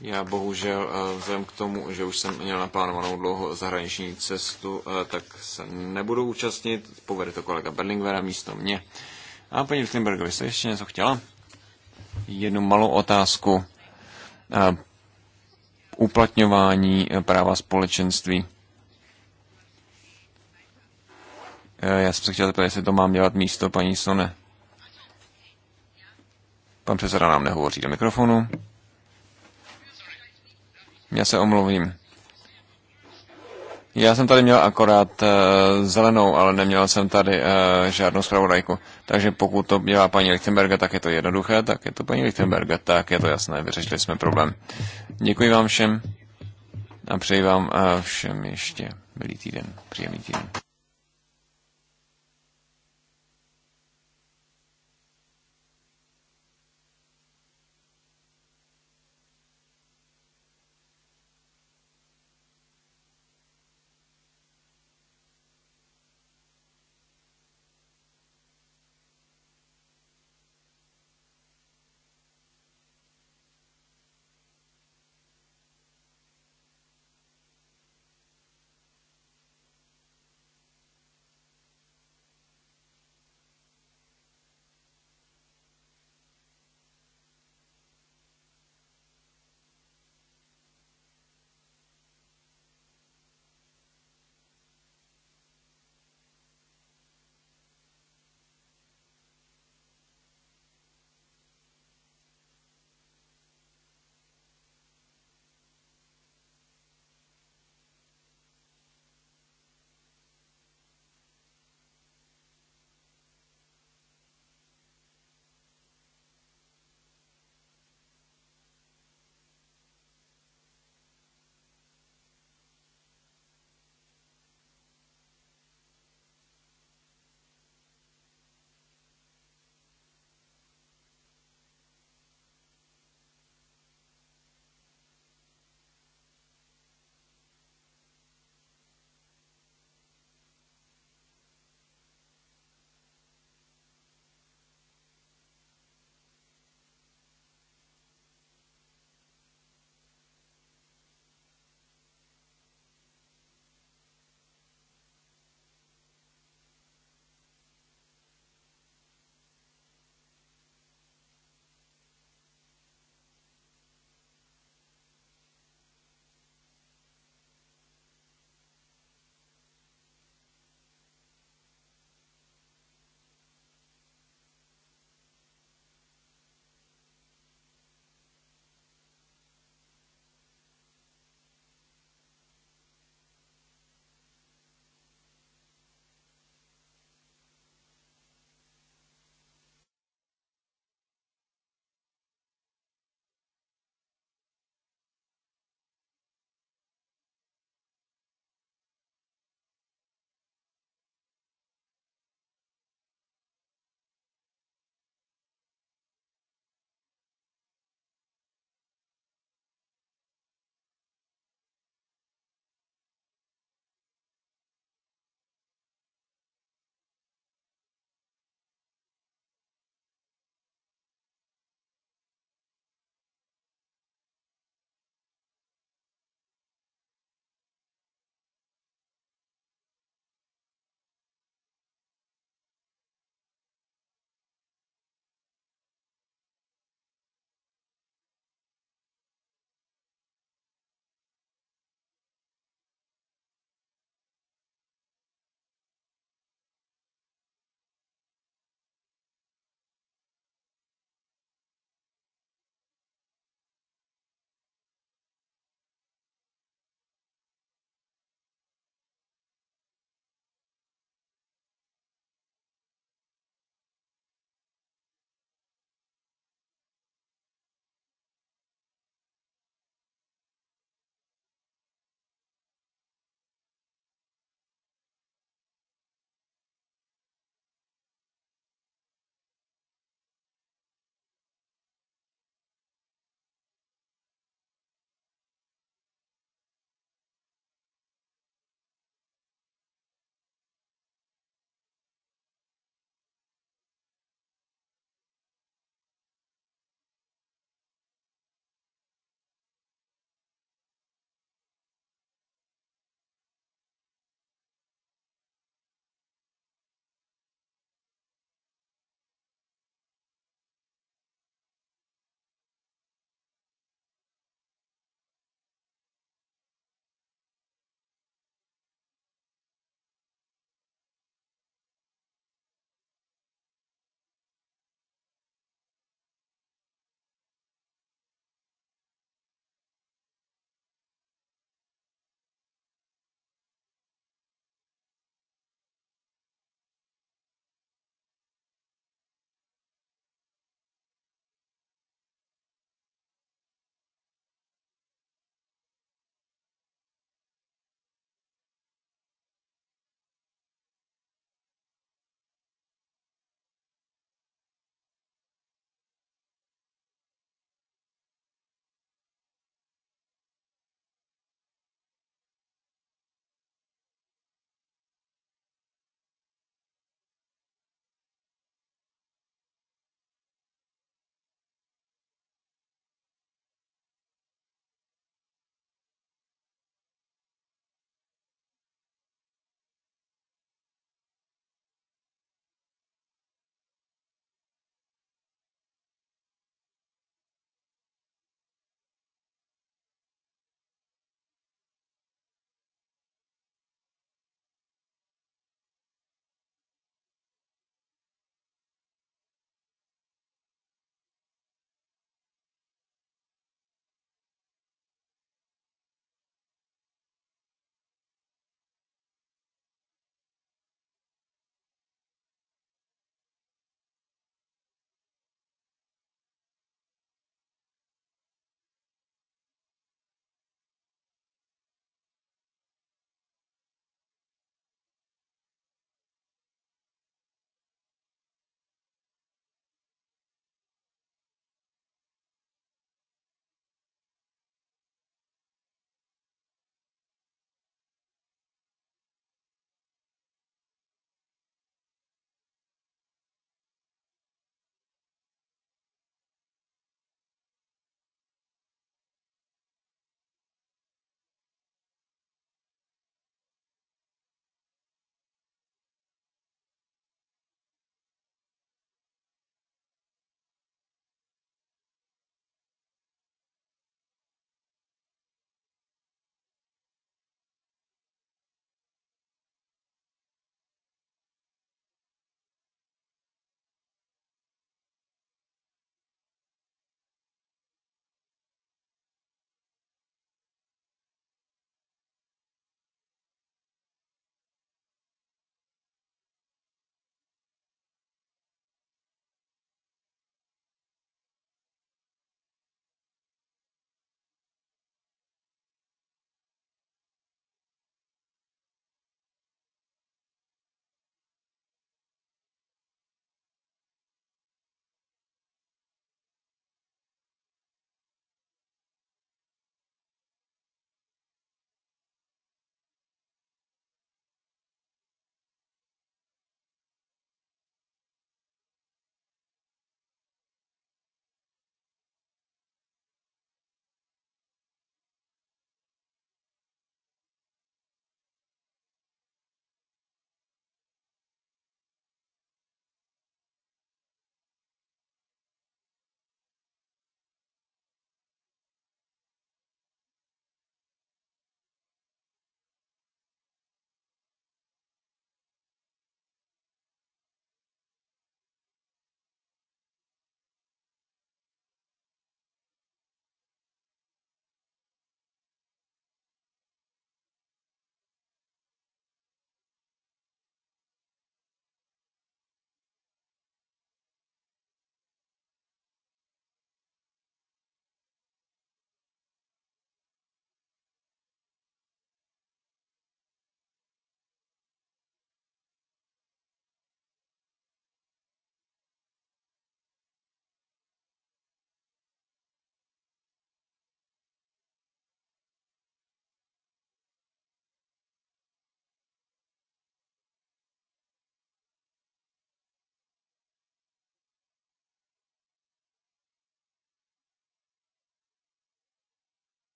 já bohužel eh, vzhledem k tomu, že už jsem měl naplánovanou dlouho zahraniční cestu, eh, tak se nebudu účastnit. Povede to kolega Berlingvera místo mě. A paní Lichtenberg, vy jste ještě něco chtěla? Jednu malou otázku. Eh, uplatňování práva společenství. Já jsem se chtěl zeptat, jestli to mám dělat místo paní Sone. Pan předseda nám nehovoří do mikrofonu. Já se omluvím. Já jsem tady měl akorát uh, zelenou, ale neměl jsem tady uh, žádnou zpravodajku. Takže pokud to dělá paní Lichtenberga, tak je to jednoduché, tak je to paní Lichtenberga, tak je to jasné, vyřešili jsme problém. Děkuji vám všem a přeji vám uh, všem ještě milý týden, příjemný týden.